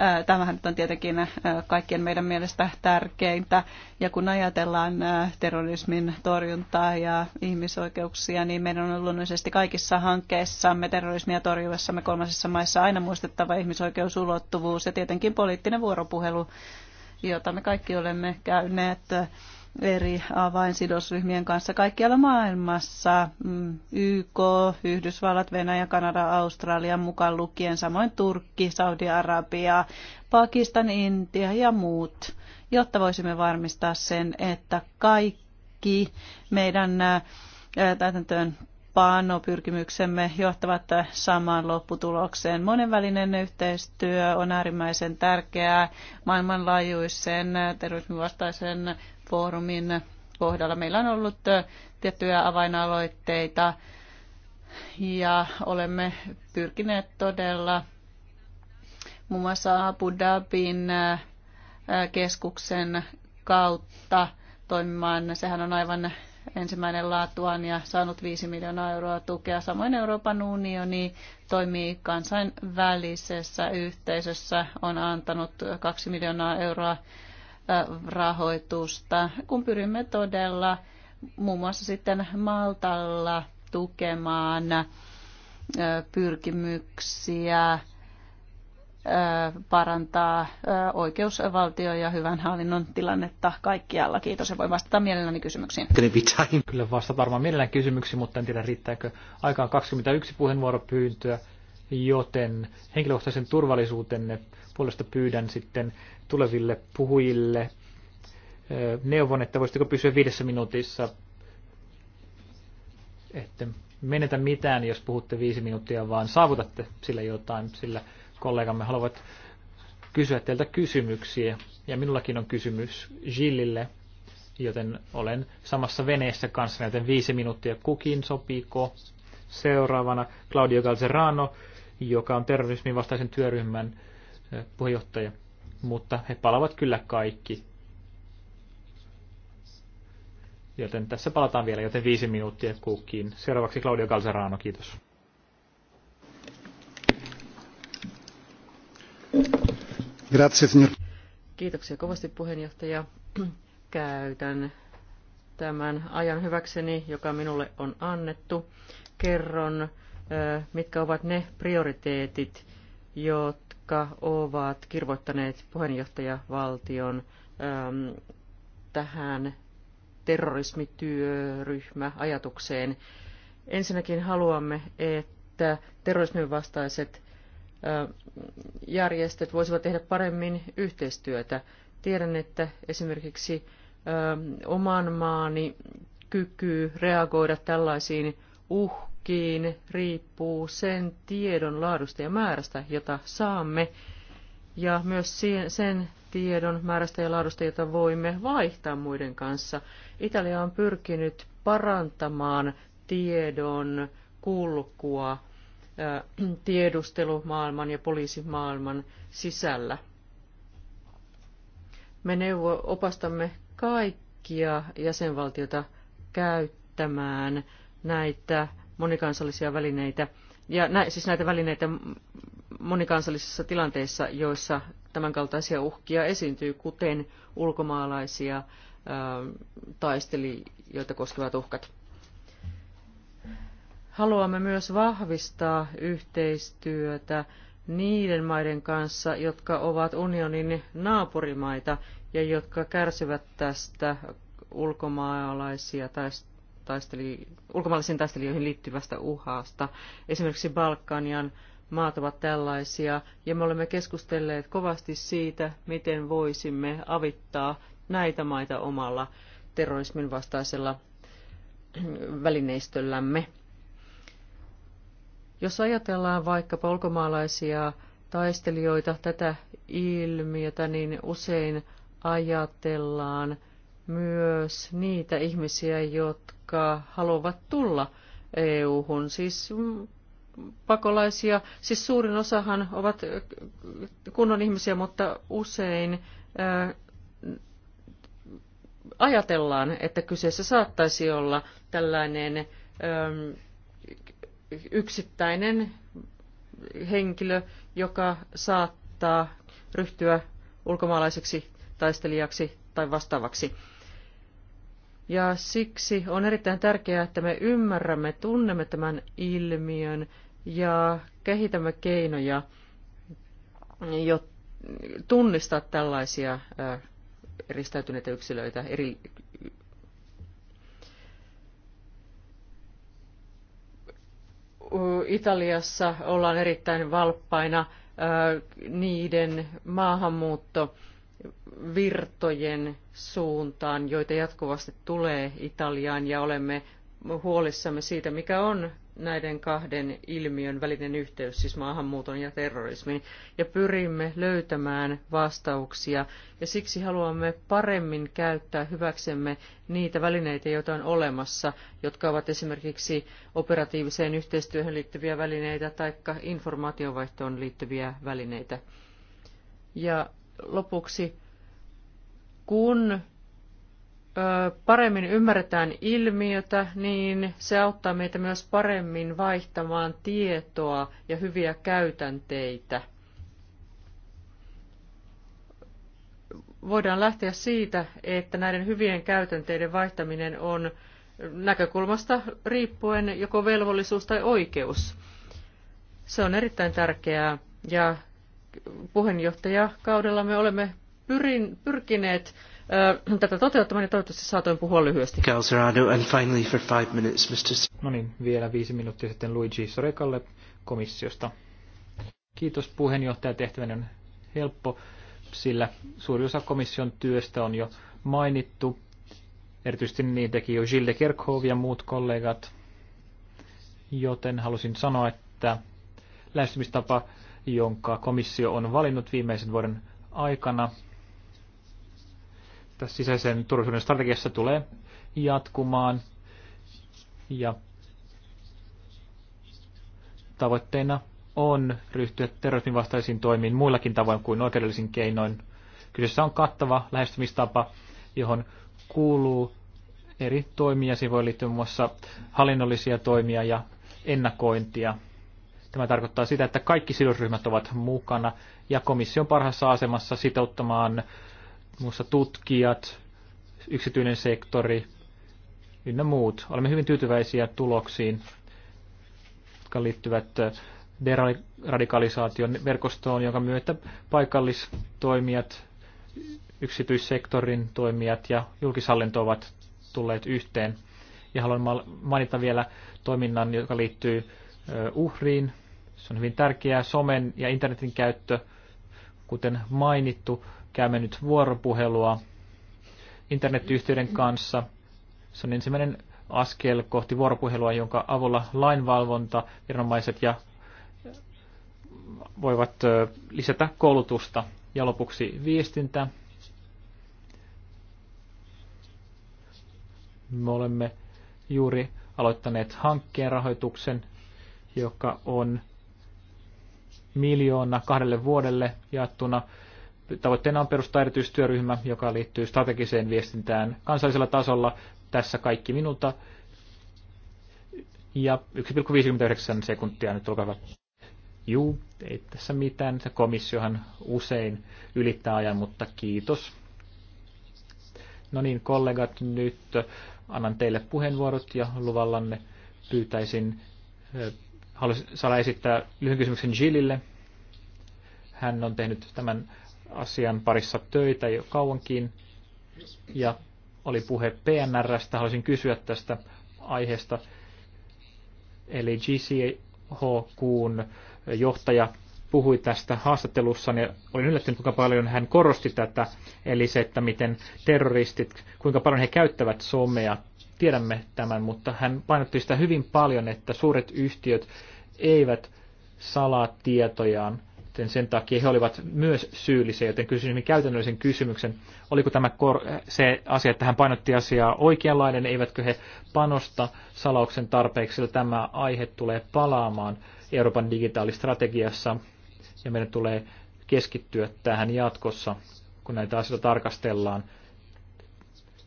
Äh, tämähän nyt on tietenkin äh, kaikkien meidän mielestä tärkeintä. Ja kun ajatellaan äh, terrorismin torjuntaa ja ihmisoikeuksia, niin meidän on luonnollisesti kaikissa hankkeissamme terrorismia torjuessamme kolmasissa maissa aina muistettava ihmisoikeusulottuvuus ja tietenkin poliittinen vuoropuhelu jota me kaikki olemme käyneet eri avainsidosryhmien kanssa kaikkialla maailmassa. Mm, YK, Yhdysvallat, Venäjä, Kanada, Australia mukaan lukien, samoin Turkki, Saudi-Arabia, Pakistan, Intia ja muut, jotta voisimme varmistaa sen, että kaikki meidän täytäntöön pyrkimyksemme johtavat samaan lopputulokseen. Monenvälinen yhteistyö on äärimmäisen tärkeää maailmanlaajuisen terrorismivastaisen foorumin kohdalla. Meillä on ollut tiettyjä avainaloitteita ja olemme pyrkineet todella muun muassa Abu Dhabin äh, keskuksen kautta toimimaan. Sehän on aivan ensimmäinen laatuaan ja saanut 5 miljoonaa euroa tukea. Samoin Euroopan unioni toimii kansainvälisessä yhteisössä, on antanut 2 miljoonaa euroa rahoitusta, kun pyrimme todella muun muassa sitten Maltalla tukemaan pyrkimyksiä parantaa oikeusvaltio- ja hyvän hallinnon tilannetta kaikkialla. Kiitos ja voi vastata mielelläni kysymyksiin. Kyllä vastata varmaan mielelläni kysymyksiin, mutta en tiedä riittääkö. Aikaan 21 puheenvuoropyyntöä, joten henkilökohtaisen turvallisuutenne puolesta pyydän sitten tuleville puhujille neuvon, että voisitteko pysyä viidessä minuutissa, että menetä mitään, jos puhutte viisi minuuttia, vaan saavutatte sillä jotain, sillä kollegamme haluavat kysyä teiltä kysymyksiä. Ja minullakin on kysymys Gillille, joten olen samassa veneessä kanssa, joten viisi minuuttia kukin sopiiko. Seuraavana Claudio Galzerano, joka on terrorismin vastaisen työryhmän puheenjohtaja. Mutta he palavat kyllä kaikki. Joten tässä palataan vielä, joten viisi minuuttia kukin. Seuraavaksi Claudio Galzerano, kiitos. Kiitoksia kovasti puheenjohtaja. *clears throat* Käytän tämän ajan hyväkseni, joka minulle on annettu. Kerron, mitkä ovat ne prioriteetit, jotka ovat kirvoittaneet puheenjohtajavaltion tähän terrorismityöryhmäajatukseen. Ensinnäkin haluamme, että terrorismin vastaiset järjestöt voisivat tehdä paremmin yhteistyötä. Tiedän, että esimerkiksi oman maani kyky reagoida tällaisiin uhkiin riippuu sen tiedon laadusta ja määrästä, jota saamme, ja myös sen tiedon määrästä ja laadusta, jota voimme vaihtaa muiden kanssa. Italia on pyrkinyt parantamaan tiedon kulkua *clears throat* tiedustelumaailman ja poliisimaailman sisällä. Me neuvo, opastamme kaikkia jäsenvaltiota käyttämään näitä monikansallisia välineitä, ja nä, siis näitä välineitä monikansallisissa tilanteissa, joissa tämänkaltaisia uhkia esiintyy, kuten ulkomaalaisia taistelijoita koskevat uhkat. Haluamme myös vahvistaa yhteistyötä niiden maiden kanssa, jotka ovat unionin naapurimaita ja jotka kärsivät tästä ulkomaalaisia taisteli, ulkomaalaisiin taistelijoihin liittyvästä uhasta. Esimerkiksi Balkanian maat ovat tällaisia, ja me olemme keskustelleet kovasti siitä, miten voisimme avittaa näitä maita omalla terrorismin vastaisella välineistöllämme. Jos ajatellaan vaikka polkomaalaisia taistelijoita tätä ilmiötä, niin usein ajatellaan myös niitä ihmisiä, jotka haluavat tulla EU-hun, siis pakolaisia. Siis suurin osahan ovat kunnon ihmisiä, mutta usein äh, ajatellaan, että kyseessä saattaisi olla tällainen ähm, yksittäinen henkilö, joka saattaa ryhtyä ulkomaalaiseksi taistelijaksi tai vastaavaksi. Ja siksi on erittäin tärkeää, että me ymmärrämme, tunnemme tämän ilmiön ja kehitämme keinoja jo tunnistaa tällaisia eristäytyneitä yksilöitä, eri Italiassa ollaan erittäin valppaina niiden maahanmuuttovirtojen suuntaan, joita jatkuvasti tulee Italiaan ja olemme huolissamme siitä, mikä on näiden kahden ilmiön välinen yhteys, siis maahanmuuton ja terrorismin, ja pyrimme löytämään vastauksia, ja siksi haluamme paremmin käyttää hyväksemme niitä välineitä, joita on olemassa, jotka ovat esimerkiksi operatiiviseen yhteistyöhön liittyviä välineitä tai informaatiovaihtoon liittyviä välineitä. Ja lopuksi, kun paremmin ymmärretään ilmiötä, niin se auttaa meitä myös paremmin vaihtamaan tietoa ja hyviä käytänteitä. Voidaan lähteä siitä, että näiden hyvien käytänteiden vaihtaminen on näkökulmasta riippuen joko velvollisuus tai oikeus. Se on erittäin tärkeää ja puheenjohtajakaudella me olemme pyrin, pyrkineet tätä toteuttamaan ja toivottavasti saatoin puhua lyhyesti. and finally for five minutes, Mr. No niin, vielä viisi minuuttia sitten Luigi Sorekalle komissiosta. Kiitos puheenjohtaja, tehtävän on helppo, sillä suuri osa komission työstä on jo mainittu. Erityisesti niin teki jo Gilles de Kerkhov ja muut kollegat, joten halusin sanoa, että lähestymistapa, jonka komissio on valinnut viimeisen vuoden aikana, tässä sisäisen turvallisuuden strategiassa tulee jatkumaan. Ja tavoitteena on ryhtyä terrorismin vastaisiin toimiin muillakin tavoin kuin oikeudellisin keinoin. Kyseessä on kattava lähestymistapa, johon kuuluu eri toimia. Siihen voi liittyä muun muassa hallinnollisia toimia ja ennakointia. Tämä tarkoittaa sitä, että kaikki sidosryhmät ovat mukana ja komissio on parhaassa asemassa sitouttamaan muassa tutkijat, yksityinen sektori ynnä muut. Olemme hyvin tyytyväisiä tuloksiin, jotka liittyvät deradikalisaation verkostoon, jonka myötä paikallistoimijat, yksityissektorin toimijat ja julkishallinto ovat tulleet yhteen. Ja haluan mainita vielä toiminnan, joka liittyy uhriin. Se on hyvin tärkeää. Somen ja internetin käyttö, kuten mainittu, Käymme nyt vuoropuhelua internetyhtiöiden kanssa. Se on ensimmäinen askel kohti vuoropuhelua, jonka avulla lainvalvonta, viranomaiset ja voivat lisätä koulutusta. Ja lopuksi viestintä. Me olemme juuri aloittaneet hankkeen rahoituksen, joka on miljoona kahdelle vuodelle jaettuna Tavoitteena on perustaa erityistyöryhmä, joka liittyy strategiseen viestintään kansallisella tasolla. Tässä kaikki minulta. Ja 1,59 sekuntia nyt, olkaa Juu, ei tässä mitään. Se komissiohan usein ylittää ajan, mutta kiitos. No niin, kollegat, nyt annan teille puheenvuorot ja luvallanne pyytäisin, haluaisin saada esittää lyhyen kysymyksen Jillille. Hän on tehnyt tämän asian parissa töitä jo kauankin. Ja oli puhe PNRstä, haluaisin kysyä tästä aiheesta. Eli GCHQn johtaja puhui tästä haastattelussa, ja olin yllättynyt, kuinka paljon hän korosti tätä, eli se, että miten terroristit, kuinka paljon he käyttävät somea. Tiedämme tämän, mutta hän painotti sitä hyvin paljon, että suuret yhtiöt eivät salaa tietojaan joten sen takia he olivat myös syyllisiä, joten kysyin niin käytännöllisen kysymyksen, oliko tämä se asia, että hän painotti asiaa oikeanlainen, eivätkö he panosta salauksen tarpeeksi, sillä tämä aihe tulee palaamaan Euroopan digitaalistrategiassa, ja meidän tulee keskittyä tähän jatkossa, kun näitä asioita tarkastellaan.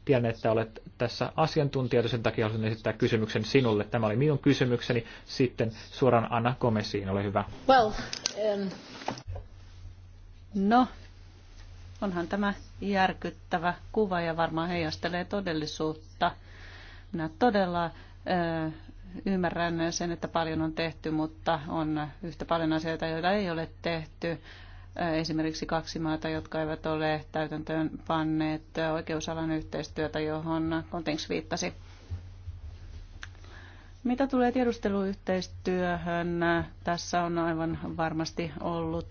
Tiedän, että olet tässä asiantuntija, sen takia haluaisin esittää kysymyksen sinulle. Tämä oli minun kysymykseni. Sitten suoraan Anna Komesiin, ole hyvä. Well, um... No, onhan tämä järkyttävä kuva ja varmaan heijastelee todellisuutta. Minä todella ö, ymmärrän sen, että paljon on tehty, mutta on yhtä paljon asioita, joita ei ole tehty. Esimerkiksi kaksi maata, jotka eivät ole täytäntöön panneet oikeusalan yhteistyötä, johon Kontings viittasi. Mitä tulee tiedusteluyhteistyöhön, tässä on aivan varmasti ollut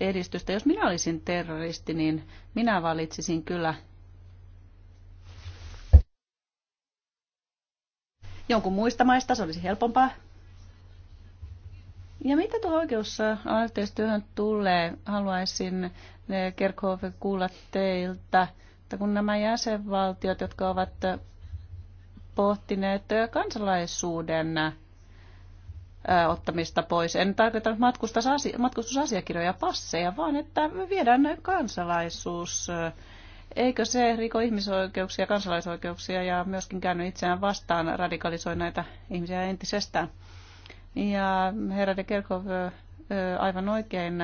edistystä. Jos minä olisin terroristi, niin minä valitsisin kyllä jonkun muista maista, se olisi helpompaa. Ja mitä tuohon aloitteistyöhön tulee, haluaisin eh, Kerkhove kuulla teiltä, että kun nämä jäsenvaltiot, jotka ovat pohtineet eh, kansalaisuuden ottamista pois. En tarkoita matkustusasiakirjoja, passeja, vaan että viedään kansalaisuus. Eikö se riko ihmisoikeuksia, kansalaisoikeuksia ja myöskin käynyt itseään vastaan, radikalisoi näitä ihmisiä entisestään? Ja herra de Kerkov, aivan oikein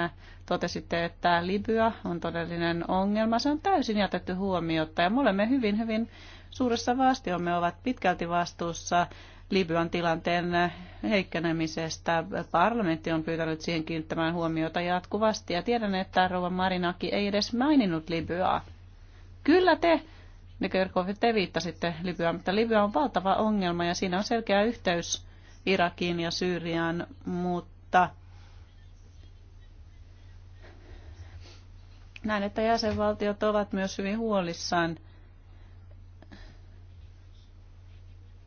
totesitte, että Libya on todellinen ongelma. Se on täysin jätetty huomiota ja me olemme hyvin, hyvin suuressa vaastiomme ovat pitkälti vastuussa Libyan tilanteen heikkenemisestä. Parlamentti on pyytänyt siihen kiinnittämään huomiota jatkuvasti ja tiedän, että Rova Marinaki ei edes maininnut Libyaa. Kyllä te, ne Kerkovit, te viittasitte Libyaan, mutta Libya on valtava ongelma ja siinä on selkeä yhteys Irakiin ja Syyriaan, mutta näin, että jäsenvaltiot ovat myös hyvin huolissaan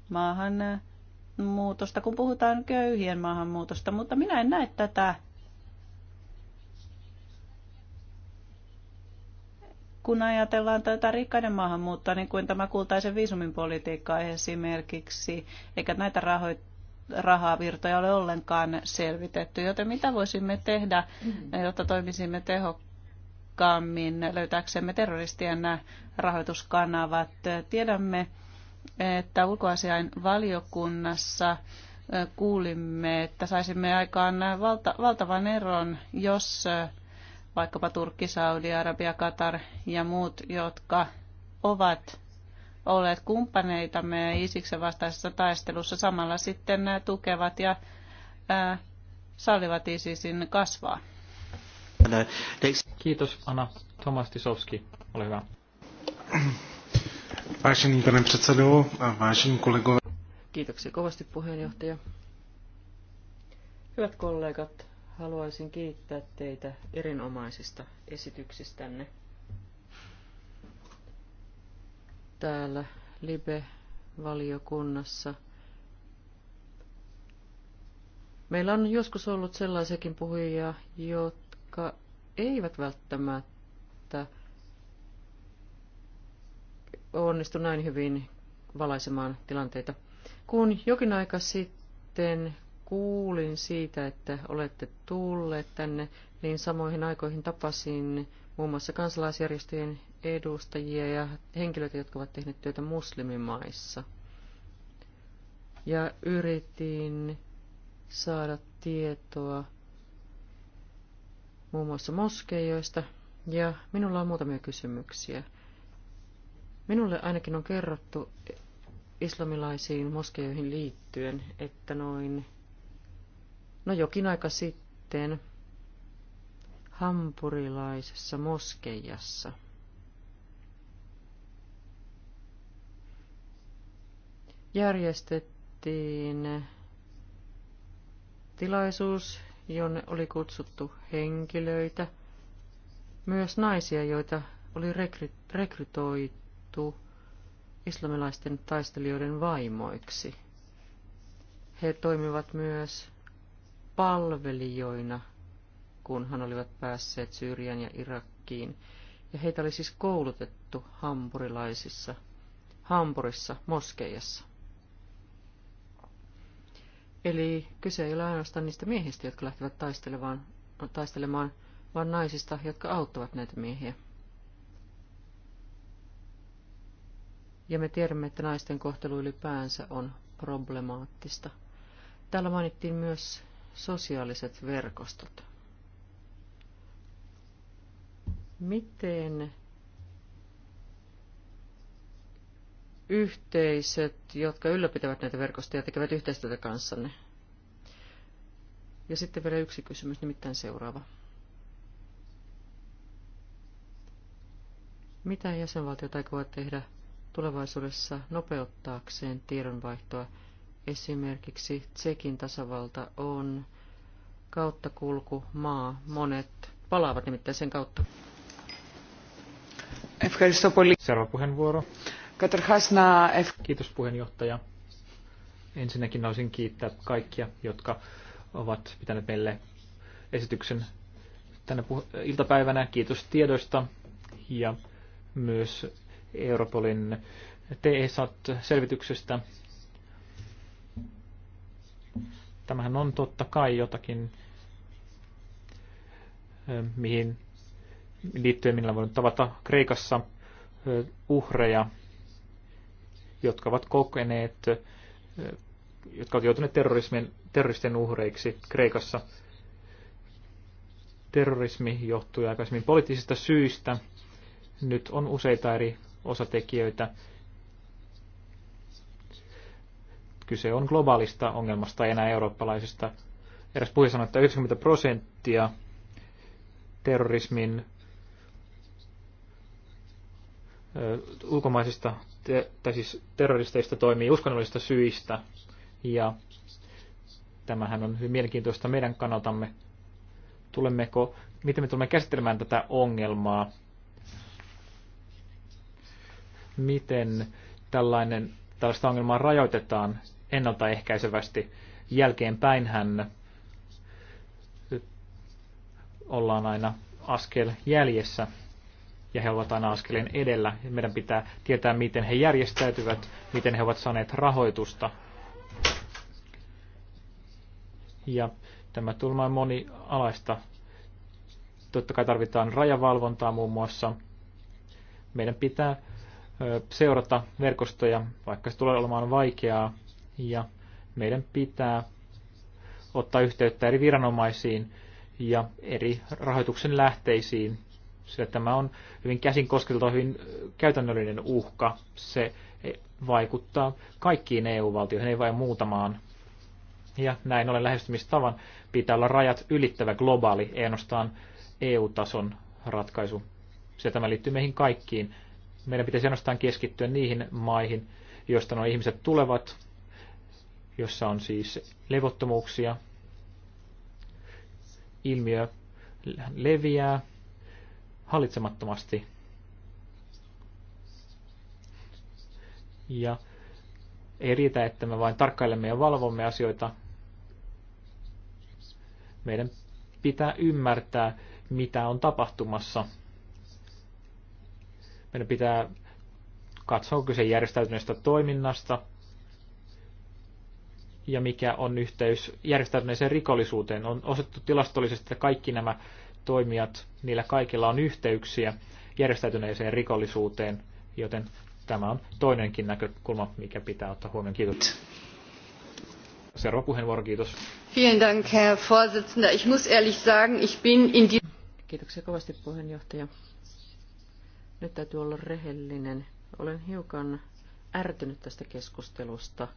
maahan muutosta, kun puhutaan köyhien maahanmuutosta, mutta minä en näe tätä kun ajatellaan tätä rikkaiden maahanmuuttoa, niin kuin tämä kultaisen viisumin politiikka esimerkiksi, eikä näitä rahoit rahavirtoja ole ollenkaan selvitetty, joten mitä voisimme tehdä, jotta toimisimme tehokkaammin löytääksemme terroristien rahoituskanavat. Tiedämme, että ulkoasiain valiokunnassa kuulimme, että saisimme aikaan valta, valtavan eron, jos vaikkapa Turkki, Saudi-Arabia, Katar ja muut, jotka ovat olleet kumppaneitamme Isiksen vastaisessa taistelussa, samalla sitten tukevat ja ää, sallivat Isisin kasvaa. Kiitos Anna. Tomas Tisovski, ole hyvä. Vážený pane předsedo a vážení kolegové. Kiitoksia kovasti puheenjohtaja. Hyvät kollegat, haluaisin kiittää teitä erinomaisista esityksistänne. Täällä Libe-valiokunnassa Meillä on joskus ollut sellaisiakin puhujia, jotka eivät välttämättä onnistu näin hyvin valaisemaan tilanteita. Kun jokin aika sitten kuulin siitä, että olette tulleet tänne, niin samoihin aikoihin tapasin muun muassa kansalaisjärjestöjen edustajia ja henkilöitä, jotka ovat tehneet työtä muslimimaissa. Ja yritin saada tietoa muun muassa moskeijoista, ja minulla on muutamia kysymyksiä. Minulle ainakin on kerrottu islamilaisiin moskeijoihin liittyen, että noin, no jokin aika sitten hampurilaisessa moskeijassa järjestettiin tilaisuus, jonne oli kutsuttu henkilöitä, myös naisia, joita oli rekry- rekrytoitu kutsuttu islamilaisten taistelijoiden vaimoiksi. He toimivat myös palvelijoina, kun hän olivat päässeet Syyrian ja Irakkiin, ja heitä oli siis koulutettu hampurilaisissa, hampurissa, moskeijassa. Eli kyse ei ole ainoastaan niistä miehistä, jotka lähtevät taistelemaan, taistelemaan vaan naisista, jotka auttavat näitä miehiä. ja me tiedämme, että naisten kohtelu ylipäänsä on problemaattista. Täällä mainittiin myös sosiaaliset verkostot. Miten yhteisöt, jotka ylläpitävät näitä verkostoja, tekevät yhteistyötä kanssanne? Ja sitten vielä yksi kysymys, nimittäin seuraava. Mitä jäsenvaltiot aikovat tehdä tulevaisuudessa nopeuttaakseen tiedonvaihtoa. Esimerkiksi Tsekin tasavalta on kauttakulku maa. Monet palaavat nimittäin sen kautta. Seuraava puheenvuoro. Kiitos puheenjohtaja. Ensinnäkin haluaisin kiittää kaikkia, jotka ovat pitäneet meille esityksen tänä iltapäivänä. Kiitos tiedoista ja myös Europolin TESAT-selvityksestä. Tämähän on totta kai jotakin, mihin liittyen millä voin tavata Kreikassa uhreja, jotka ovat kokeneet, jotka ovat joutuneet terrorismin, terroristen uhreiksi Kreikassa. Terrorismi johtui aikaisemmin poliittisista syistä. Nyt on useita eri osatekijöitä. Kyse on globaalista ongelmasta, ei enää eurooppalaisista Eräs puhuja sanoi, että 90 prosenttia terrorismin ulkomaisista, tai siis terroristeista toimii uskonnollisista syistä. Ja tämähän on hyvin mielenkiintoista meidän kannaltamme. Tulemmeko, miten me tulemme käsittelemään tätä ongelmaa miten tällainen, tällaista ongelmaa rajoitetaan ennaltaehkäisevästi. Jälkeenpäinhän ollaan aina askel jäljessä ja he ovat aina askeleen edellä. Meidän pitää tietää, miten he järjestäytyvät, miten he ovat saaneet rahoitusta. Ja tämä tulma on monialaista. Totta kai tarvitaan rajavalvontaa muun muassa. Meidän pitää seurata verkostoja, vaikka se tulee olemaan vaikeaa. Ja meidän pitää ottaa yhteyttä eri viranomaisiin ja eri rahoituksen lähteisiin, sillä tämä on hyvin käsin kosketeltava hyvin käytännöllinen uhka. Se vaikuttaa kaikkiin EU-valtioihin, ei vain muutamaan. Ja näin ollen lähestymistavan pitää olla rajat ylittävä globaali, ei ainoastaan EU-tason ratkaisu. Sillä tämä liittyy meihin kaikkiin meidän pitäisi ainoastaan keskittyä niihin maihin, joista nuo ihmiset tulevat, jossa on siis levottomuuksia. Ilmiö leviää hallitsemattomasti. Ja ei riitä, että me vain tarkkailemme ja valvomme asioita. Meidän pitää ymmärtää, mitä on tapahtumassa – meidän pitää katsoa kyse järjestäytyneestä toiminnasta ja mikä on yhteys järjestäytyneeseen rikollisuuteen. On osettu tilastollisesti, että kaikki nämä toimijat, niillä kaikilla on yhteyksiä järjestäytyneeseen rikollisuuteen, joten tämä on toinenkin näkökulma, mikä pitää ottaa huomioon. Kiitos. Seuraava puheenvuoro, kiitos. Vielen Vorsitzender. Ich muss ehrlich sagen, ich bin in die... Kiitoksia kovasti puheenjohtaja. Nyt täytyy olla rehellinen. Olen hiukan ärtynyt tästä keskustelusta.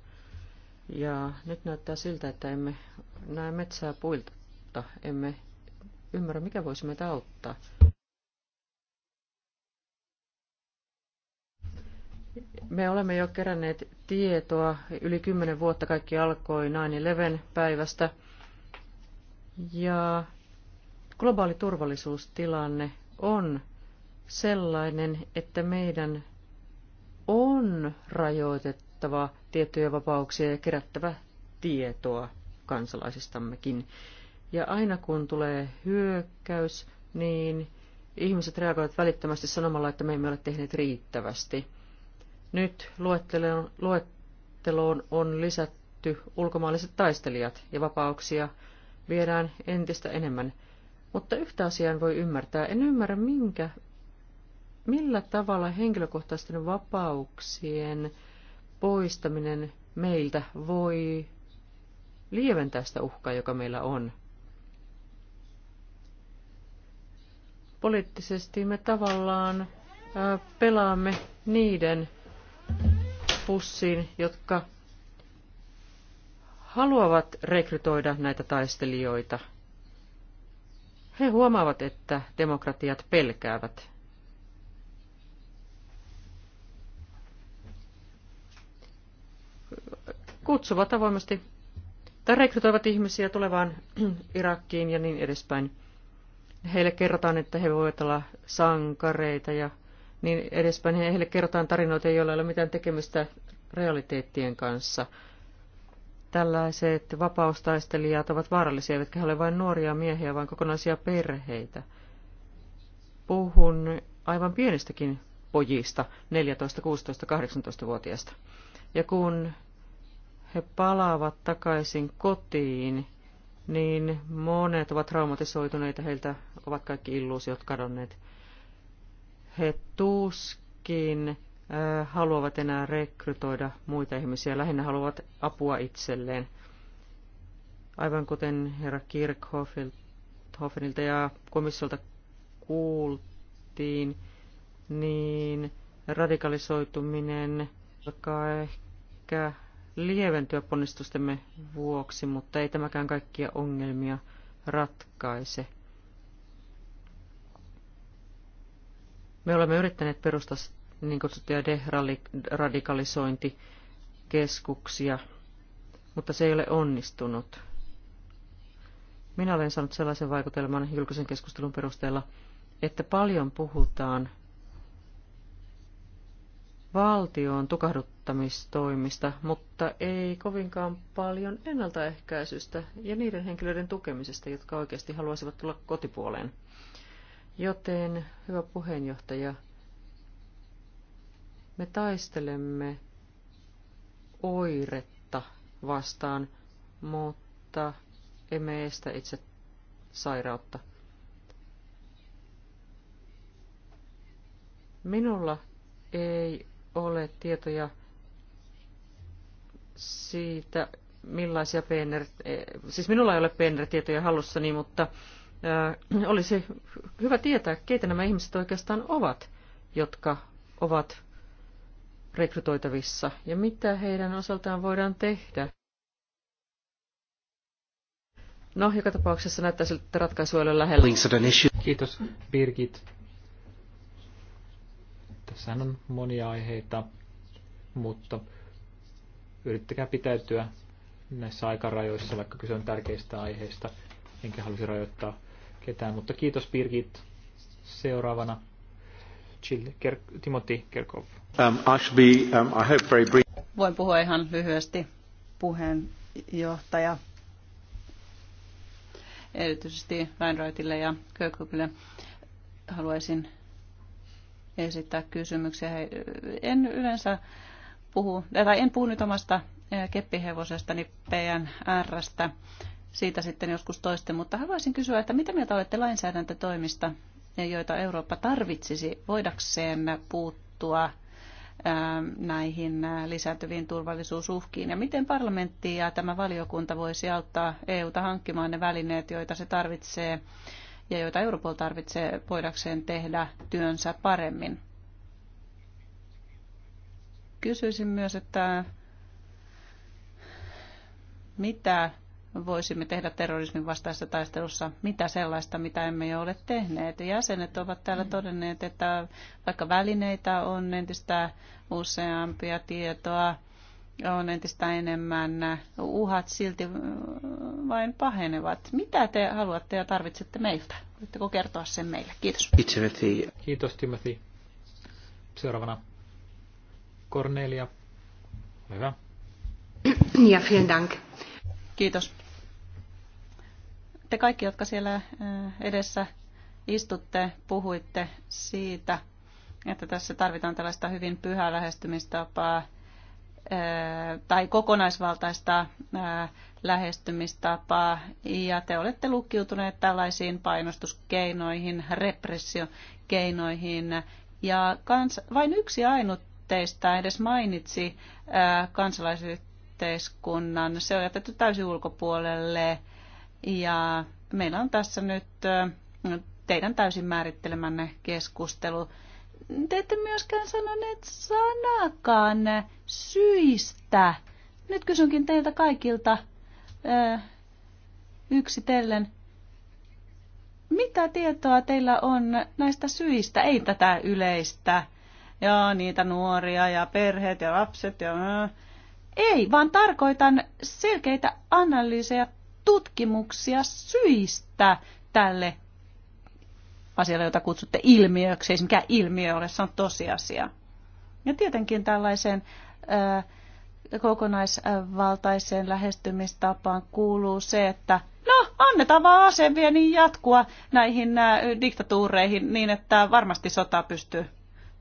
Ja nyt näyttää siltä, että emme näe metsää puilta, emme ymmärrä, mikä voisi meitä auttaa. Me olemme jo keränneet tietoa yli kymmenen vuotta kaikki alkoi naini leven päivästä. Ja globaali turvallisuustilanne on sellainen, että meidän on rajoitettava tiettyjä vapauksia ja kerättävä tietoa kansalaisistammekin. Ja aina kun tulee hyökkäys, niin ihmiset reagoivat välittömästi sanomalla, että me emme ole tehneet riittävästi. Nyt luetteloon, on lisätty ulkomaalaiset taistelijat ja vapauksia viedään entistä enemmän. Mutta yhtä asiaa voi ymmärtää. En ymmärrä, minkä millä tavalla henkilökohtaisten vapauksien poistaminen meiltä voi lieventää sitä uhkaa, joka meillä on? Poliittisesti me tavallaan pelaamme niiden pussiin, jotka haluavat rekrytoida näitä taistelijoita. He huomaavat, että demokratiat pelkäävät kutsuvat avoimesti tai rekrytoivat ihmisiä tulevaan *clears throat* Irakkiin ja niin edespäin. Heille kerrotaan, että he voivat olla sankareita ja niin edespäin. Heille kerrotaan tarinoita, joilla ei ole mitään tekemistä realiteettien kanssa. Tällaiset vapaustaistelijat ovat vaarallisia, eivätkä he ole vain nuoria miehiä, vaan kokonaisia perheitä. Puhun aivan pienistäkin pojista, 14, 16, 18-vuotiaista. Ja kun he palaavat takaisin kotiin, niin monet ovat traumatisoituneita, heiltä ovat kaikki illuusiot kadonneet. He tuskin äh, haluavat enää rekrytoida muita ihmisiä, lähinnä haluavat apua itselleen. Aivan kuten herra Kirkhoffenilta ja komissiolta kuultiin, niin radikalisoituminen alkaa ehkä lieventyä ponnistustemme vuoksi, mutta ei tämäkään kaikkia ongelmia ratkaise. Me olemme yrittäneet perustaa niin kutsuttuja deradikalisointikeskuksia, mutta se ei ole onnistunut. Minä olen saanut sellaisen vaikutelman julkisen keskustelun perusteella, että paljon puhutaan valtion tukahduttamistoimista, mutta ei kovinkaan paljon ennaltaehkäisystä ja niiden henkilöiden tukemisesta, jotka oikeasti haluaisivat tulla kotipuoleen. Joten, hyvä puheenjohtaja, me taistelemme oiretta vastaan, mutta emme estä itse sairautta. Minulla ei ole tietoja siitä, millaisia PNR, siis minulla ei ole PNR-tietoja hallussani, mutta äh, olisi hyvä tietää, keitä nämä ihmiset oikeastaan ovat, jotka ovat rekrytoitavissa ja mitä heidän osaltaan voidaan tehdä. No, joka tapauksessa näyttää siltä, että ratkaisu ei ole lähellä. Kiitos, Birgit. Tässä on monia aiheita, mutta yrittäkää pitäytyä näissä aikarajoissa, vaikka kyse on tärkeistä aiheista, enkä halusi rajoittaa ketään. Mutta kiitos Birgit. Seuraavana Ker- Timothy Kerkov. Um, I should be, um, I hope very brief. Voin puhua ihan lyhyesti puheenjohtaja erityisesti Weinreutille ja Kirkhopille haluaisin esittää kysymyksiä. En yleensä puhu, tai en puhu nyt omasta eh, keppihevosestani PNRstä, siitä sitten joskus toisten, mutta haluaisin kysyä, että mitä mieltä olette lainsäädäntötoimista, eh, joita Eurooppa tarvitsisi voidakseen puuttua eh, näihin lisääntyviin turvallisuusuhkiin ja miten parlamentti ja tämä valiokunta voisi auttaa EUta hankkimaan ne välineet, joita se tarvitsee ja joita Europol tarvitsee voidakseen tehdä työnsä paremmin. Kysyisin myös, että mitä voisimme tehdä terrorismin vastaisessa taistelussa, mitä sellaista, mitä emme jo ole tehneet. Jäsenet ovat täällä todenneet, että vaikka välineitä on entistä useampia tietoa, on entistä enemmän, uhat silti vain pahenevat. Mitä te haluatte ja tarvitsette meiltä? Voitteko kertoa sen meille? Kiitos. Timothy. Kiitos Timothy. Seuraavana Cornelia. Hyvä. Ja vielen dank. Kiitos. Te kaikki, jotka siellä äh, edessä istutte, puhuitte siitä, että tässä tarvitaan tällaista hyvin pyhää lähestymistapaa tai kokonaisvaltaista lähestymistapaa ja te olette lukkiutuneet tällaisiin painostuskeinoihin, repressiokeinoihin ja kans, vain yksi ainut teistä edes mainitsi kansalaisyhteiskunnan. Se on jätetty täysin ulkopuolelle ja meillä on tässä nyt teidän täysin määrittelemänne keskustelu te ette myöskään sanoneet sanakaan syistä. Nyt kysynkin teiltä kaikilta yksitellen. Mitä tietoa teillä on näistä syistä? Ei tätä yleistä. Ja niitä nuoria ja perheet ja lapset ja... Ei, vaan tarkoitan selkeitä analyysejä, tutkimuksia syistä tälle asialle, jota kutsutte ilmiöksi. Ei se mikään ilmiö ole, se on tosiasia. Ja tietenkin tällaiseen äh, kokonaisvaltaiseen lähestymistapaan kuuluu se, että no, annetaan vaan niin jatkua näihin äh, diktatuureihin niin, että varmasti sota pystyy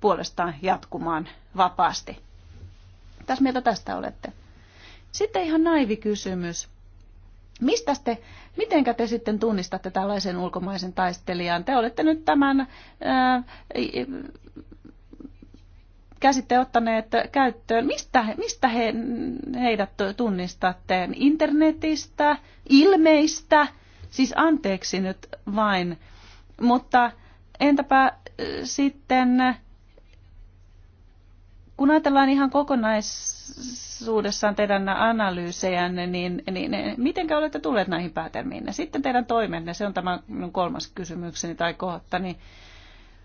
puolestaan jatkumaan vapaasti. Mitäs mieltä tästä olette? Sitten ihan naivi kysymys. Mistä te Mitenkä te sitten tunnistatte tällaisen ulkomaisen taistelijan? Te olette nyt tämän ää, äh, käsitteen ottaneet käyttöön. Mistä, mistä he, heidät tunnistatte? Internetistä? Ilmeistä? Siis anteeksi nyt vain. Mutta entäpä äh, sitten kun ajatellaan ihan kokonaisuudessaan teidän analyysejänne, niin, niin, niin miten olette tulleet näihin päätelmiin? Sitten teidän toimenne, se on tämä minun kolmas kysymykseni tai kohta, niin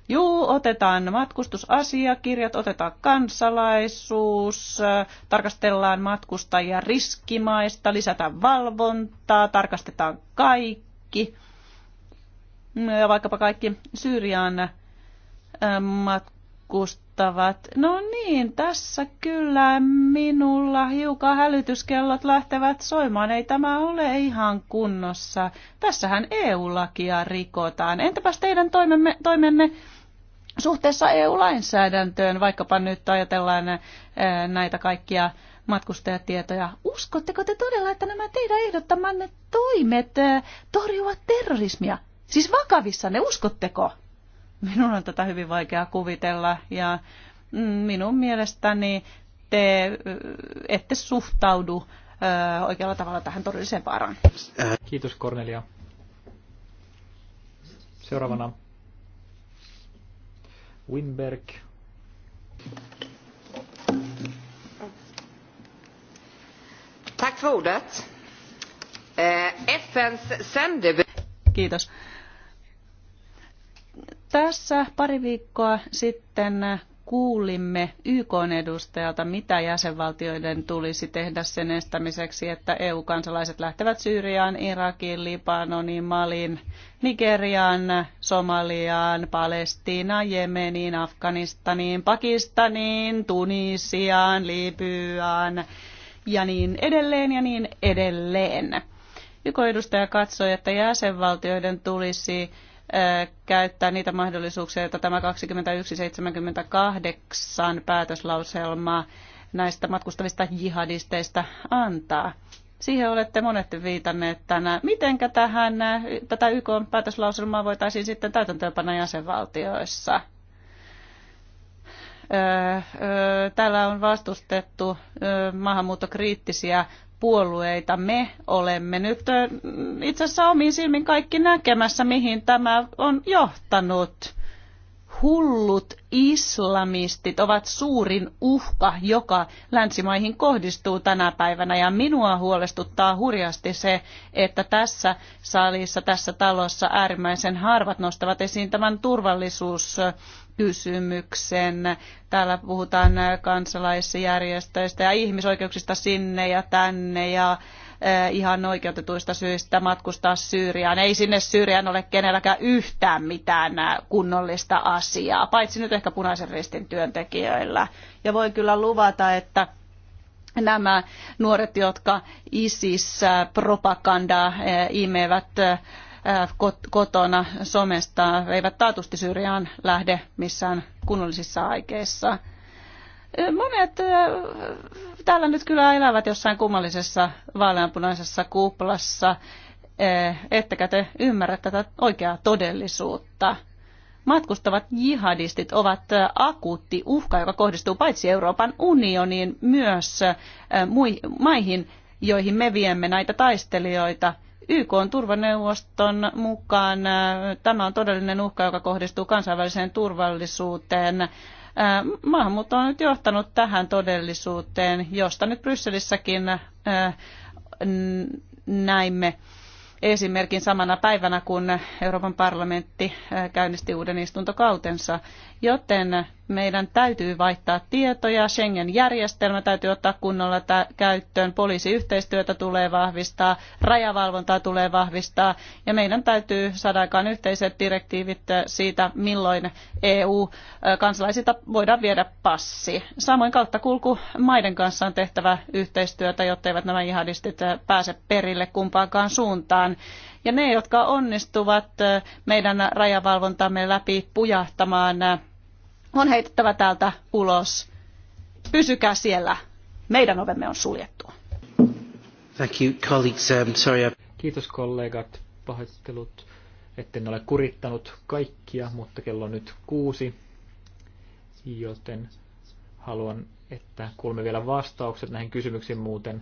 Juu, otetaan matkustusasiakirjat, otetaan kansalaisuus, tarkastellaan matkustajia riskimaista, lisätään valvontaa, tarkastetaan kaikki. Ja vaikkapa kaikki Syyriaan matkustajat vaikuttavat. No niin, tässä kyllä minulla hiukan hälytyskellot lähtevät soimaan. Ei tämä ole ihan kunnossa. Tässähän EU-lakia rikotaan. Entäpäs teidän toimenne, toimenne suhteessa EU-lainsäädäntöön, vaikkapa nyt ajatellaan eh, näitä kaikkia matkustajatietoja. Uskotteko te todella, että nämä teidän ehdottamanne toimet eh, torjuvat terrorismia? Siis vakavissa ne, uskotteko? Minun on tätä hyvin vaikea kuvitella ja minun mielestäni te ette suhtaudu oikealla tavalla tähän todelliseen vaaraan. Kiitos Cornelia. Seuraavana Winberg. Tack för ordet. Eh, FNs sändebud... Kiitos. Tässä pari viikkoa sitten kuulimme YK-edustajalta, mitä jäsenvaltioiden tulisi tehdä sen estämiseksi, että EU-kansalaiset lähtevät Syyriaan, Irakiin, Libanoniin, Malin, Nigeriaan, Somaliaan, Palestiinaan, Jemeniin, Afganistaniin, Pakistaniin, Tunisiaan, Libyaan ja niin edelleen ja niin edelleen. YK-edustaja katsoi, että jäsenvaltioiden tulisi käyttää niitä mahdollisuuksia, joita tämä 2178 päätöslauselma näistä matkustavista jihadisteista antaa. Siihen olette monet viitanneet tänään. Mitenkä tähän, tätä YK päätöslauselmaa voitaisiin sitten täytäntöönpanna jäsenvaltioissa? Öö, öö, täällä on vastustettu öö, maahanmuuttokriittisiä puolueita. Me olemme nyt itse asiassa omiin silmin kaikki näkemässä, mihin tämä on johtanut. Hullut islamistit ovat suurin uhka, joka länsimaihin kohdistuu tänä päivänä. Ja minua huolestuttaa hurjasti se, että tässä salissa, tässä talossa äärimmäisen harvat nostavat esiin tämän turvallisuus kysymyksen. Täällä puhutaan kansalaisjärjestöistä ja ihmisoikeuksista sinne ja tänne ja eh, ihan oikeutetuista syistä matkustaa Syyriaan. Ei sinne Syyriaan ole kenelläkään yhtään mitään eh, kunnollista asiaa, paitsi nyt ehkä punaisen ristin työntekijöillä. Ja voin kyllä luvata, että nämä nuoret, jotka ISIS-propagandaa eh, imevät Äh, kotona somesta eivät taatusti syrjään lähde missään kunnollisissa aikeissa. Äh, monet äh, täällä nyt kyllä elävät jossain kummallisessa vaaleanpunaisessa kuplassa, ettekä te ymmärrä tätä oikeaa todellisuutta. Matkustavat jihadistit ovat akuutti uhka, joka kohdistuu paitsi Euroopan unioniin, myös maihin, joihin me viemme näitä taistelijoita – YK on turvaneuvoston mukaan äh, tämä on todellinen uhka, joka kohdistuu kansainväliseen turvallisuuteen. Äh, maahanmuutto on nyt johtanut tähän todellisuuteen, josta nyt Brysselissäkin äh, näimme esimerkin samana päivänä, kun Euroopan parlamentti käynnisti uuden istuntokautensa. Joten meidän täytyy vaihtaa tietoja, Schengen-järjestelmä täytyy ottaa kunnolla käyttöön, poliisiyhteistyötä tulee vahvistaa, rajavalvontaa tulee vahvistaa ja meidän täytyy saada aikaan yhteiset direktiivit siitä, milloin EU-kansalaisilta voidaan viedä passi. Samoin kautta kulku maiden kanssa on tehtävä yhteistyötä, jotteivät nämä jihadistit pääse perille kumpaankaan suuntaan. Ja ne, jotka onnistuvat meidän rajavalvontamme läpi pujahtamaan on heitettävä täältä ulos. Pysykää siellä. Meidän ovemme on suljettu. Thank you, colleagues. Um, sorry. Kiitos kollegat. Pahoittelut, etten ole kurittanut kaikkia, mutta kello on nyt kuusi, joten haluan, että kuulemme vielä vastaukset näihin kysymyksiin muuten.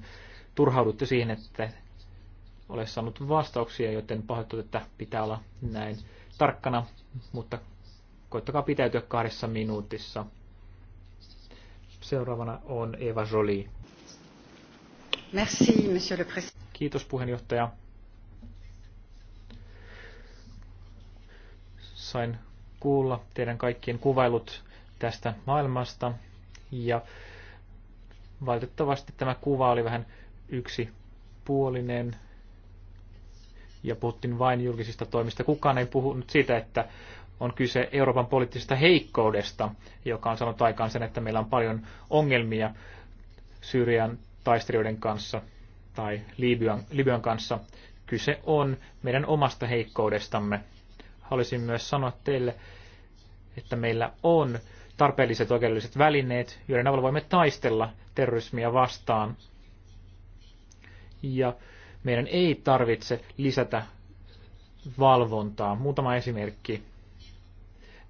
Turhaudutte siihen, että ole saanut vastauksia, joten pahoittelut, että pitää olla näin tarkkana, mutta Koittakaa pitäytyä kahdessa minuutissa. Seuraavana on Eva Jolie. Merci, monsieur le président. Kiitos puheenjohtaja. Sain kuulla teidän kaikkien kuvailut tästä maailmasta ja valitettavasti tämä kuva oli vähän yksipuolinen ja puhuttiin vain julkisista toimista. Kukaan ei puhunut siitä, että on kyse Euroopan poliittisesta heikkoudesta, joka on sanonut aikaan sen, että meillä on paljon ongelmia Syyrian taistelijoiden kanssa tai Libyan, Libyan kanssa. Kyse on meidän omasta heikkoudestamme. Haluaisin myös sanoa teille, että meillä on tarpeelliset oikeudelliset välineet, joiden avulla voimme taistella terrorismia vastaan. Ja meidän ei tarvitse lisätä valvontaa. Muutama esimerkki.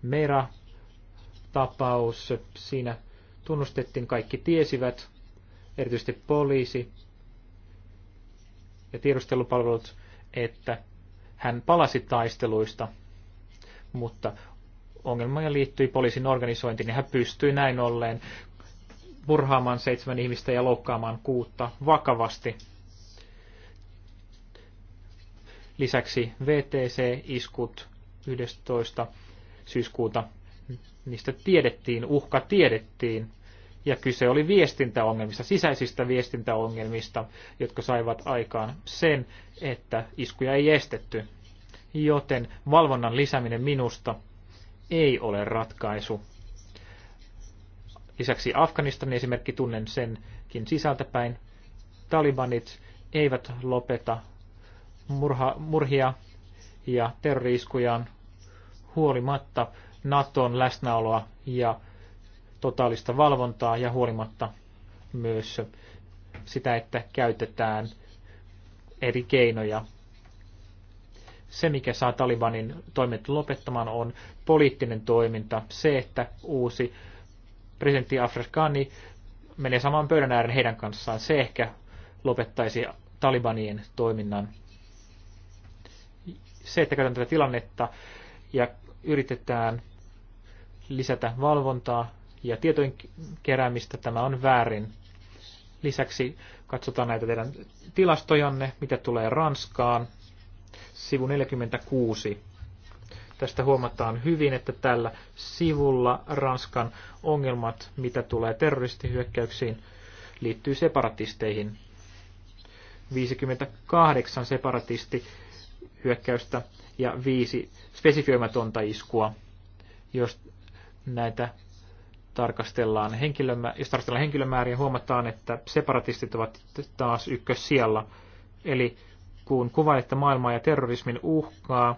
Mera-tapaus. Siinä tunnustettiin, kaikki tiesivät, erityisesti poliisi ja tiedustelupalvelut, että hän palasi taisteluista, mutta ongelmaa liittyi poliisin organisointiin ja hän pystyi näin ollen murhaamaan seitsemän ihmistä ja loukkaamaan kuutta vakavasti. Lisäksi VTC-iskut 11 syyskuuta. Niistä tiedettiin, uhka tiedettiin. Ja kyse oli viestintäongelmista, sisäisistä viestintäongelmista, jotka saivat aikaan sen, että iskuja ei estetty. Joten valvonnan lisäminen minusta ei ole ratkaisu. Lisäksi Afganistanin esimerkki tunnen senkin sisältäpäin. Talibanit eivät lopeta murha, murhia ja terroriiskujaan huolimatta Naton läsnäoloa ja totaalista valvontaa ja huolimatta myös sitä, että käytetään eri keinoja. Se, mikä saa Talibanin toimet lopettamaan, on poliittinen toiminta. Se, että uusi presidentti Afrikaani menee saman pöydän ääreen heidän kanssaan, se ehkä lopettaisi Talibanien toiminnan. Se, että käytetään tätä tilannetta ja yritetään lisätä valvontaa ja tietojen keräämistä. Tämä on väärin. Lisäksi katsotaan näitä teidän tilastojanne, mitä tulee Ranskaan. Sivu 46. Tästä huomataan hyvin, että tällä sivulla Ranskan ongelmat, mitä tulee terroristihyökkäyksiin, liittyy separatisteihin. 58 separatisti hyökkäystä ja viisi spesifioimatonta iskua, jos näitä tarkastellaan henkilömä- jos tarkastellaan henkilömääriä, huomataan, että separatistit ovat taas siellä. Eli kun kuvailette maailmaa ja terrorismin uhkaa,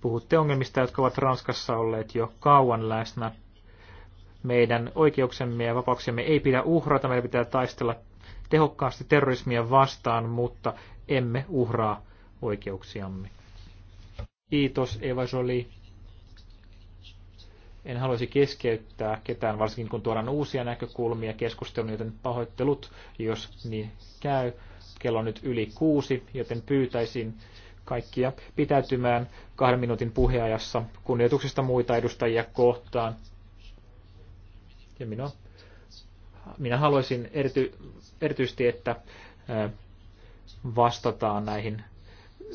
puhutte ongelmista, jotka ovat Ranskassa olleet jo kauan läsnä. Meidän oikeuksemme ja vapauksemme ei pidä uhrata, meidän pitää taistella tehokkaasti terrorismia vastaan, mutta emme uhraa oikeuksiamme. Kiitos Eva Jolie. En haluaisi keskeyttää ketään, varsinkin kun tuodaan uusia näkökulmia keskusteluun, joten pahoittelut, jos niin käy. Kello on nyt yli kuusi, joten pyytäisin kaikkia pitäytymään kahden minuutin puheajassa kunnioituksesta muita edustajia kohtaan. Ja minua minä haluaisin erity, erityisesti, että vastataan näihin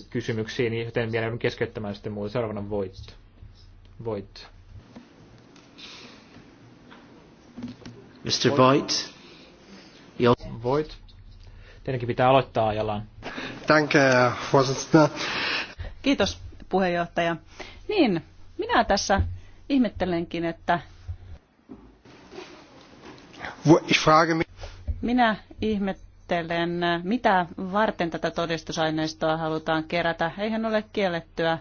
kysymyksiin, joten vielä joudun keskeyttämään sitten muuta. Seuraavana voit. voit. Mr. Voit. Voit. Tietenkin pitää aloittaa ajallaan. Danke, Kiitos, puheenjohtaja. Niin, minä tässä ihmettelenkin, että minä ihmettelen, mitä varten tätä todistusaineistoa halutaan kerätä. Eihän ole kiellettyä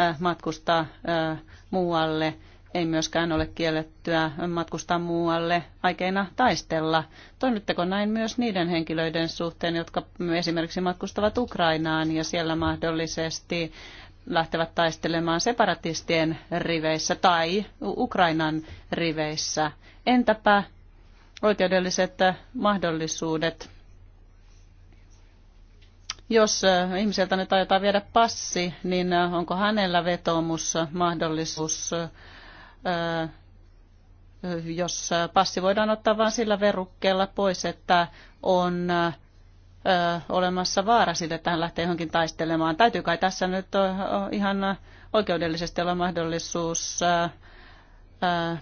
äh, matkustaa äh, muualle. Ei myöskään ole kiellettyä matkustaa muualle aikeina taistella. Toimitteko näin myös niiden henkilöiden suhteen, jotka esimerkiksi matkustavat Ukrainaan ja siellä mahdollisesti lähtevät taistelemaan separatistien riveissä tai Ukrainan riveissä? Entäpä oikeudelliset äh, mahdollisuudet. Jos äh, ihmiseltä nyt aiotaan viedä passi, niin äh, onko hänellä vetoomus mahdollisuus, jos passi voidaan ottaa vain sillä verukkeella pois, että on olemassa vaara sille, että hän lähtee johonkin taistelemaan. Täytyy kai tässä nyt ihan oikeudellisesti olla mahdollisuus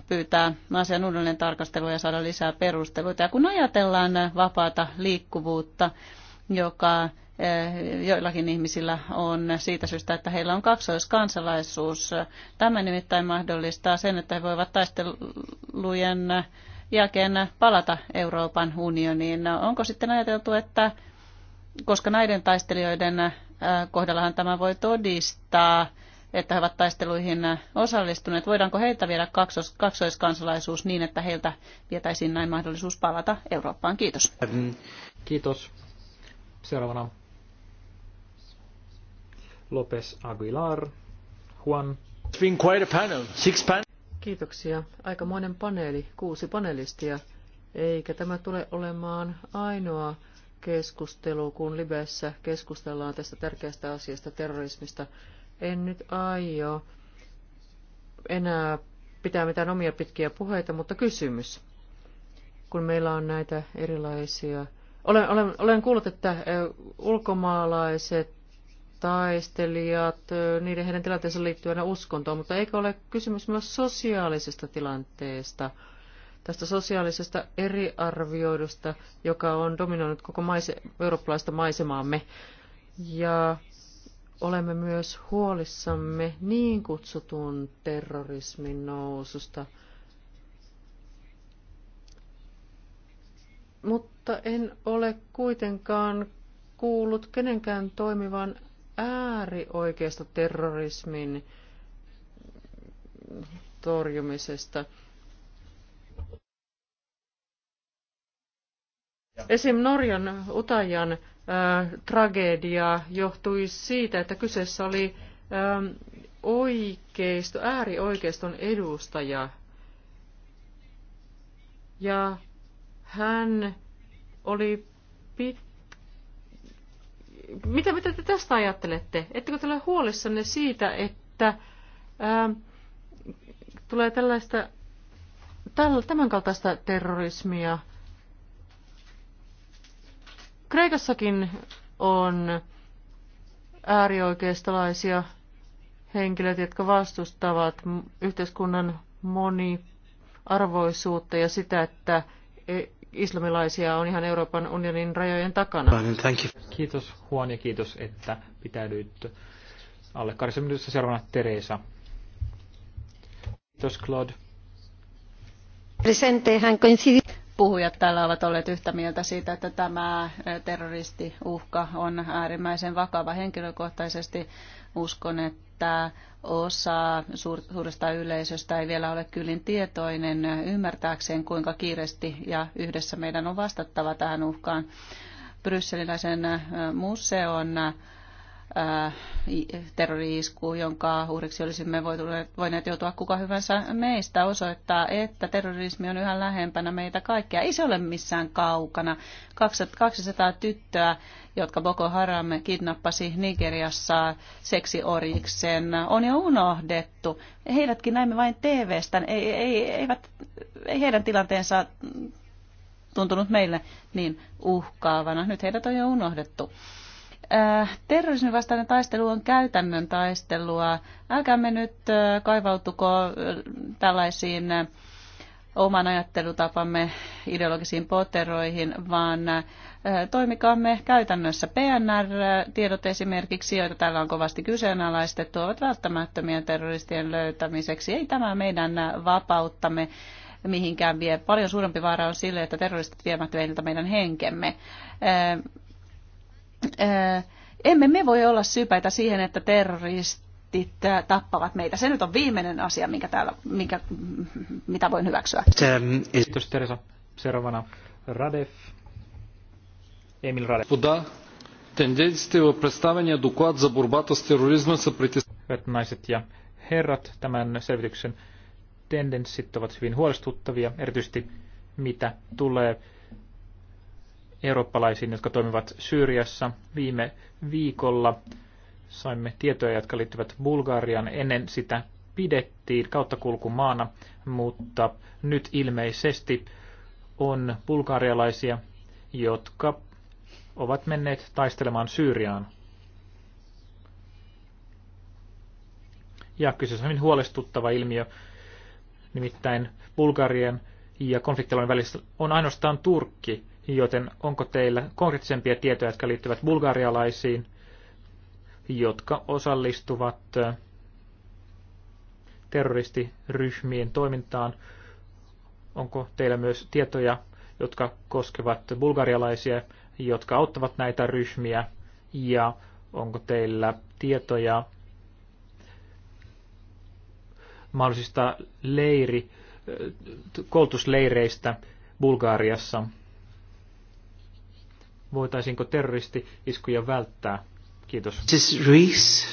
pyytää asian uudelleen tarkastelua ja saada lisää perusteluita. Ja kun ajatellaan vapaata liikkuvuutta, joka joillakin ihmisillä on siitä syystä, että heillä on kaksoiskansalaisuus. Tämä nimittäin mahdollistaa sen, että he voivat taistelujen jälkeen palata Euroopan unioniin. Onko sitten ajateltu, että koska näiden taistelijoiden kohdallahan tämä voi todistaa, että he ovat taisteluihin äh, osallistuneet. Voidaanko heiltä viedä kaksos, kaksoiskansalaisuus niin, että heiltä vietäisiin näin mahdollisuus palata Eurooppaan? Kiitos. Kiitos. Seuraavana Lopes Aguilar, Juan. It's been quite a panel. Six pan- Kiitoksia. Aikamoinen paneeli, kuusi panelistia. Eikä tämä tule olemaan ainoa keskustelu, kun Libessä keskustellaan tästä tärkeästä asiasta, terrorismista. En nyt aio enää pitää mitään omia pitkiä puheita, mutta kysymys. Kun meillä on näitä erilaisia... Olen, olen, olen kuullut, että ulkomaalaiset taistelijat, niiden heidän tilanteensa liittyy aina uskontoon, mutta eikö ole kysymys myös sosiaalisesta tilanteesta, tästä sosiaalisesta eriarvioidusta, joka on dominoinut koko maise, eurooppalaista maisemaamme. Ja Olemme myös huolissamme niin kutsutun terrorismin noususta. Mutta en ole kuitenkaan kuullut kenenkään toimivan äärioikeasta terrorismin torjumisesta. Esim. Norjan Utajan tragediaa johtui siitä, että kyseessä oli oikeisto, äärioikeiston edustaja. Ja hän oli pit... Mitä, mitä te tästä ajattelette? Ettekö te ole huolissanne siitä, että ää, tulee tällaista tämän kaltaista terrorismia Kreikassakin on äärioikeistolaisia henkilöt, jotka vastustavat yhteiskunnan moniarvoisuutta ja sitä, että e- islamilaisia on ihan Euroopan unionin rajojen takana. Kiitos Huon ja kiitos, että pitäydyit alle 8 minuutissa seuraavana Teresa. Kiitos Claude. Presente, hän coincidit puhujat täällä ovat olleet yhtä mieltä siitä, että tämä terroristiuhka on äärimmäisen vakava. Henkilökohtaisesti uskon, että osa suuresta yleisöstä ei vielä ole kyllin tietoinen ymmärtääkseen, kuinka kiireesti ja yhdessä meidän on vastattava tähän uhkaan. Brysseliläisen museon terrori-isku, jonka uhriksi olisimme voineet joutua kuka hyvänsä meistä, osoittaa, että terrorismi on yhä lähempänä meitä kaikkia. Ei se ole missään kaukana. 200 tyttöä, jotka Boko Haram kidnappasi Nigeriassa seksiorjikseen, on jo unohdettu. Heidätkin näimme vain TV-stä. Ei, ei, eivät, ei heidän tilanteensa tuntunut meille niin uhkaavana. Nyt heidät on jo unohdettu. Äh, terrorismin vastainen taistelu on käytännön taistelua. Älkäämme nyt äh, kaivautuko äh, tällaisiin oman ajattelutapamme ideologisiin poteroihin, vaan toimikaamme käytännössä. PNR-tiedot esimerkiksi, joita täällä on kovasti kyseenalaistettu, ovat välttämättömiä terroristien löytämiseksi. Ei tämä meidän vapauttamme mihinkään vie. Paljon suurempi vaara on sille, että terroristit viemät meiltä meidän henkemme emme me voi olla syypäitä siihen, että terroristit tappavat meitä. Se nyt on viimeinen asia, minkä täällä, minkä, mitä voin hyväksyä. Ähm, Kiitos Teresa. Seuraavana Radev. Emil Radev. Puda. Tendenssit в представения dukuat za burbata s тероризма са naiset ja herrat, tämän selvityksen tendenssit ovat hyvin huolestuttavia, erityisesti mitä tulee eurooppalaisiin, jotka toimivat Syyriassa. Viime viikolla saimme tietoja, jotka liittyvät Bulgarian. Ennen sitä pidettiin kauttakulkumaana, mutta nyt ilmeisesti on bulgarialaisia, jotka ovat menneet taistelemaan Syyriaan. Ja kyseessä on hyvin huolestuttava ilmiö, nimittäin Bulgarian ja konfliktialueen välissä on ainoastaan Turkki, joten onko teillä konkreettisempia tietoja, jotka liittyvät bulgarialaisiin, jotka osallistuvat terroristiryhmien toimintaan? Onko teillä myös tietoja, jotka koskevat bulgarialaisia, jotka auttavat näitä ryhmiä? Ja onko teillä tietoja mahdollisista leiri, koulutusleireistä Bulgariassa? voitaisiinko terroristi-iskuja välttää? Kiitos. Siis Ruiz.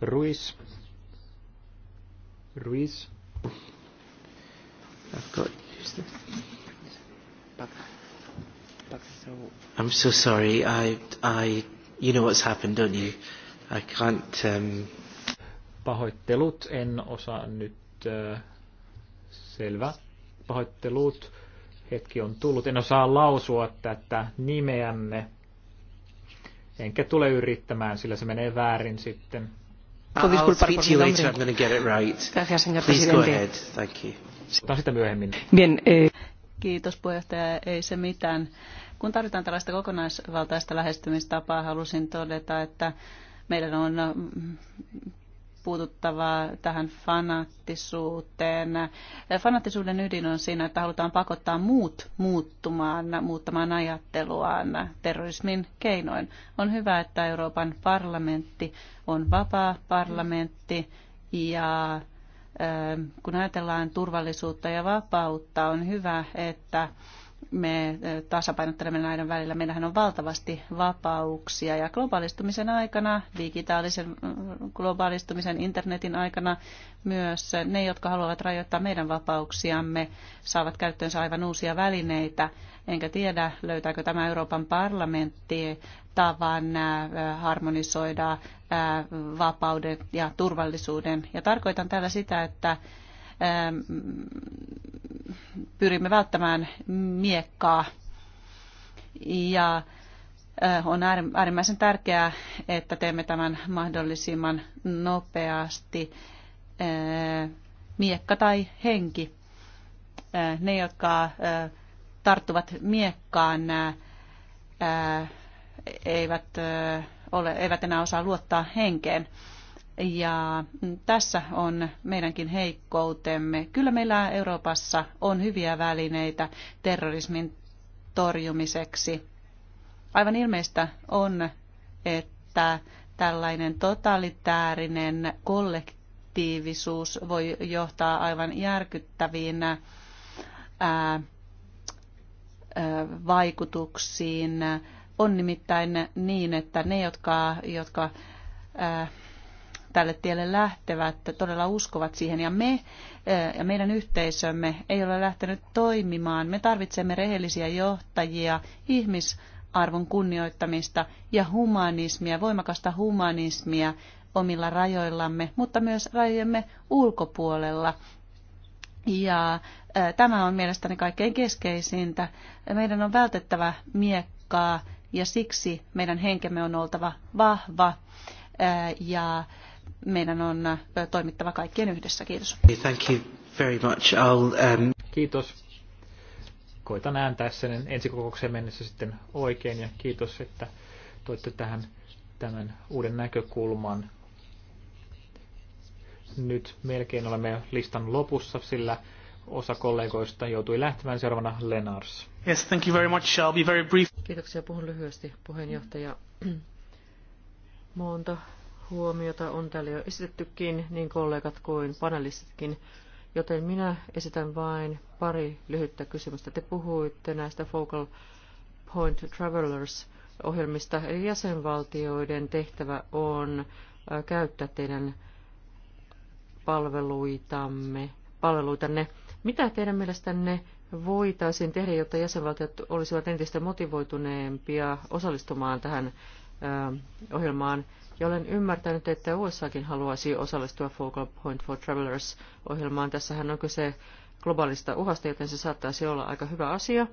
Ruiz. Ruiz. I'm so sorry. I, I, you know what's happened, don't you? I can't. Um... Pahoittelut. En osaa nyt. Uh, selvä. Pahoittelut hetki on tullut. En osaa lausua tätä nimeämme. enkä tule yrittämään, sillä se menee väärin sitten. I'll speak to you later. I'm going to get it right. Please go ahead. Thank you. Otan sitä myöhemmin. Bien, eh... Kiitos puheenjohtaja. Ei se mitään. Kun tarvitaan tällaista kokonaisvaltaista lähestymistapaa, halusin todeta, että meidän on mm, puututtava tähän fanaattisuuteen. Fanaattisuuden ydin on siinä, että halutaan pakottaa muut muuttumaan, muuttamaan ajatteluaan terrorismin keinoin. On hyvä, että Euroopan parlamentti on vapaa parlamentti ja kun ajatellaan turvallisuutta ja vapautta, on hyvä, että me eh, tasapainottelemme näiden välillä. Meillähän on valtavasti vapauksia ja globaalistumisen aikana, digitaalisen mm, globaalistumisen internetin aikana myös ne, jotka haluavat rajoittaa meidän vapauksiamme, saavat käyttöönsä aivan uusia välineitä. Enkä tiedä, löytääkö tämä Euroopan parlamentti tavan eh, harmonisoida eh, vapauden ja turvallisuuden. Ja tarkoitan tällä sitä, että Ähm, pyrimme välttämään miekkaa. Ja äh, on äärimmäisen tärkeää, että teemme tämän mahdollisimman nopeasti. Äh, miekka tai henki. Äh, ne, jotka tarttuvat miekkaan, eivät, ole, eivät enää osaa luottaa henkeen. Ja tässä on meidänkin heikkoutemme. Kyllä meillä Euroopassa on hyviä välineitä terrorismin torjumiseksi. Aivan ilmeistä on, että tällainen totalitäärinen kollektiivisuus voi johtaa aivan järkyttäviin ää, vaikutuksiin. On nimittäin niin, että ne, jotka, jotka ää, tälle tielle lähtevät todella uskovat siihen ja me eh, ja meidän yhteisömme ei ole lähtenyt toimimaan. Me tarvitsemme rehellisiä johtajia, ihmisarvon kunnioittamista ja humanismia, voimakasta humanismia omilla rajoillamme, mutta myös rajojemme ulkopuolella. Ja eh, tämä on mielestäni kaikkein keskeisintä. Meidän on vältettävä miekkaa ja siksi meidän henkemme on oltava vahva eh, ja meidän on toimittava kaikkien yhdessä. Kiitos. Thank you very much. I'll, um... Kiitos. Koitan ääntää sen ensi kokoukseen mennessä sitten oikein ja kiitos, että toitte tähän tämän uuden näkökulman. Nyt melkein olemme listan lopussa, sillä osa kollegoista joutui lähtemään seuraavana Lenars. Yes, thank you very much. I'll be very brief. Kiitoksia. Puhun lyhyesti puheenjohtaja. *clears throat* Monta huomiota on täällä jo esitettykin, niin kollegat kuin panelistitkin, joten minä esitän vain pari lyhyttä kysymystä. Te puhuitte näistä Focal Point Travelers-ohjelmista, eli jäsenvaltioiden tehtävä on äh, käyttää teidän palveluitamme, palveluitanne. Mitä teidän mielestänne voitaisiin tehdä, jotta jäsenvaltiot olisivat entistä motivoituneempia osallistumaan tähän äh, ohjelmaan? Ja olen ymmärtänyt, että USAkin haluaisi osallistua Focal Point for Travelers-ohjelmaan. Tässähän on kyse globaalista uhasta, joten se saattaisi olla aika hyvä asia.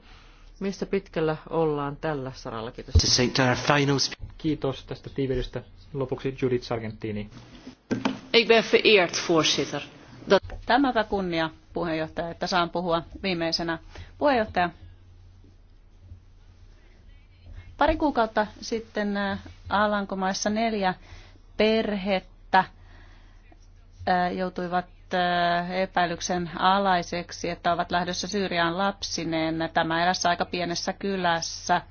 Mistä pitkällä ollaan tällä saralla? Kiitos. Kiitos tästä tiiviydestä. Lopuksi Judith Sargentini. Tämäpä kunnia, puheenjohtaja, että saan puhua viimeisenä. Puheenjohtaja, Pari kuukautta sitten Alankomaissa neljä perhettä joutuivat epäilyksen alaiseksi, että ovat lähdössä Syyriaan lapsineen. Tämä erässä aika pienessä kylässä.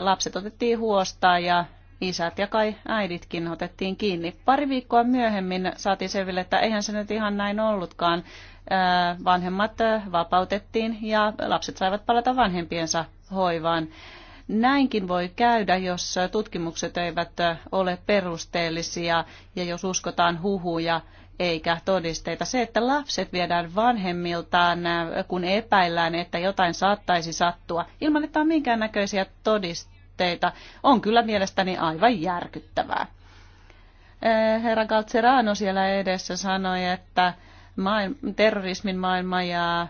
Lapset otettiin huostaa ja isät ja kai äiditkin otettiin kiinni. Pari viikkoa myöhemmin saatiin selville, että eihän se nyt ihan näin ollutkaan. Vanhemmat vapautettiin ja lapset saivat palata vanhempiensa hoivaan. Näinkin voi käydä, jos tutkimukset eivät ole perusteellisia ja jos uskotaan huhuja eikä todisteita. Se, että lapset viedään vanhemmiltaan, kun epäillään, että jotain saattaisi sattua, ilman että on minkäännäköisiä todisteita, on kyllä mielestäni aivan järkyttävää. Herra Galcerano siellä edessä sanoi, että terrorismin maailma ja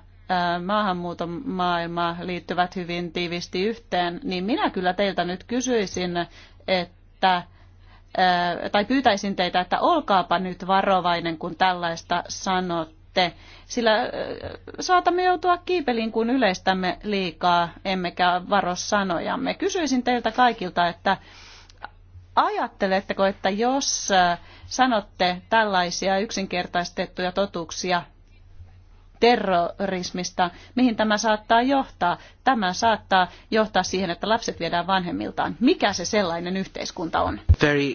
maahanmuuton maailma liittyvät hyvin tiivisti yhteen, niin minä kyllä teiltä nyt kysyisin, että tai pyytäisin teitä, että olkaapa nyt varovainen, kun tällaista sanotte, sillä saatamme joutua kiipeliin, kun yleistämme liikaa, emmekä varo sanojamme. Kysyisin teiltä kaikilta, että ajatteletteko, että jos sanotte tällaisia yksinkertaistettuja totuuksia terrorismista, mihin tämä saattaa johtaa? Tämä saattaa johtaa siihen, että lapset viedään vanhemmiltaan. Mikä se sellainen yhteiskunta on? Very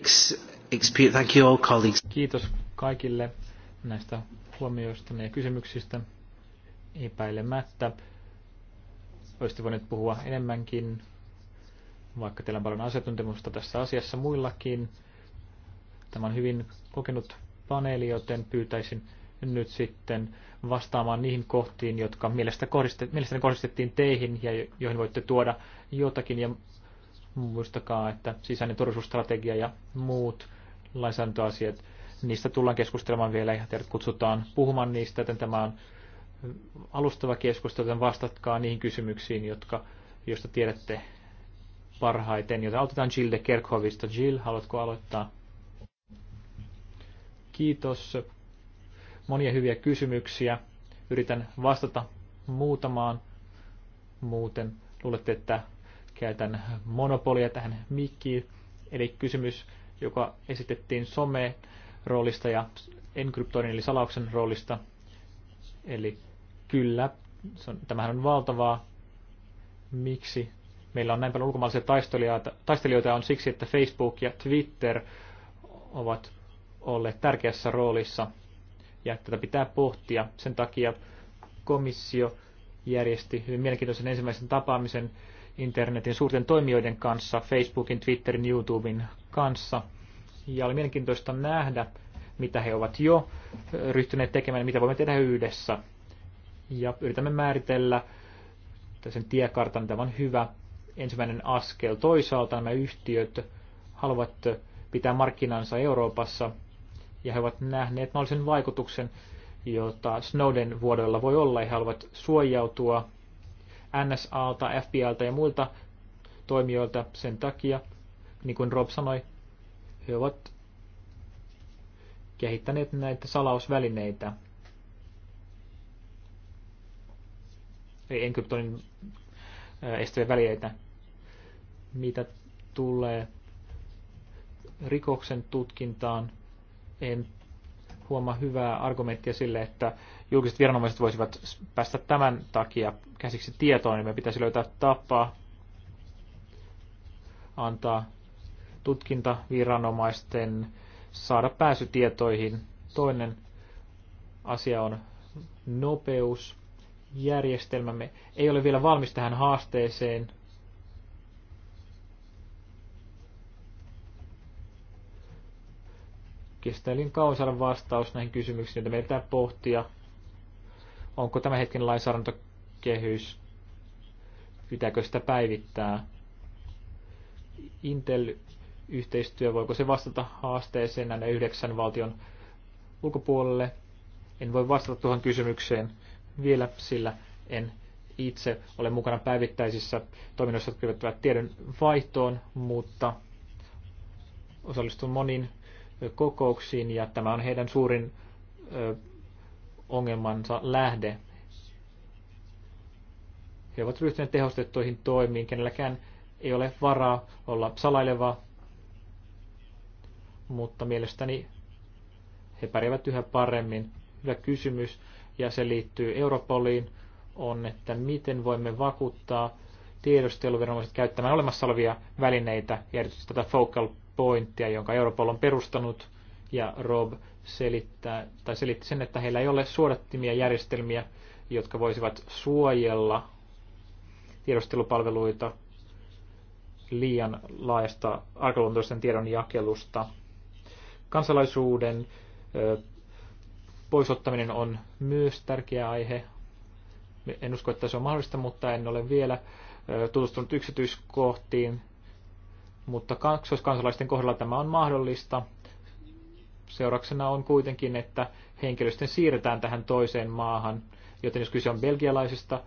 Thank you all colleagues. Kiitos kaikille näistä huomioista ja kysymyksistä epäilemättä. Olisitte voineet puhua enemmänkin, vaikka teillä on paljon asiantuntemusta tässä asiassa muillakin. Tämä on hyvin kokenut paneeli, joten pyytäisin nyt sitten vastaamaan niihin kohtiin, jotka mielestä kohdistet, mielestäni kohdistettiin teihin ja joihin voitte tuoda jotakin. Ja muistakaa, että sisäinen turvallisuusstrategia ja muut lainsäädäntöasiat, niistä tullaan keskustelemaan vielä ja teidät kutsutaan puhumaan niistä, joten tämä on alustava keskustelu, joten vastatkaa niihin kysymyksiin, jotka, joista tiedätte parhaiten. Joten autetaan Jill de Kerkhovista. Jill, haluatko aloittaa? Kiitos monia hyviä kysymyksiä. Yritän vastata muutamaan. Muuten luulette, että käytän monopolia tähän mikkiin. Eli kysymys, joka esitettiin some-roolista ja enkryptoinnin eli salauksen roolista. Eli kyllä, se on, tämähän on valtavaa. Miksi meillä on näin paljon ulkomaalaisia taistelijoita, taistelijoita on siksi, että Facebook ja Twitter ovat olleet tärkeässä roolissa ja tätä pitää pohtia. Sen takia komissio järjesti hyvin mielenkiintoisen ensimmäisen tapaamisen internetin suurten toimijoiden kanssa, Facebookin, Twitterin, YouTuben kanssa. Ja oli mielenkiintoista nähdä, mitä he ovat jo ryhtyneet tekemään ja mitä voimme tehdä yhdessä. Ja yritämme määritellä sen tiekartan, mitä on hyvä ensimmäinen askel. Toisaalta nämä yhtiöt haluavat pitää markkinansa Euroopassa ja he ovat nähneet mahdollisen vaikutuksen, jota Snowden vuodella voi olla, ja he haluavat suojautua NSAlta, FBIltä ja muilta toimijoilta sen takia, niin kuin Rob sanoi, he ovat kehittäneet näitä salausvälineitä. ei Enkryptoinnin estäviä välineitä, mitä tulee rikoksen tutkintaan, en huomaa hyvää argumenttia sille, että julkiset viranomaiset voisivat päästä tämän takia käsiksi tietoon, niin me pitäisi löytää tapa antaa tutkintaviranomaisten saada pääsy tietoihin. Toinen asia on nopeus. Järjestelmämme ei ole vielä valmis tähän haasteeseen, kestäilin kauan saada vastaus näihin kysymyksiin, joita meidän pitää pohtia. Onko tämä hetken lainsäädäntökehys, pitääkö sitä päivittää? Intel-yhteistyö, voiko se vastata haasteeseen näiden yhdeksän valtion ulkopuolelle? En voi vastata tuohon kysymykseen vielä, sillä en itse ole mukana päivittäisissä toiminnoissa, jotka tiedon vaihtoon, mutta osallistun moniin kokouksiin ja tämä on heidän suurin ongelmansa lähde. He ovat ryhtyneet tehostettuihin toimiin, kenelläkään ei ole varaa olla salaileva, mutta mielestäni he pärjäävät yhä paremmin. Hyvä kysymys, ja se liittyy Europoliin, on, että miten voimme vakuuttaa tiedosteluviranomaiset käyttämään olemassa olevia välineitä, ja erityisesti tätä focal pointtia, jonka Europol on perustanut, ja Rob selittää, tai selitti sen, että heillä ei ole suodattimia järjestelmiä, jotka voisivat suojella tiedostelupalveluita liian laajasta arkaluontoisen tiedon jakelusta. Kansalaisuuden poisottaminen on myös tärkeä aihe. En usko, että se on mahdollista, mutta en ole vielä tutustunut yksityiskohtiin mutta kaksoiskansalaisten kohdalla tämä on mahdollista. Seurauksena on kuitenkin, että henkilöstön siirretään tähän toiseen maahan, joten jos kyse on belgialaisesta,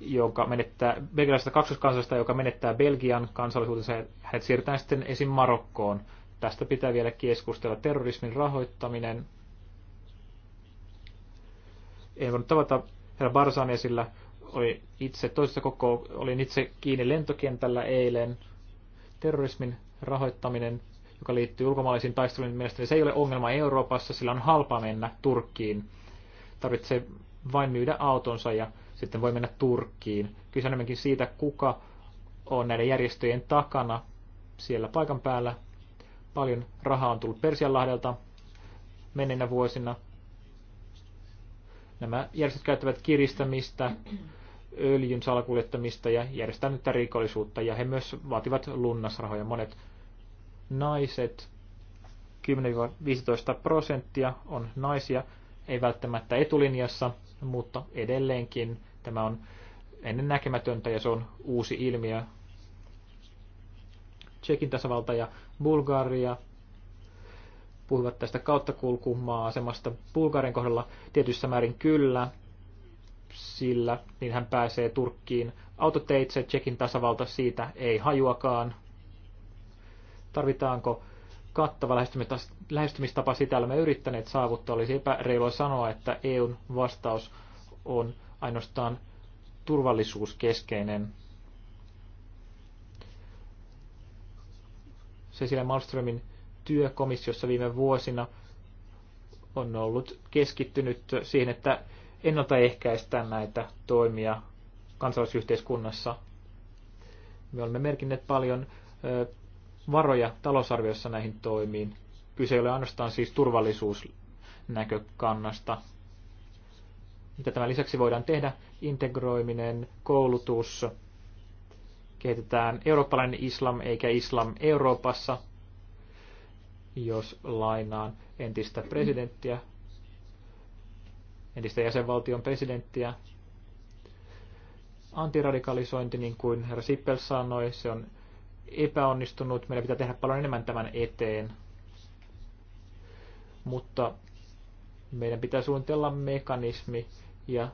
joka menettää, belgialaisesta kaksoiskansalaisesta, joka menettää Belgian kansallisuutensa, hänet siirretään sitten esim. Marokkoon. Tästä pitää vielä keskustella. Terrorismin rahoittaminen. En voinut tavata herra Barzania, sillä oli itse toisessa koko, olin itse kiinni lentokentällä eilen – terrorismin rahoittaminen, joka liittyy ulkomaalaisiin taisteluihin, mielestäni se ei ole ongelma Euroopassa, sillä on halpa mennä Turkkiin. Tarvitsee vain myydä autonsa ja sitten voi mennä Turkkiin. Kyse enemmänkin siitä, kuka on näiden järjestöjen takana siellä paikan päällä. Paljon rahaa on tullut Persianlahdelta menneinä vuosina. Nämä järjestöt käyttävät kiristämistä, öljyn salakuljettamista ja järjestänyttä rikollisuutta, ja he myös vaativat lunnasrahoja. Monet naiset, 10-15 prosenttia on naisia, ei välttämättä etulinjassa, mutta edelleenkin tämä on ennen näkemätöntä ja se on uusi ilmiö. Tsekin tasavalta ja Bulgaria puhuvat tästä kauttakulkumaa-asemasta Bulgarin kohdalla tietyssä määrin kyllä, sillä niin hän pääsee Turkkiin autoteitse, Tsekin tasavalta siitä ei hajuakaan. Tarvitaanko kattava lähestymistapa sitä olemme yrittäneet saavuttaa. Olisi epäreilua sanoa, että EUn vastaus on ainoastaan turvallisuuskeskeinen. Cecilia Malmströmin työ komissiossa viime vuosina on ollut keskittynyt siihen, että ennaltaehkäistä näitä toimia kansalaisyhteiskunnassa. Me olemme merkinneet paljon varoja talousarviossa näihin toimiin. Kyse ei ole ainoastaan siis turvallisuusnäkökannasta. Mitä tämän lisäksi voidaan tehdä? Integroiminen, koulutus, kehitetään eurooppalainen islam eikä islam Euroopassa, jos lainaan entistä presidenttiä entistä jäsenvaltion presidenttiä. Antiradikalisointi, niin kuin herra Sippel sanoi, se on epäonnistunut. Meidän pitää tehdä paljon enemmän tämän eteen. Mutta meidän pitää suunnitella mekanismi ja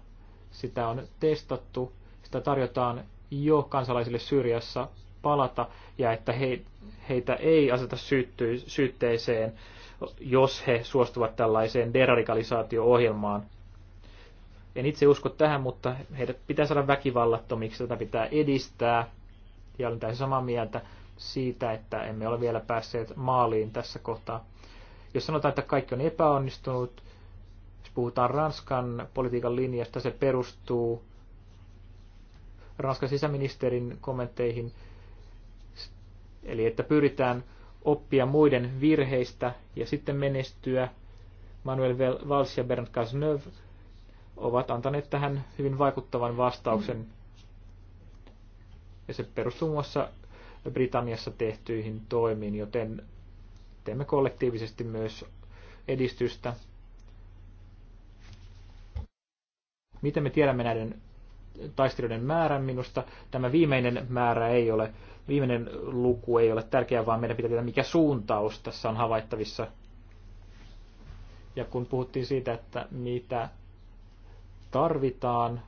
sitä on testattu. Sitä tarjotaan jo kansalaisille Syyriassa palata ja että he, heitä ei aseta syytty, syytteeseen, jos he suostuvat tällaiseen deradikalisaatio-ohjelmaan. En itse usko tähän, mutta heidät pitää saada väkivallattomiksi, tätä pitää edistää. Ja olen täysin samaa mieltä siitä, että emme ole vielä päässeet maaliin tässä kohtaa. Jos sanotaan, että kaikki on epäonnistunut, jos puhutaan Ranskan politiikan linjasta, se perustuu Ranskan sisäministerin kommentteihin, eli että pyritään oppia muiden virheistä ja sitten menestyä. Manuel Valls ja Bernd Cazeneuve ovat antaneet tähän hyvin vaikuttavan vastauksen. Ja se perustuu muassa Britanniassa tehtyihin toimiin, joten teemme kollektiivisesti myös edistystä. Miten me tiedämme näiden taistelijoiden määrän minusta? Tämä viimeinen määrä ei ole, viimeinen luku ei ole tärkeä, vaan meidän pitää tietää, mikä suuntaus tässä on havaittavissa. Ja kun puhuttiin siitä, että mitä tarvitaan.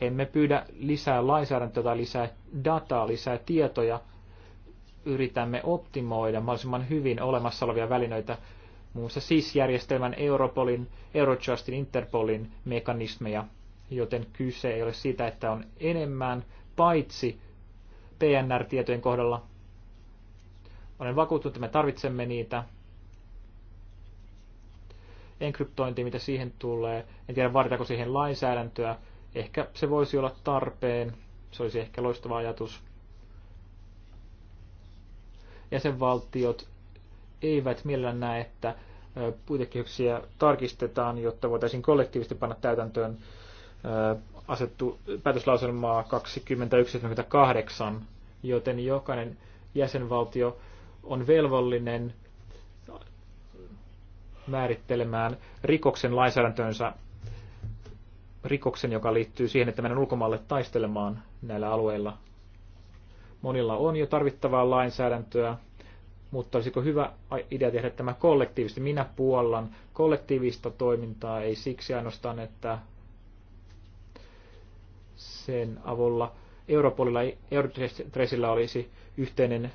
Emme pyydä lisää lainsäädäntöä tai lisää dataa, lisää tietoja. Yritämme optimoida mahdollisimman hyvin olemassa olevia välineitä, muun muassa SIS-järjestelmän, Europolin, Eurojustin, Interpolin mekanismeja, joten kyse ei ole siitä, että on enemmän, paitsi PNR-tietojen kohdalla. Olen vakuuttunut, että me tarvitsemme niitä, Enkryptointi mitä siihen tulee. En tiedä, vaaditaanko siihen lainsäädäntöä. Ehkä se voisi olla tarpeen. Se olisi ehkä loistava ajatus. Jäsenvaltiot eivät mielellään näe, että puitekehyksiä tarkistetaan, jotta voitaisiin kollektiivisesti panna täytäntöön asettu päätöslauselmaa 2178, joten jokainen jäsenvaltio on velvollinen määrittelemään rikoksen lainsäädäntönsä rikoksen, joka liittyy siihen, että mennään ulkomaalle taistelemaan näillä alueilla. Monilla on jo tarvittavaa lainsäädäntöä, mutta olisiko hyvä idea tehdä tämä kollektiivisesti? Minä puollan kollektiivista toimintaa, ei siksi ainoastaan, että sen avulla Europolilla, Eurotressillä olisi yhteinen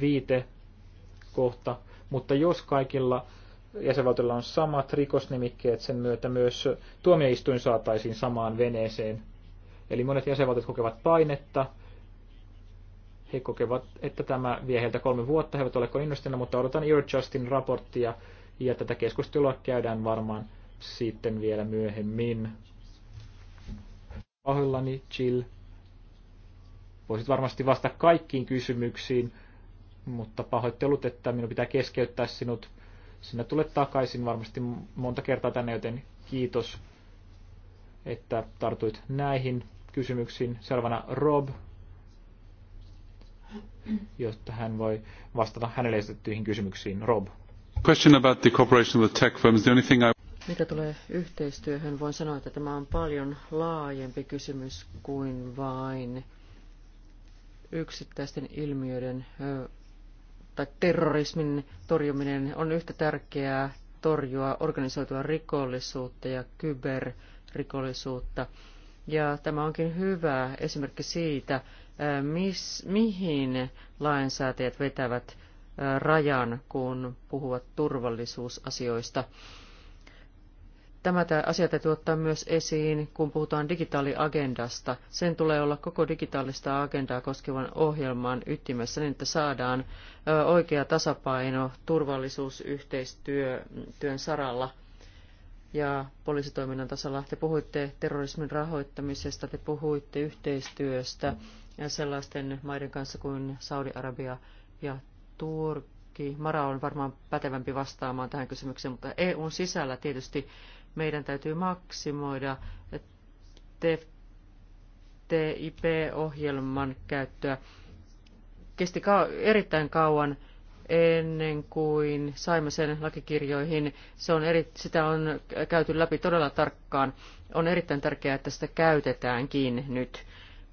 viite kohta, mutta jos kaikilla jäsenvaltiolla on samat rikosnimikkeet, sen myötä myös tuomioistuin saataisiin samaan veneeseen. Eli monet jäsenvaltiot kokevat painetta, he kokevat, että tämä vie heiltä kolme vuotta, he eivät ole investoina, mutta odotan Eurojustin raporttia ja tätä keskustelua käydään varmaan sitten vielä myöhemmin. Pahoillani, Jill. Voisit varmasti vastata kaikkiin kysymyksiin, mutta pahoittelut, että minun pitää keskeyttää sinut sinä tulet takaisin varmasti monta kertaa tänne, joten kiitos, että tartuit näihin kysymyksiin. Seuraavana Rob, jotta hän voi vastata hänelle esitettyihin kysymyksiin. Rob. Question about the cooperation with tech firms. The only thing I... Mitä tulee yhteistyöhön, voin sanoa, että tämä on paljon laajempi kysymys kuin vain yksittäisten ilmiöiden tai terrorismin torjuminen on yhtä tärkeää torjua organisoitua rikollisuutta ja kyberrikollisuutta. Ja tämä onkin hyvä esimerkki siitä, mis, mihin lainsäätäjät vetävät rajan, kun puhuvat turvallisuusasioista. Tämä asia täytyy ottaa myös esiin, kun puhutaan digitaaliagendasta. Sen tulee olla koko digitaalista agendaa koskevan ohjelman ytimessä, niin että saadaan oikea tasapaino turvallisuusyhteistyön mm, saralla ja poliisitoiminnan tasolla. Te puhuitte terrorismin rahoittamisesta, te puhuitte yhteistyöstä ja sellaisten maiden kanssa kuin Saudi-Arabia ja Turkki. Mara on varmaan pätevämpi vastaamaan tähän kysymykseen, mutta EUn sisällä tietysti meidän täytyy maksimoida TIP-ohjelman käyttöä. Kesti erittäin kauan ennen kuin saimme sen lakikirjoihin. Se on eri, sitä on käyty läpi todella tarkkaan. On erittäin tärkeää, että sitä käytetäänkin nyt,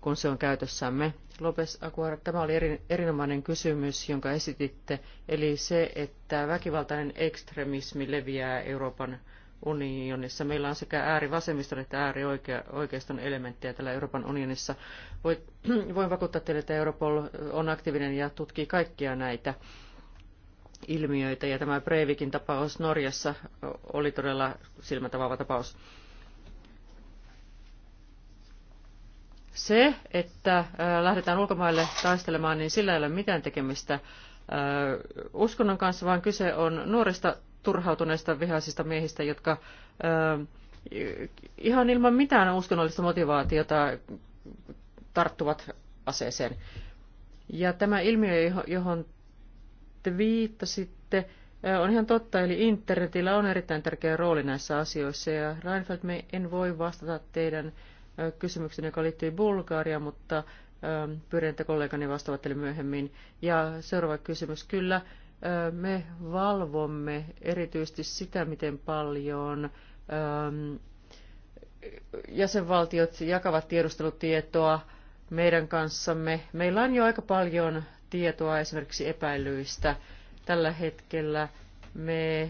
kun se on käytössämme. Lopes Aguar, tämä oli eri, erinomainen kysymys, jonka esititte, eli se, että väkivaltainen ekstremismi leviää Euroopan unionissa. Meillä on sekä äärivasemmiston että äärioikeiston elementtejä täällä Euroopan unionissa. *clears throat* voin vakuuttaa teille, että Europol on aktiivinen ja tutkii kaikkia näitä ilmiöitä. Ja tämä Breivikin tapaus Norjassa oli todella silmätavaava tapaus. Se, että äh, lähdetään ulkomaille taistelemaan, niin sillä ei ole mitään tekemistä äh, uskonnon kanssa, vaan kyse on nuorista turhautuneista vihaisista miehistä, jotka ihan ilman mitään uskonnollista motivaatiota tarttuvat aseeseen. Ja tämä ilmiö, johon te viittasitte, on ihan totta, eli internetillä on erittäin tärkeä rooli näissä asioissa. Ja Reinfeldt, me en voi vastata teidän kysymykseen, joka liittyy Bulgariaan, mutta pyydän, että kollegani vastaavat myöhemmin. Ja seuraava kysymys, kyllä me valvomme erityisesti sitä, miten paljon jäsenvaltiot jakavat tiedustelutietoa meidän kanssamme. Meillä on jo aika paljon tietoa esimerkiksi epäilyistä. Tällä hetkellä me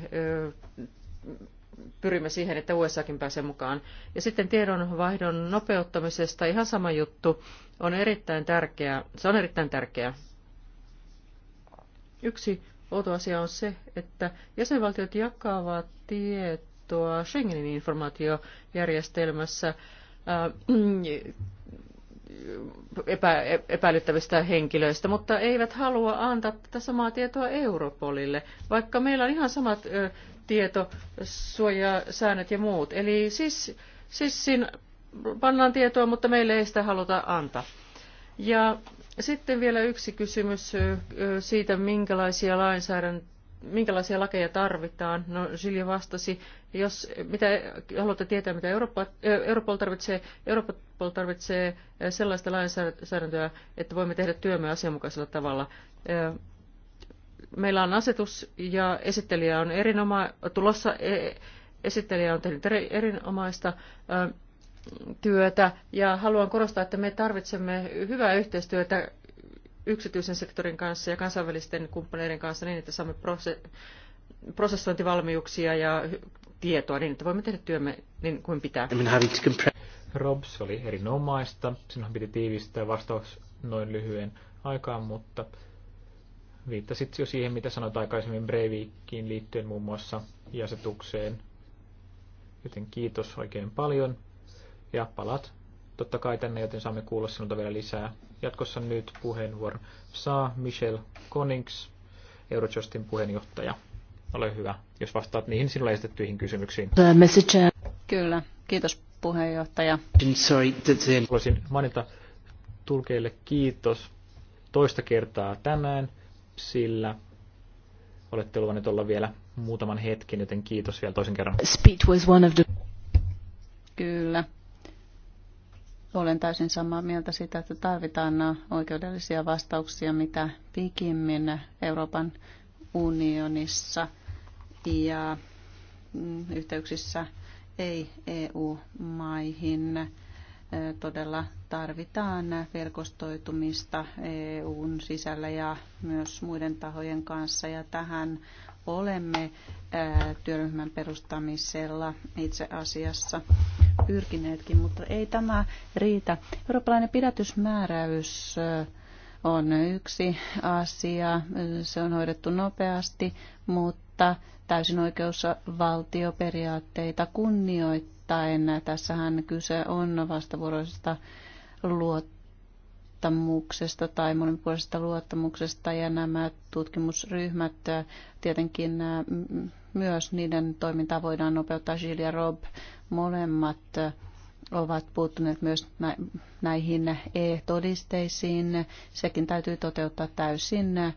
pyrimme siihen, että USAkin pääsee mukaan. Ja sitten tiedonvaihdon nopeuttamisesta ihan sama juttu on erittäin tärkeää. Se on erittäin tärkeää. Yksi Outo asia on se, että jäsenvaltiot jakavat tietoa Schengenin informaatiojärjestelmässä ää, äh, epä, epäilyttävistä henkilöistä, mutta eivät halua antaa tätä samaa tietoa Europolille, vaikka meillä on ihan samat ö, tietosuojasäännöt ja muut. Eli siis, siis siinä pannaan tietoa, mutta meille ei sitä haluta antaa. Ja sitten vielä yksi kysymys siitä, minkälaisia lainsäädäntöjä minkälaisia lakeja tarvitaan. No, Silja vastasi, jos mitä, haluatte tietää, mitä Eurooppa, Europol tarvitsee, Europol tarvitsee sellaista lainsäädäntöä, että voimme tehdä työmme asianmukaisella tavalla. Meillä on asetus ja esittelijä on erinoma, tulossa, e, esittelijä on tehnyt erinomaista työtä ja haluan korostaa, että me tarvitsemme hyvää yhteistyötä yksityisen sektorin kanssa ja kansainvälisten kumppaneiden kanssa niin, että saamme prosessointivalmiuksia ja tietoa niin, että voimme tehdä työmme niin kuin pitää. Robs oli erinomaista. Sinun piti tiivistää vastaus noin lyhyen aikaan, mutta viittasit jo siihen, mitä sanoit aikaisemmin Breivikkiin liittyen muun muassa jäsetukseen. Joten kiitos oikein paljon ja palat totta kai tänne, joten saamme kuulla sinulta vielä lisää. Jatkossa nyt puheenvuoron saa Michel Konings, Eurojustin puheenjohtaja. Ole hyvä, jos vastaat niihin sinulle esitettyihin kysymyksiin. Uh, Kyllä, kiitos puheenjohtaja. Haluaisin mainita tulkeille kiitos toista kertaa tänään, sillä olette luvanneet olla vielä muutaman hetken, joten kiitos vielä toisen kerran. Speed was one of the... Kyllä olen täysin samaa mieltä siitä, että tarvitaan oikeudellisia vastauksia mitä pikimmin Euroopan unionissa ja mm, yhteyksissä ei-EU-maihin todella tarvitaan verkostoitumista EUn sisällä ja myös muiden tahojen kanssa. Ja tähän olemme työryhmän perustamisella itse asiassa pyrkineetkin, mutta ei tämä riitä. Eurooppalainen pidätysmääräys on yksi asia, se on hoidettu nopeasti, mutta täysin oikeusvaltioperiaatteita kunnioittaen. Tässähän kyse on vastavuoroisesta luottamuksesta tai monipuolisesta luottamuksesta ja nämä tutkimusryhmät tietenkin myös niiden toimintaa voidaan nopeuttaa. Gilles ja Rob Molemmat äh, ovat puuttuneet myös näihin e-todisteisiin. Sekin täytyy toteuttaa täysin äh,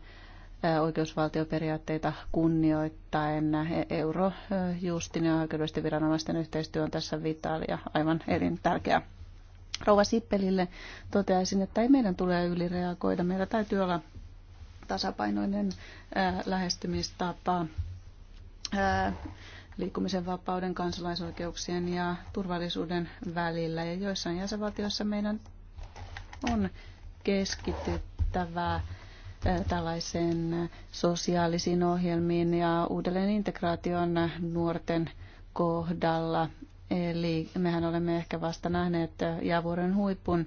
oikeusvaltioperiaatteita kunnioittaen. E-, Eurojustin ja oikeudellisten viranomaisten yhteistyö on tässä vitaali ja aivan elintärkeä. Rouva Sippelille toteaisin, että ei meidän tule ylireagoida. Meillä täytyy olla tasapainoinen äh, lähestymistapa liikkumisen vapauden, kansalaisoikeuksien ja turvallisuuden välillä. Ja joissain jäsenvaltioissa meidän on keskityttävää tällaisen sosiaalisiin ohjelmiin ja uudelleen integraation nuorten kohdalla. Eli mehän olemme ehkä vasta nähneet jäävuoren huipun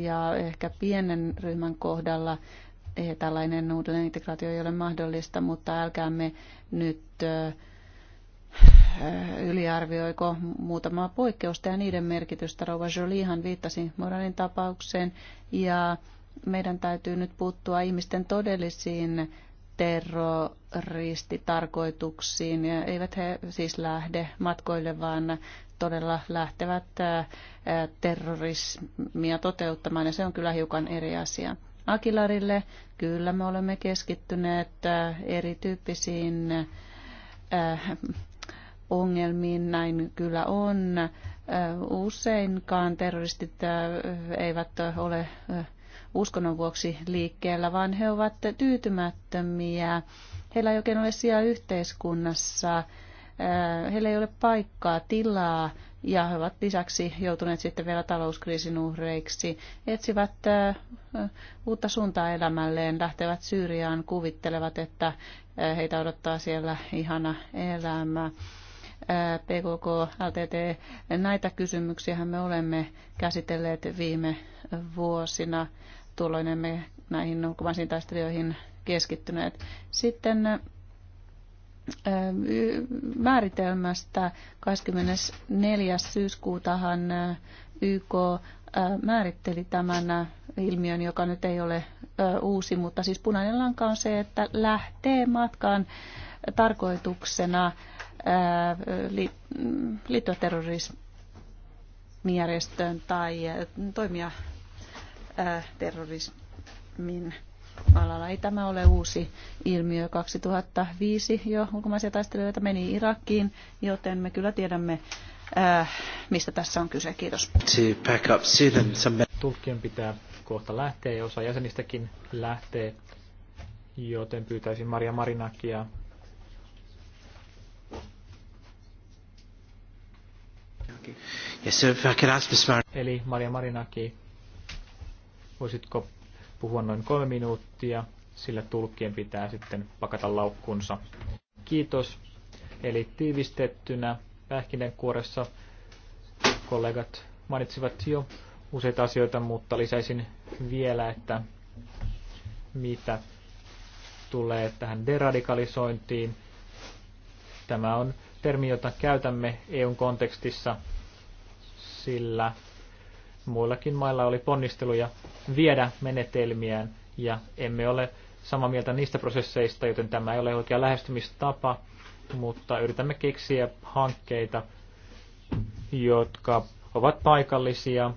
ja ehkä pienen ryhmän kohdalla tällainen uudelleen integraatio ei ole mahdollista, mutta älkäämme nyt äh, yliarvioiko muutamaa poikkeusta ja niiden merkitystä. Rouva Jolihan viittasi Moranin tapaukseen ja meidän täytyy nyt puuttua ihmisten todellisiin terroristitarkoituksiin. Eivät he siis lähde matkoille, vaan todella lähtevät äh, terrorismia toteuttamaan ja se on kyllä hiukan eri asia. Akilarille. Kyllä me olemme keskittyneet äh, erityyppisiin äh, ongelmiin, näin kyllä on. Äh, useinkaan terroristit eivät ole uskonnon vuoksi liikkeellä, vaan he ovat tyytymättömiä. Heillä ei oikein ole sijaa yhteiskunnassa, heillä ei ole paikkaa, tilaa ja he ovat lisäksi joutuneet sitten vielä talouskriisin uhreiksi, etsivät uutta suuntaa elämälleen, lähtevät Syyriaan, kuvittelevat, että heitä odottaa siellä ihana elämä. PKK, LTT, näitä kysymyksiä me olemme käsitelleet viime vuosina. Tuolloin emme näihin ulkomaisiin taistelijoihin keskittyneet. Sitten määritelmästä 24. syyskuutahan YK määritteli tämän ilmiön, joka nyt ei ole uusi, mutta siis punainen lanka on se, että lähtee matkaan tarkoituksena liittyä terrorismijärjestöön tai toimia terrorismin alalla. Ei tämä ole uusi ilmiö. 2005 jo ulkomaisia taistelijoita meni Irakiin, joten me kyllä tiedämme, äh, mistä tässä on kyse. Kiitos. Tulkkien pitää kohta lähteä ja osa jäsenistäkin lähtee, joten pyytäisin Maria Marinakia Yes, sir, if I could ask Eli Maria Marinaki, voisitko puhua noin kolme minuuttia, sillä tulkkien pitää sitten pakata laukkunsa. Kiitos. Eli tiivistettynä pähkinänkuoressa kollegat mainitsivat jo useita asioita, mutta lisäisin vielä, että mitä tulee tähän deradikalisointiin. Tämä on termi, jota käytämme EUn kontekstissa, sillä muillakin mailla oli ponnisteluja viedä menetelmiään ja emme ole samaa mieltä niistä prosesseista, joten tämä ei ole oikea lähestymistapa, mutta yritämme keksiä hankkeita, jotka ovat paikallisia,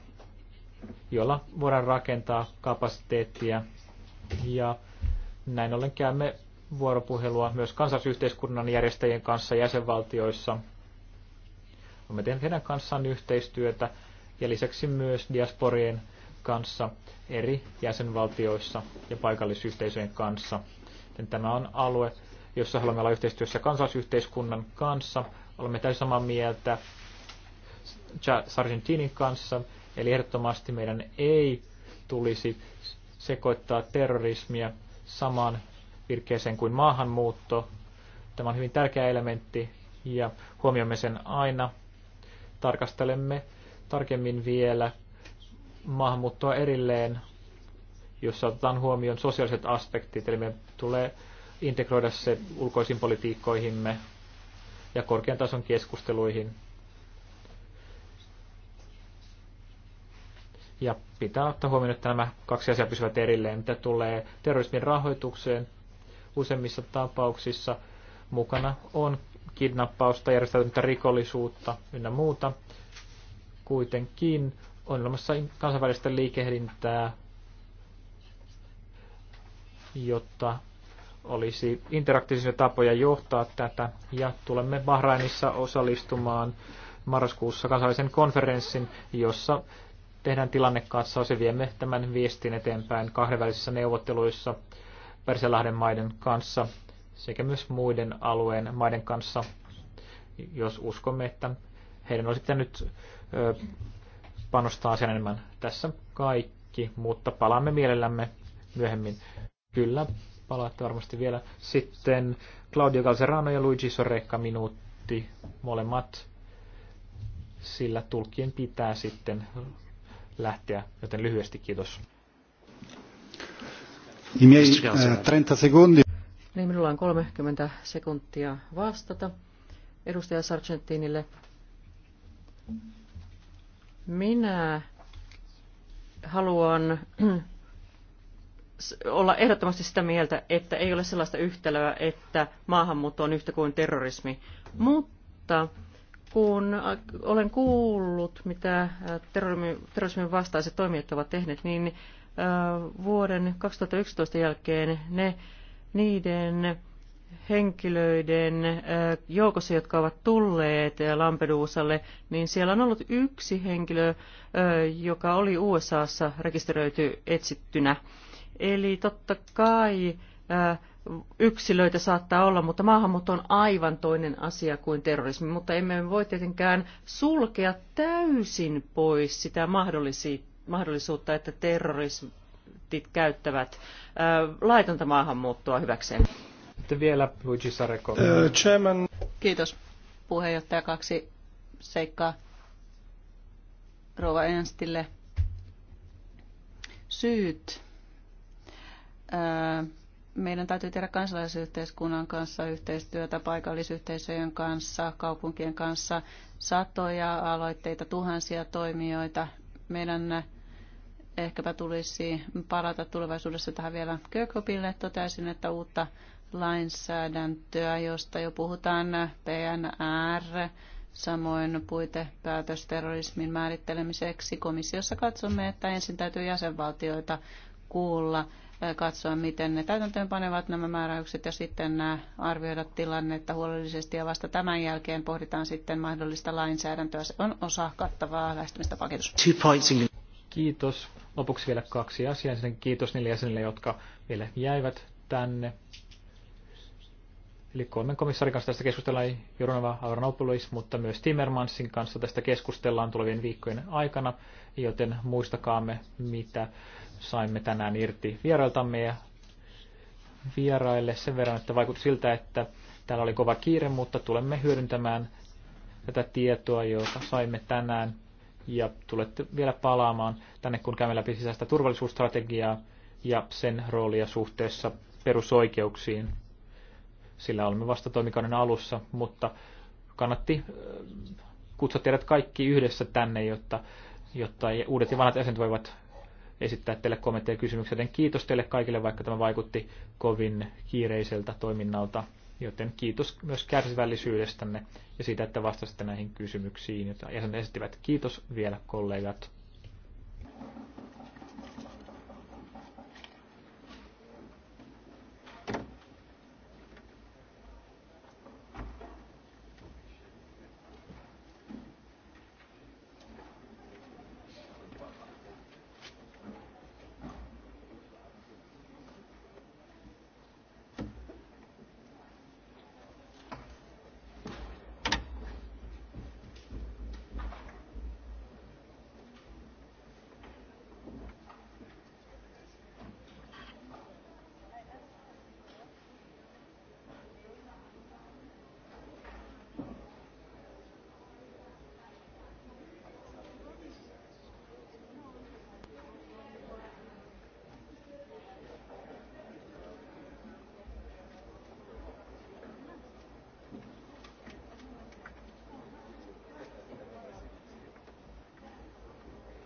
joilla voidaan rakentaa kapasiteettia ja näin ollen käymme vuoropuhelua myös kansallisyhteiskunnan järjestäjien kanssa jäsenvaltioissa. Olemme tehneet heidän kanssaan yhteistyötä ja lisäksi myös diasporien kanssa eri jäsenvaltioissa ja paikallisyhteisöjen kanssa. Tämä on alue, jossa haluamme olla yhteistyössä kansalaisyhteiskunnan kanssa. Olemme täysin samaa mieltä Sargentinin kanssa, eli ehdottomasti meidän ei tulisi sekoittaa terrorismia samaan virkeeseen kuin maahanmuutto. Tämä on hyvin tärkeä elementti ja huomioimme sen aina. Tarkastelemme tarkemmin vielä maahanmuuttoa erilleen, jossa otetaan huomioon sosiaaliset aspektit, eli me tulee integroida se ulkoisiin politiikkoihimme ja korkean tason keskusteluihin. Ja pitää ottaa huomioon, että nämä kaksi asiaa pysyvät erilleen, mitä tulee terrorismin rahoitukseen. Useimmissa tapauksissa mukana on kidnappausta, järjestäytymistä rikollisuutta ynnä muuta kuitenkin on olemassa kansainvälistä liikehdintää, jotta olisi interaktiivisia tapoja johtaa tätä. Ja tulemme Bahrainissa osallistumaan marraskuussa kansainvälisen konferenssin, jossa tehdään tilannekatsaus ja viemme tämän viestin eteenpäin kahdenvälisissä neuvotteluissa Persialahden maiden kanssa sekä myös muiden alueen maiden kanssa, jos uskomme, että heidän olisi ö, panostaa sen enemmän. Tässä kaikki, mutta palaamme mielellämme myöhemmin. Kyllä, palaatte varmasti vielä. Sitten Claudio Calzerano ja Luigi Sorreca minuutti, molemmat, sillä tulkien pitää sitten lähteä, joten lyhyesti kiitos. I miei 30 eh, sekuntia. Niin, minulla on 30 sekuntia vastata edustaja Sargentinille. Minä haluan *clears throat* olla ehdottomasti sitä mieltä, että ei ole sellaista yhtälöä, että maahanmuutto on yhtä kuin terrorismi. Mutta kun olen kuullut, mitä äh, terrorismin vastaiset toimijat ovat tehneet, niin äh, vuoden 2011 jälkeen ne, niiden henkilöiden joukossa, jotka ovat tulleet Lampedusalle, niin siellä on ollut yksi henkilö, joka oli USAssa rekisteröity etsittynä. Eli totta kai yksilöitä saattaa olla, mutta maahanmuutto on aivan toinen asia kuin terrorismi. Mutta emme voi tietenkään sulkea täysin pois sitä mahdollisuutta, että terroristit käyttävät laitonta maahanmuuttoa hyväkseen. Sitten vielä Luigi Sareko. Äh, chairman. Kiitos puheenjohtaja. Kaksi seikkaa Rova Enstille. Syyt. Äh, meidän täytyy tehdä kansalaisyhteiskunnan kanssa yhteistyötä, paikallisyhteisöjen kanssa, kaupunkien kanssa, satoja aloitteita, tuhansia toimijoita. Meidän äh, ehkäpä tulisi palata tulevaisuudessa tähän vielä Kökopille. Toteaisin, että uutta lainsäädäntöä, josta jo puhutaan PNR, samoin puitepäätös terrorismin määrittelemiseksi. Komissiossa katsomme, että ensin täytyy jäsenvaltioita kuulla, katsoa, miten ne täytäntöön panevat nämä määräykset ja sitten arvioida tilannetta huolellisesti ja vasta tämän jälkeen pohditaan sitten mahdollista lainsäädäntöä. Se on osa kattavaa lähestymistapaketus. Kiitos. Lopuksi vielä kaksi asiaa. kiitos niille jäsenille, jotka vielä jäivät tänne. Eli kolmen komissaarin kanssa tästä keskustellaan Jorunova Auronopoulos, mutta myös Timmermansin kanssa tästä keskustellaan tulevien viikkojen aikana, joten muistakaamme, mitä saimme tänään irti vierailtamme ja vieraille sen verran, että vaikutti siltä, että täällä oli kova kiire, mutta tulemme hyödyntämään tätä tietoa, jota saimme tänään ja tulette vielä palaamaan tänne, kun käymme läpi sisäistä turvallisuusstrategiaa ja sen roolia suhteessa perusoikeuksiin sillä olemme vasta toimikauden alussa, mutta kannatti kutsua teidät kaikki yhdessä tänne, jotta, jotta uudet ja vanhat jäsenet voivat esittää teille kommentteja ja kysymyksiä. Joten kiitos teille kaikille, vaikka tämä vaikutti kovin kiireiseltä toiminnalta. Joten kiitos myös kärsivällisyydestänne ja siitä, että vastasitte näihin kysymyksiin, joita jäsenet esittivät. Kiitos vielä kollegat.